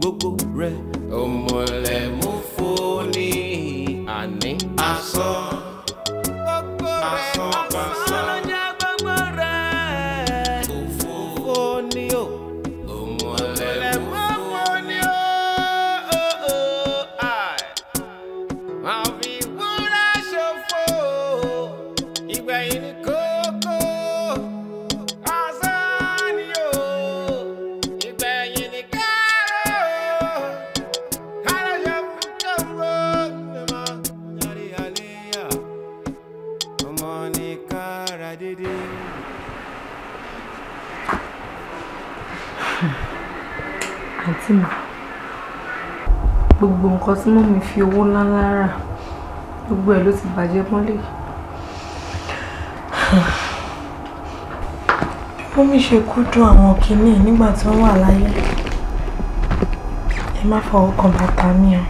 Speaker 7: gbogbo rẹ̀ ọmọlẹ̀ mọ́fò ní àní. gbogbo rẹ̀ asán bàṣà.
Speaker 8: tì mí
Speaker 5: gbogbo nǹkan tí mọ́mí fi owó ńláńlá rà gbogbo ẹ̀ ló ti bàjẹ́ mọ́lẹ̀ mọ́mí ṣe kúndùn àwọn kìíní nígbà tí wọ́n wà láyé
Speaker 2: ẹ má fọwọ́ kan bàtà mi o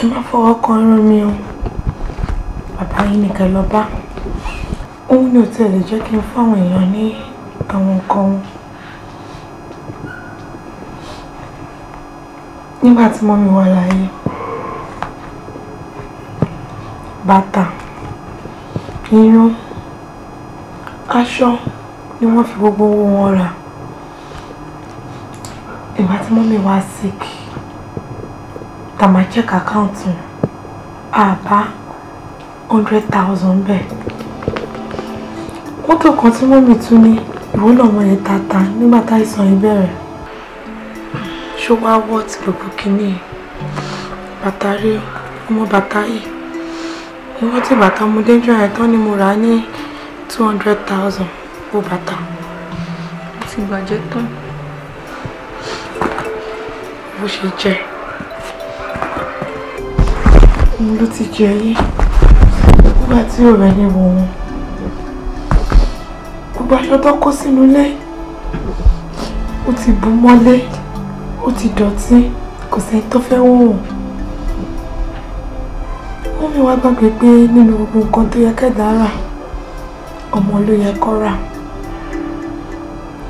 Speaker 2: ẹ má fọwọ́ kan irun mi o bàbá yín nìkan lọ bá òun ni ò tẹ̀lé jẹ́ kí n fáwọn
Speaker 5: èèyàn ní àwọn nǹkan wọn. nígbà tí mọ́mí wà láyé
Speaker 1: bàtà irun aṣọ
Speaker 2: ni wọ́n fi gbogbo owó wọn rà ìgbà tí mọ́mí wá sick tàmá check account àbá hundred thousand bẹ́ẹ̀ mọ́tò kan tí mọ́mí tún ní ìwúlò ọmọ yẹn tata nígbà táìsàn yìí bẹ̀rẹ̀ ṣó wá wọ́ ti gbogbo kínní bàtà rí ọmọ bàtà yìí mo rántí bàtà mo déjọ́ ẹ̀ tán ni mo rà á ní two hundred thousand
Speaker 1: ó bàtà mo ti bàjẹ́ tán
Speaker 5: bó ṣe jẹ́ mo ló ti jẹ yín nígbà tí ọ̀rẹ́ ni wò wọ́n gbogbo aṣọ tó kó sínú ilé ó ti bù mọ́lé ó ti dọ̀tí kò sẹ́ni tó fẹ́ wọ̀n wọ̀n wọ́n mi wá gbàgbé pé nínú gbogbo nǹkan tó yẹ kẹ́dà rà ọmọ ló yẹ kó rà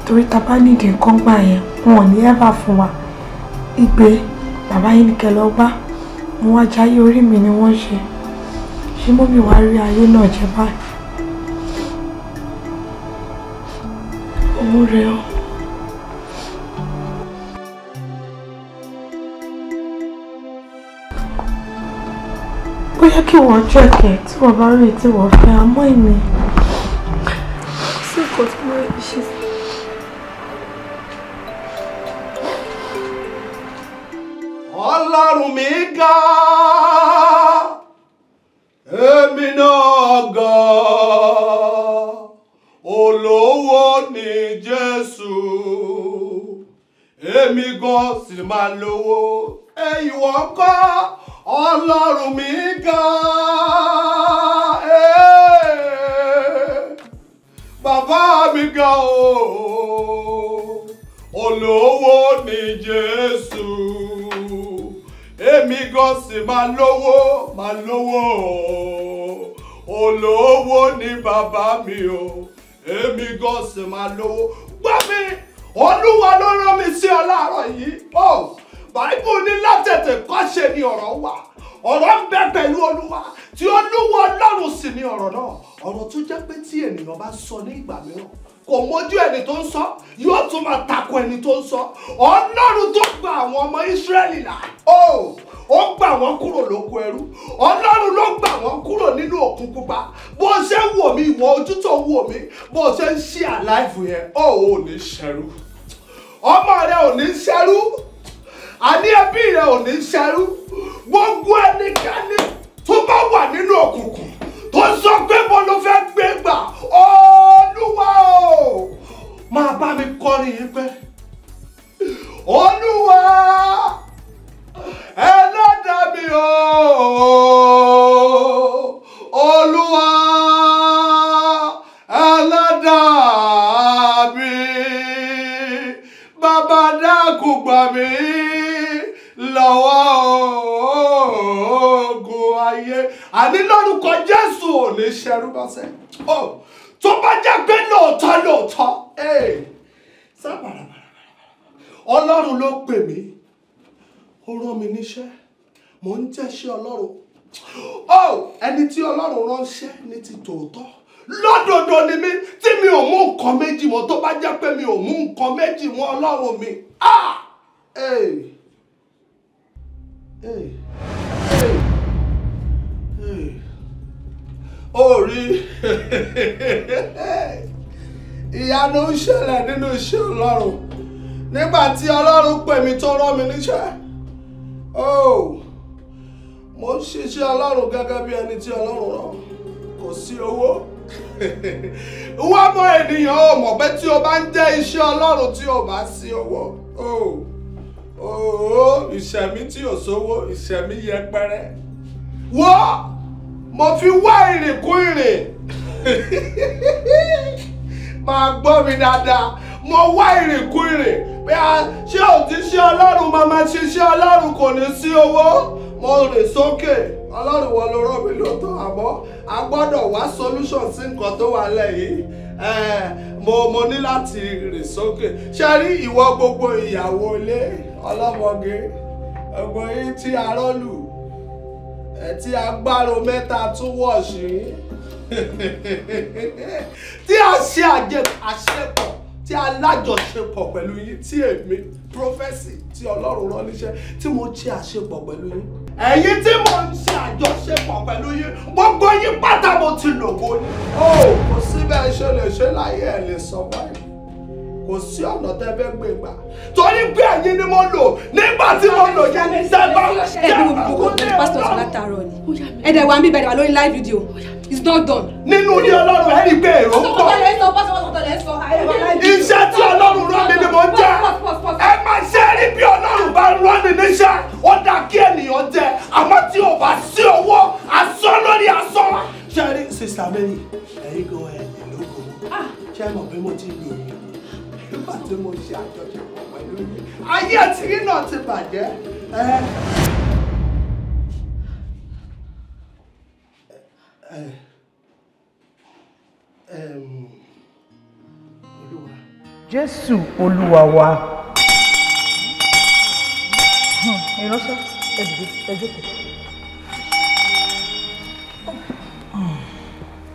Speaker 5: torí ta bá nídìí nǹkan gbà yẹn wọn ò ní ẹ́bà fún wa igbe bàbá yìí ní kẹlọ gbá mo wá jáyé orí mi ni wọ́n ṣe ṣé mọ́mí wàá rí ayé náà jẹ báyìí òun rẹ̀ ọ́. bóyá kí
Speaker 2: wọ́n jẹ́ kẹ́ tí wọ́n bá rí tí wọ́n fẹ́ àmọ́ èmi
Speaker 4: ọlọ́run mi ga
Speaker 3: èmi náà ga olówó ni jésù èmi gan sì
Speaker 1: máa lówó èyí wọ́n kọ́ ọlọ́run mi ga
Speaker 7: eh.
Speaker 3: bàbá mi ga o olówó ni Jésù
Speaker 1: èmi gan sì máa lówó máa lówó olówó ni bàbá mi o èmi gan sì máa lówó gbọ́
Speaker 4: mi olúwa ló rán mi sí ọ láàárọ̀ yìí
Speaker 1: báìbù ní látètè kọ́ṣe ni ọ̀rọ̀ wà ọ̀rọ̀ ń bẹ pẹ̀lú olúwa tí olúwa ọlọ́run sì ni ọ̀rọ̀ náà ọ̀rọ̀ tó jẹ́ pé tí ènìyàn bá sọ ní ìgbà mìíràn kò mójú ẹni tó ń sọ yóò tún máa tako ẹni tó ń sọ ọlọ́run tó gba àwọn ọmọ ìsírẹ́lì là ó ó gbà wọ́n kúrò lóko ẹrú ọlọ́run ló gbà wọ́n kúrò nínú òkun pupa bó ṣe ń wò mí ìwọ ojú tó ń wò mí bó ṣe ń ṣí àláìfù yẹn ó ò ní ṣẹrú ọmọ rẹ ò ní ṣẹrú
Speaker 3: àní ẹbí rẹ ò ní ṣerú gbogbo ẹnikẹ́ni tó bá wà nínú òkùnkùn tó sọ pé mo ló fẹ́ gbé gbà olúwa
Speaker 1: o máa bá mi kọrin yìí pé olúwa
Speaker 7: ẹlẹ́dàá mi o olúwa ẹlẹ́dàá mi bàbá dákun gbà mí lọ́wọ́ oògùn ayé
Speaker 1: àní lórúkọ Jésù ò ní ṣẹrú bọ́sẹ̀ o tó bá jẹ́ pé lóòótọ́ lóòótọ́ eh, ọlọ́run ló pè mí ó rán mi níṣẹ́ mò ń jẹ́ṣẹ́ ọlọ́run o ẹni tí ọlọ́run ránṣẹ́ ní ti tòótọ́ lódodo ni mí tí mi ò mú nǹkan méjì mọ́ tó bá jẹ́ pé mi ò mú nǹkan méjì mọ́ ọlọ́run mi. Ah! Hey. Eh orí ìyanu ń ṣẹlẹ̀ nínú iṣẹ́ ọlọ́run nígbà tí ọlọ́run pè mí tó rán mi níṣẹ́ oh. mo ń ṣiṣẹ́ ọlọ́run gẹ́gẹ́ bí ẹni tí ọlọ́run rán kò sí owó wọ́n mọ ènìyàn ò mọ̀ pé tí o bá ń jẹ́ iṣẹ́ ọlọ́run tí o bá sí owó. Oh òó ìṣẹ̀mí tí ò sówó ìṣẹ̀mí yẹpẹrẹ wọ́ mo fi wá ìrìn kún ìrìn máa gbọ́ mi dáadáa mo wá ìrìn kún ìrìn pé ṣé òjíṣẹ́ ọlọ́run máa máa ṣiṣẹ́ ọlọ́run kò ní sí owó mo rìn sókè ọlọ́run wọn ló rọ̀ mí lóòótọ́ àmọ́ a gbọ́dọ̀ wá solution sí nǹkan tó wà lẹ́yìn mo mo ní láti rìn sókè ṣe rí ìwọ gbogbo ìyàwó ilé ọlọ́mọge ẹ̀gbọ́n yìí ti a rọ́lù ẹ̀ tí agbáro mẹ́ta tún wọ̀ sí tí a ṣe àṣepọ̀ tí a lájọṣepọ̀ pẹ̀lú yín tí èmi prọfẹ́sì tí ọlọ́run rán níṣẹ́ tí mo ṣe àṣepọ̀ pẹ̀lú yín ẹ̀yin tí mo ń ṣe àjọṣepọ̀ pẹ̀lú yín gbogbo yín pátá mo ti lògbó ni. ó oh, kò síbẹ̀ ṣe lè ṣe láyé ẹ̀ lè sọ báyìí kò sí ọ̀nà tẹ́ fẹ́ gbé gbà torí pé ẹ̀yin ni mo lò nígbà tí mo lò yẹn ní sẹ́gbà jàmbá kò dé lọ. ẹ̀dẹ̀ wa ń bí bẹ̀rẹ̀ wa lórí live video it's not done.
Speaker 3: nínú ilé ọlọ́run ẹ̀ rí pé èrò ń pọ̀
Speaker 2: iṣẹ́ tí ọlọ́run rán mi ni mo ń jẹ́
Speaker 3: ẹ máa ṣe rí bí ọlọ́run bá rán mi níṣẹ́ ó dá kí ènìyàn jẹ àmọ́ tí ò bá sí owó asán lórí asán.
Speaker 1: ṣe rí sista mary ẹ̀yin gan ẹ̀ lógo ah. ṣe mọ̀ bí mo ti lò ó nígbà tí mo ṣe àjọṣepọ̀ pẹ̀lú yìí
Speaker 5: ayé àtìrí náà ti
Speaker 1: bàjẹ́. Jésù Olúwa wa.
Speaker 8: Hmm, ìránṣẹ́ ẹ dìde ẹ hmm.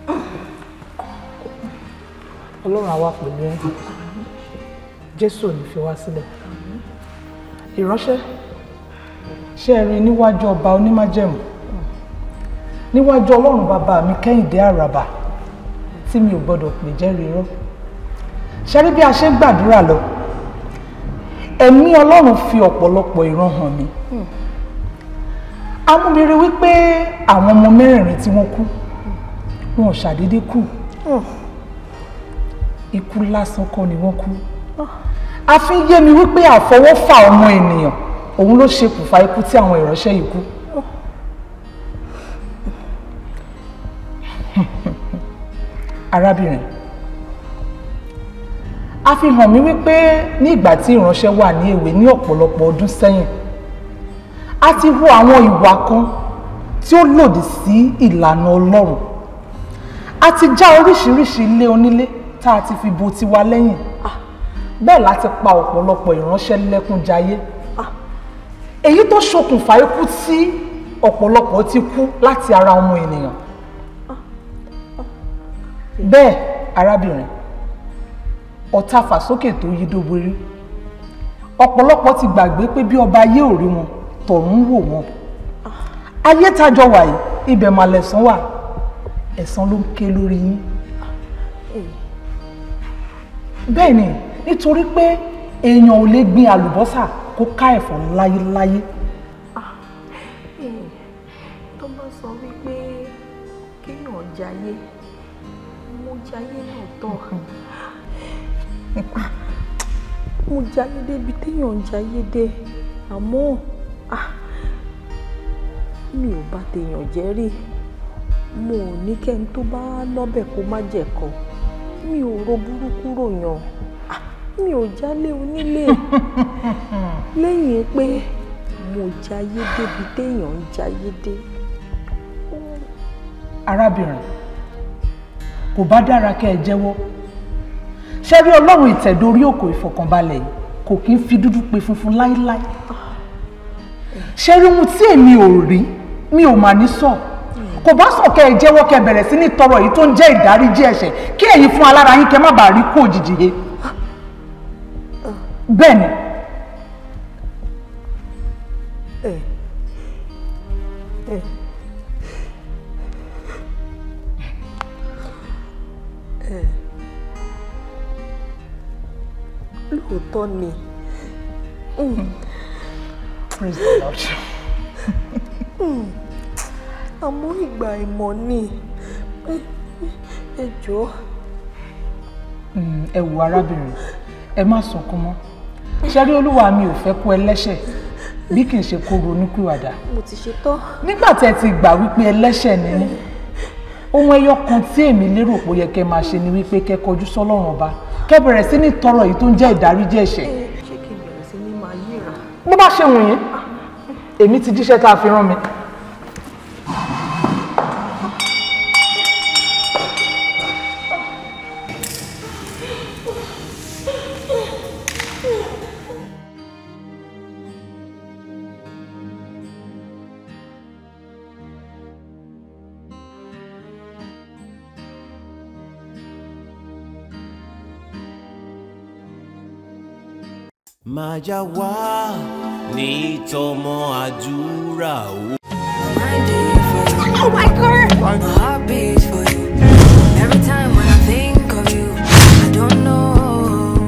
Speaker 5: Hmm. Ọlọ́run àwa
Speaker 1: pẹ̀lú ẹ jésù ò ní fi wá sílẹ̀ ìránṣẹ́ ṣé ẹ rin níwájú ọba onímájẹ̀mú níwájú ọlọ́run bàbá mi kẹ́hìndé àràbà tí mi ò gbọ́dọ̀ pè jẹ́rìí irọ́ ṣe rí bí a ṣe ń gbàdúrà lọ ẹ̀mí ọlọ́run fi ọ̀pọ̀lọpọ̀ ìran hàn mi amúmiri wípé àwọn ọmọ mẹ́rẹ̀ẹ̀rin tí wọ́n kú wọn ò ṣàdédé kú hmm. ikú lásán kọ́ ni wọ́n kú. Oh a fi ń yé mi wípé àfọwọ́fà ọmọ ènìyàn
Speaker 5: òun ló ṣokùnfà ikú tí àwọn ìránṣẹ́ yìí kú.
Speaker 1: arábìnrin a fi hàn mí wípé ní ìgbà tí ìránṣẹ́ wà ní èwe ní ọ̀pọ̀lọpọ̀ ọdún sẹ́yìn a ti hu àwọn ìwà kan tí ó lòdì sí ìlànà Ọlọ́run a ti já oríṣiríṣi ilé onílé tá a ti fi bo tiwa lẹ́yìn bẹ́ẹ̀ láti pa ọ̀pọ̀lọpọ̀ ìránṣẹ́ lẹ́kúnjayé ah, èyí tó ṣokùnfà ikú tí ọ̀pọ̀lọpọ̀ ti kú láti ara ọmọ ènìyàn ah, bẹ́ẹ̀ arábìnrin ọ̀tá fàsókè tó yí dóborí ọ̀pọ̀lọpọ̀ ti gbàgbé pé bí ọba ayé ò rí wọn tọ̀run wò wọn ah, ayé tájọ wà yìí ibẹ̀ mà wà ẹ̀san ló ń ké lórí yín bẹ́ẹ̀ ni nítorí pé èèyàn ò lè gbin àlùbọ́sà kó ká ẹ̀fọ́ láyéláyé. Ah,
Speaker 5: eh, tó bá sọ wípé kéèyàn jayé
Speaker 1: mo jayé
Speaker 2: lóòótọ́ ah, mo jayé débi téèyàn jayé dé àmọ́ ah, mi ò bá téèyàn jẹ́ rí
Speaker 1: mo ò ní kẹ́ni tó bá lọ́bẹ̀ kó má jẹ̀kọ mi ò ro burúkú ròyàn mi ò
Speaker 5: jálé onílé
Speaker 1: lẹ́yìn pé mo jayé débi téèyàn ń jayé dé. arábìnrin kò bá dára kẹ́ ẹ jẹ́wọ́ ṣé rí ọlọ́run ìtẹ̀dórí òkò ìfọ̀kànbalẹ̀ yìí kò kí ń fi dúdú pe funfun láíláí ṣé rí ohun tí èmi ò rí mi ò mà ní sọ kò bá sọ kẹ́ ẹ jẹ́wọ́ kẹ́ ẹ bẹ̀rẹ̀ sí ní tọrọ èyí tó ń jẹ́ ìdáríjì ẹ̀ṣẹ̀ kí ẹ̀yin fún alára yín kẹ́ má bàa rí kó òjijì he bẹ́ẹ̀ ni. ẹ ẹ
Speaker 5: ẹ lóòótọ́ ni. praise the lord. àmọ́ ìgbà ìmọ̀ ni ẹ jọ̀ọ́.
Speaker 1: Mm, ẹ wo arábìnrin ẹ má sunkún mọ́ ṣẹ́rí olúwa mi ò fẹ́ kú ẹlẹ́ṣẹ̀ bí kì í ṣe kó ronúpìwàdà. mo ti ṣe tán. nígbà tẹ́ ti gbà wípé ẹlẹ́ṣẹ̀ ni mí ohun ẹyọ kan tí èmi lérò pé ó yẹ kẹ́ máa ṣe ni wípé kẹ́ kọjú sọ́lọ́run ọba kẹ́ bẹ̀rẹ̀ sí ní tọrọ èyí tó ń jẹ́ ìdáríjì ẹ̀ṣẹ̀.
Speaker 2: ṣé kí n bẹ̀rẹ̀ sí ní máa yíra.
Speaker 1: bó bá ṣe wọ̀nyí èmi ti jíṣẹ́ tá a fi rán mi.
Speaker 7: já wá ní tọmọ àdúrà o. Oh my God! My heart beats for you. Every time when I you, know.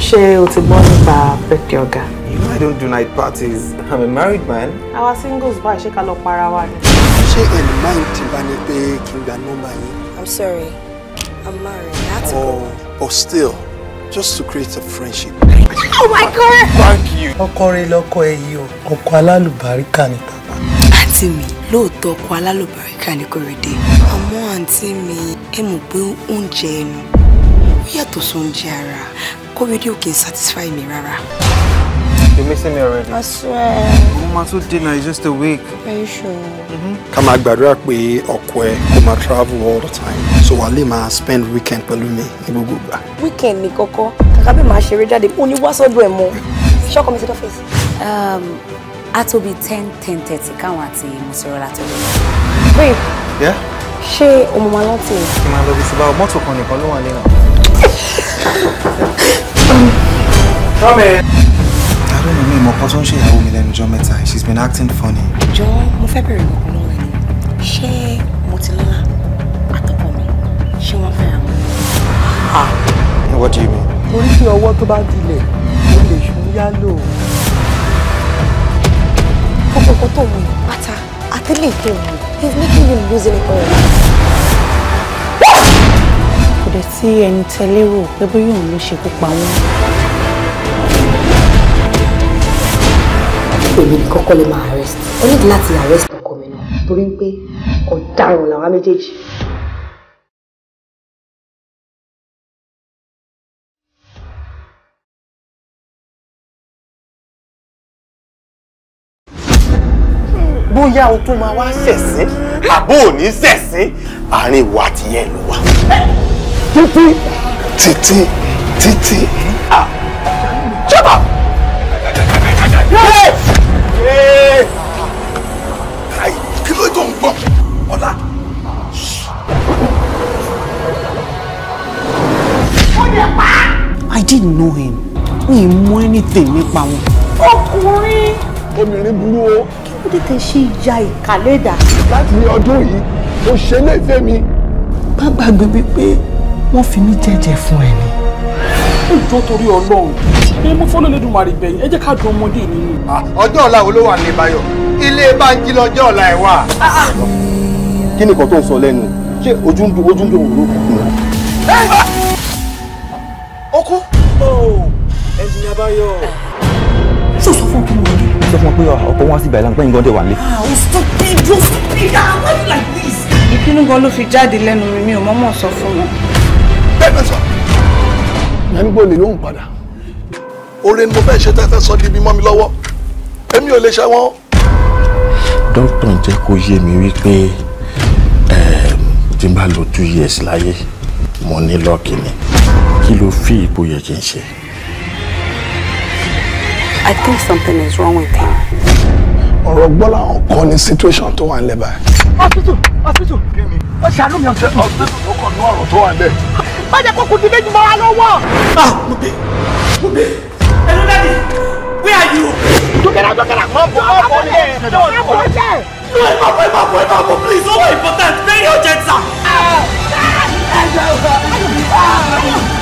Speaker 7: Ṣé o ti gbọ́ nípa birthday ọ̀gá? I don't do night parties. I'm a married man.
Speaker 2: Our singles báyìí ṣé ká lọ para wa ni.
Speaker 1: Ṣé ẹ̀lú máa ń ti bá ní pé kí n gba nọ́mbà yín? I'm sorry, I'm married. That's oh, a good one. But still, just to create a friendship.
Speaker 5: Oh my God!
Speaker 1: Thank you. Ọkọ rẹ lọkọ ẹ o, ọkọ alálùbáríkà ni bàbá. Àǹtí mi lóòótọ́ ọkọ alálùbáríkà ni Kòrédé. Àmọ́ àǹtí mi ẹ mọ̀ pé oúnjẹ ẹnu ó yàtọ̀ sí ara. Kòrédé ò kì í satisfy mi rárá.
Speaker 5: You're missing me already. I swear. Mama tó dinner is just a week. Are you sure? Mm-hmm.
Speaker 1: Ká máa gbàdúrà pé ọkọ ẹ kó máa travel all the time. So wàá lè spend weekend pẹ̀lú
Speaker 3: mi ní go back.
Speaker 2: Weekend ni kọ́kọ́, kàkà bí màá ṣeré jáde, mo ní wá sọ́dọ̀ ẹ̀
Speaker 1: come to the office? Um, at will be ten ten thirty káwọn àti Mùsùlùmí tó lọ. Babe. Yeah? Ṣé o mọ̀ máa rántí? Màá lọ bí Sibá, mọ́tò kan nìkan ló wà Come in mọ̀ kan tó ń ṣe ìyàwó mi lẹ́nu ọjọ́ mẹ́ta she's been acting funny.
Speaker 5: jọ mo fẹ́ bẹ̀rẹ̀ ìwọ̀n lọ́wọ́ ẹni ṣé mo ti lọ́la àtọ́kọ mi ṣé wọ́n fẹ́ra mi.
Speaker 1: what do you mean. mo rí pé ọwọ́ tó bá dilẹ̀ mo lè ṣùn yálò. kókókó tó wù pátá àtẹ́lẹ̀ tó wù he's making you lose it all. kò dẹ̀ sí ẹni tẹ́lẹ̀ rò pé bóyá òun ló ṣekú pa wọ́n. ṣòṣò lèmi kọ́kọ́ lè máa arrest ó ní láti arrest ọkọ mi náà torí pé ọ̀daràn làwọn méjèèjì. bóyá o tún máa wá ṣẹ̀sín àbó ò ní ṣẹ̀sín àárín ìwà àti yẹn ló wà. títí títí títí. Ah. Shut up! anything nípa wọn. ọkùnrin obìnrin burú o. kí ló dé tẹ ṣe ìjà ìkàlẹ́dà. láti ọdún yìí o ṣe léfẹ́ mi. bá gbàgbé wípé wọ́n fi mí jẹ́jẹ́ fún ẹ ni. ó jọ torí ọlọ́run ṣe mo fọ́nà lẹ́dùnmarì bẹ̀yìn ẹ jẹ́ ká dùn ọmọdé nínú. Ah, ọjọ́ ọ̀la wo ló wà ní Báyọ̀ ilé báńkì lọ́jọ́ ọ̀la ẹ̀ wà. Ah, ah.
Speaker 6: kí ni kò tó ń sọ lẹ́nu ṣé ojú ń dùn ojú ń dùn
Speaker 1: pé ọkọ̀ wọn sì bàyìí láńpẹ́ nǹkan dé wà lé. àwọn stupid you stupid
Speaker 2: ah why oh, you oh, ah, like this. ìpinnu gan ló fi jáde lẹ́nu mi mi ò mọ́mọ́ sọ fún wọn.
Speaker 1: bẹ́ẹ̀ sọ yẹngbó lè lóhùn padà oore ni mo fẹ́ ṣe tẹ́tẹ́ sọ di ibi mọ́ mi lọ́wọ́ èmi ò lè ṣe wọ́n.
Speaker 6: dókítà ń jẹ́ kó yé mi wípé tí n bá lo two years láyé mo ní lọ́ọ̀kì ni kí ló fi ìbò yẹ kí n ṣe.
Speaker 1: I think something is wrong with him ọ̀rọ̀ gbọ́ làwọn kan ní situation tó wà nílẹ̀ báyìí.
Speaker 3: hospital hospital kí ni ó ṣàánú mi ọ̀sẹ̀ hospital tó kàn ní ọ̀rọ̀ tó wà nílẹ̀. má jẹ́ kó kù di wa lọ́wọ́. ah mo dé mo dé hello daddy where are you. jókèrè jókèrè mọ bọ mọ bọ lẹ mọ bọ lẹ. no ẹ má bọ ẹ má bọ ẹ má bọ please ó wà important very urgent sir. Ah. Ah.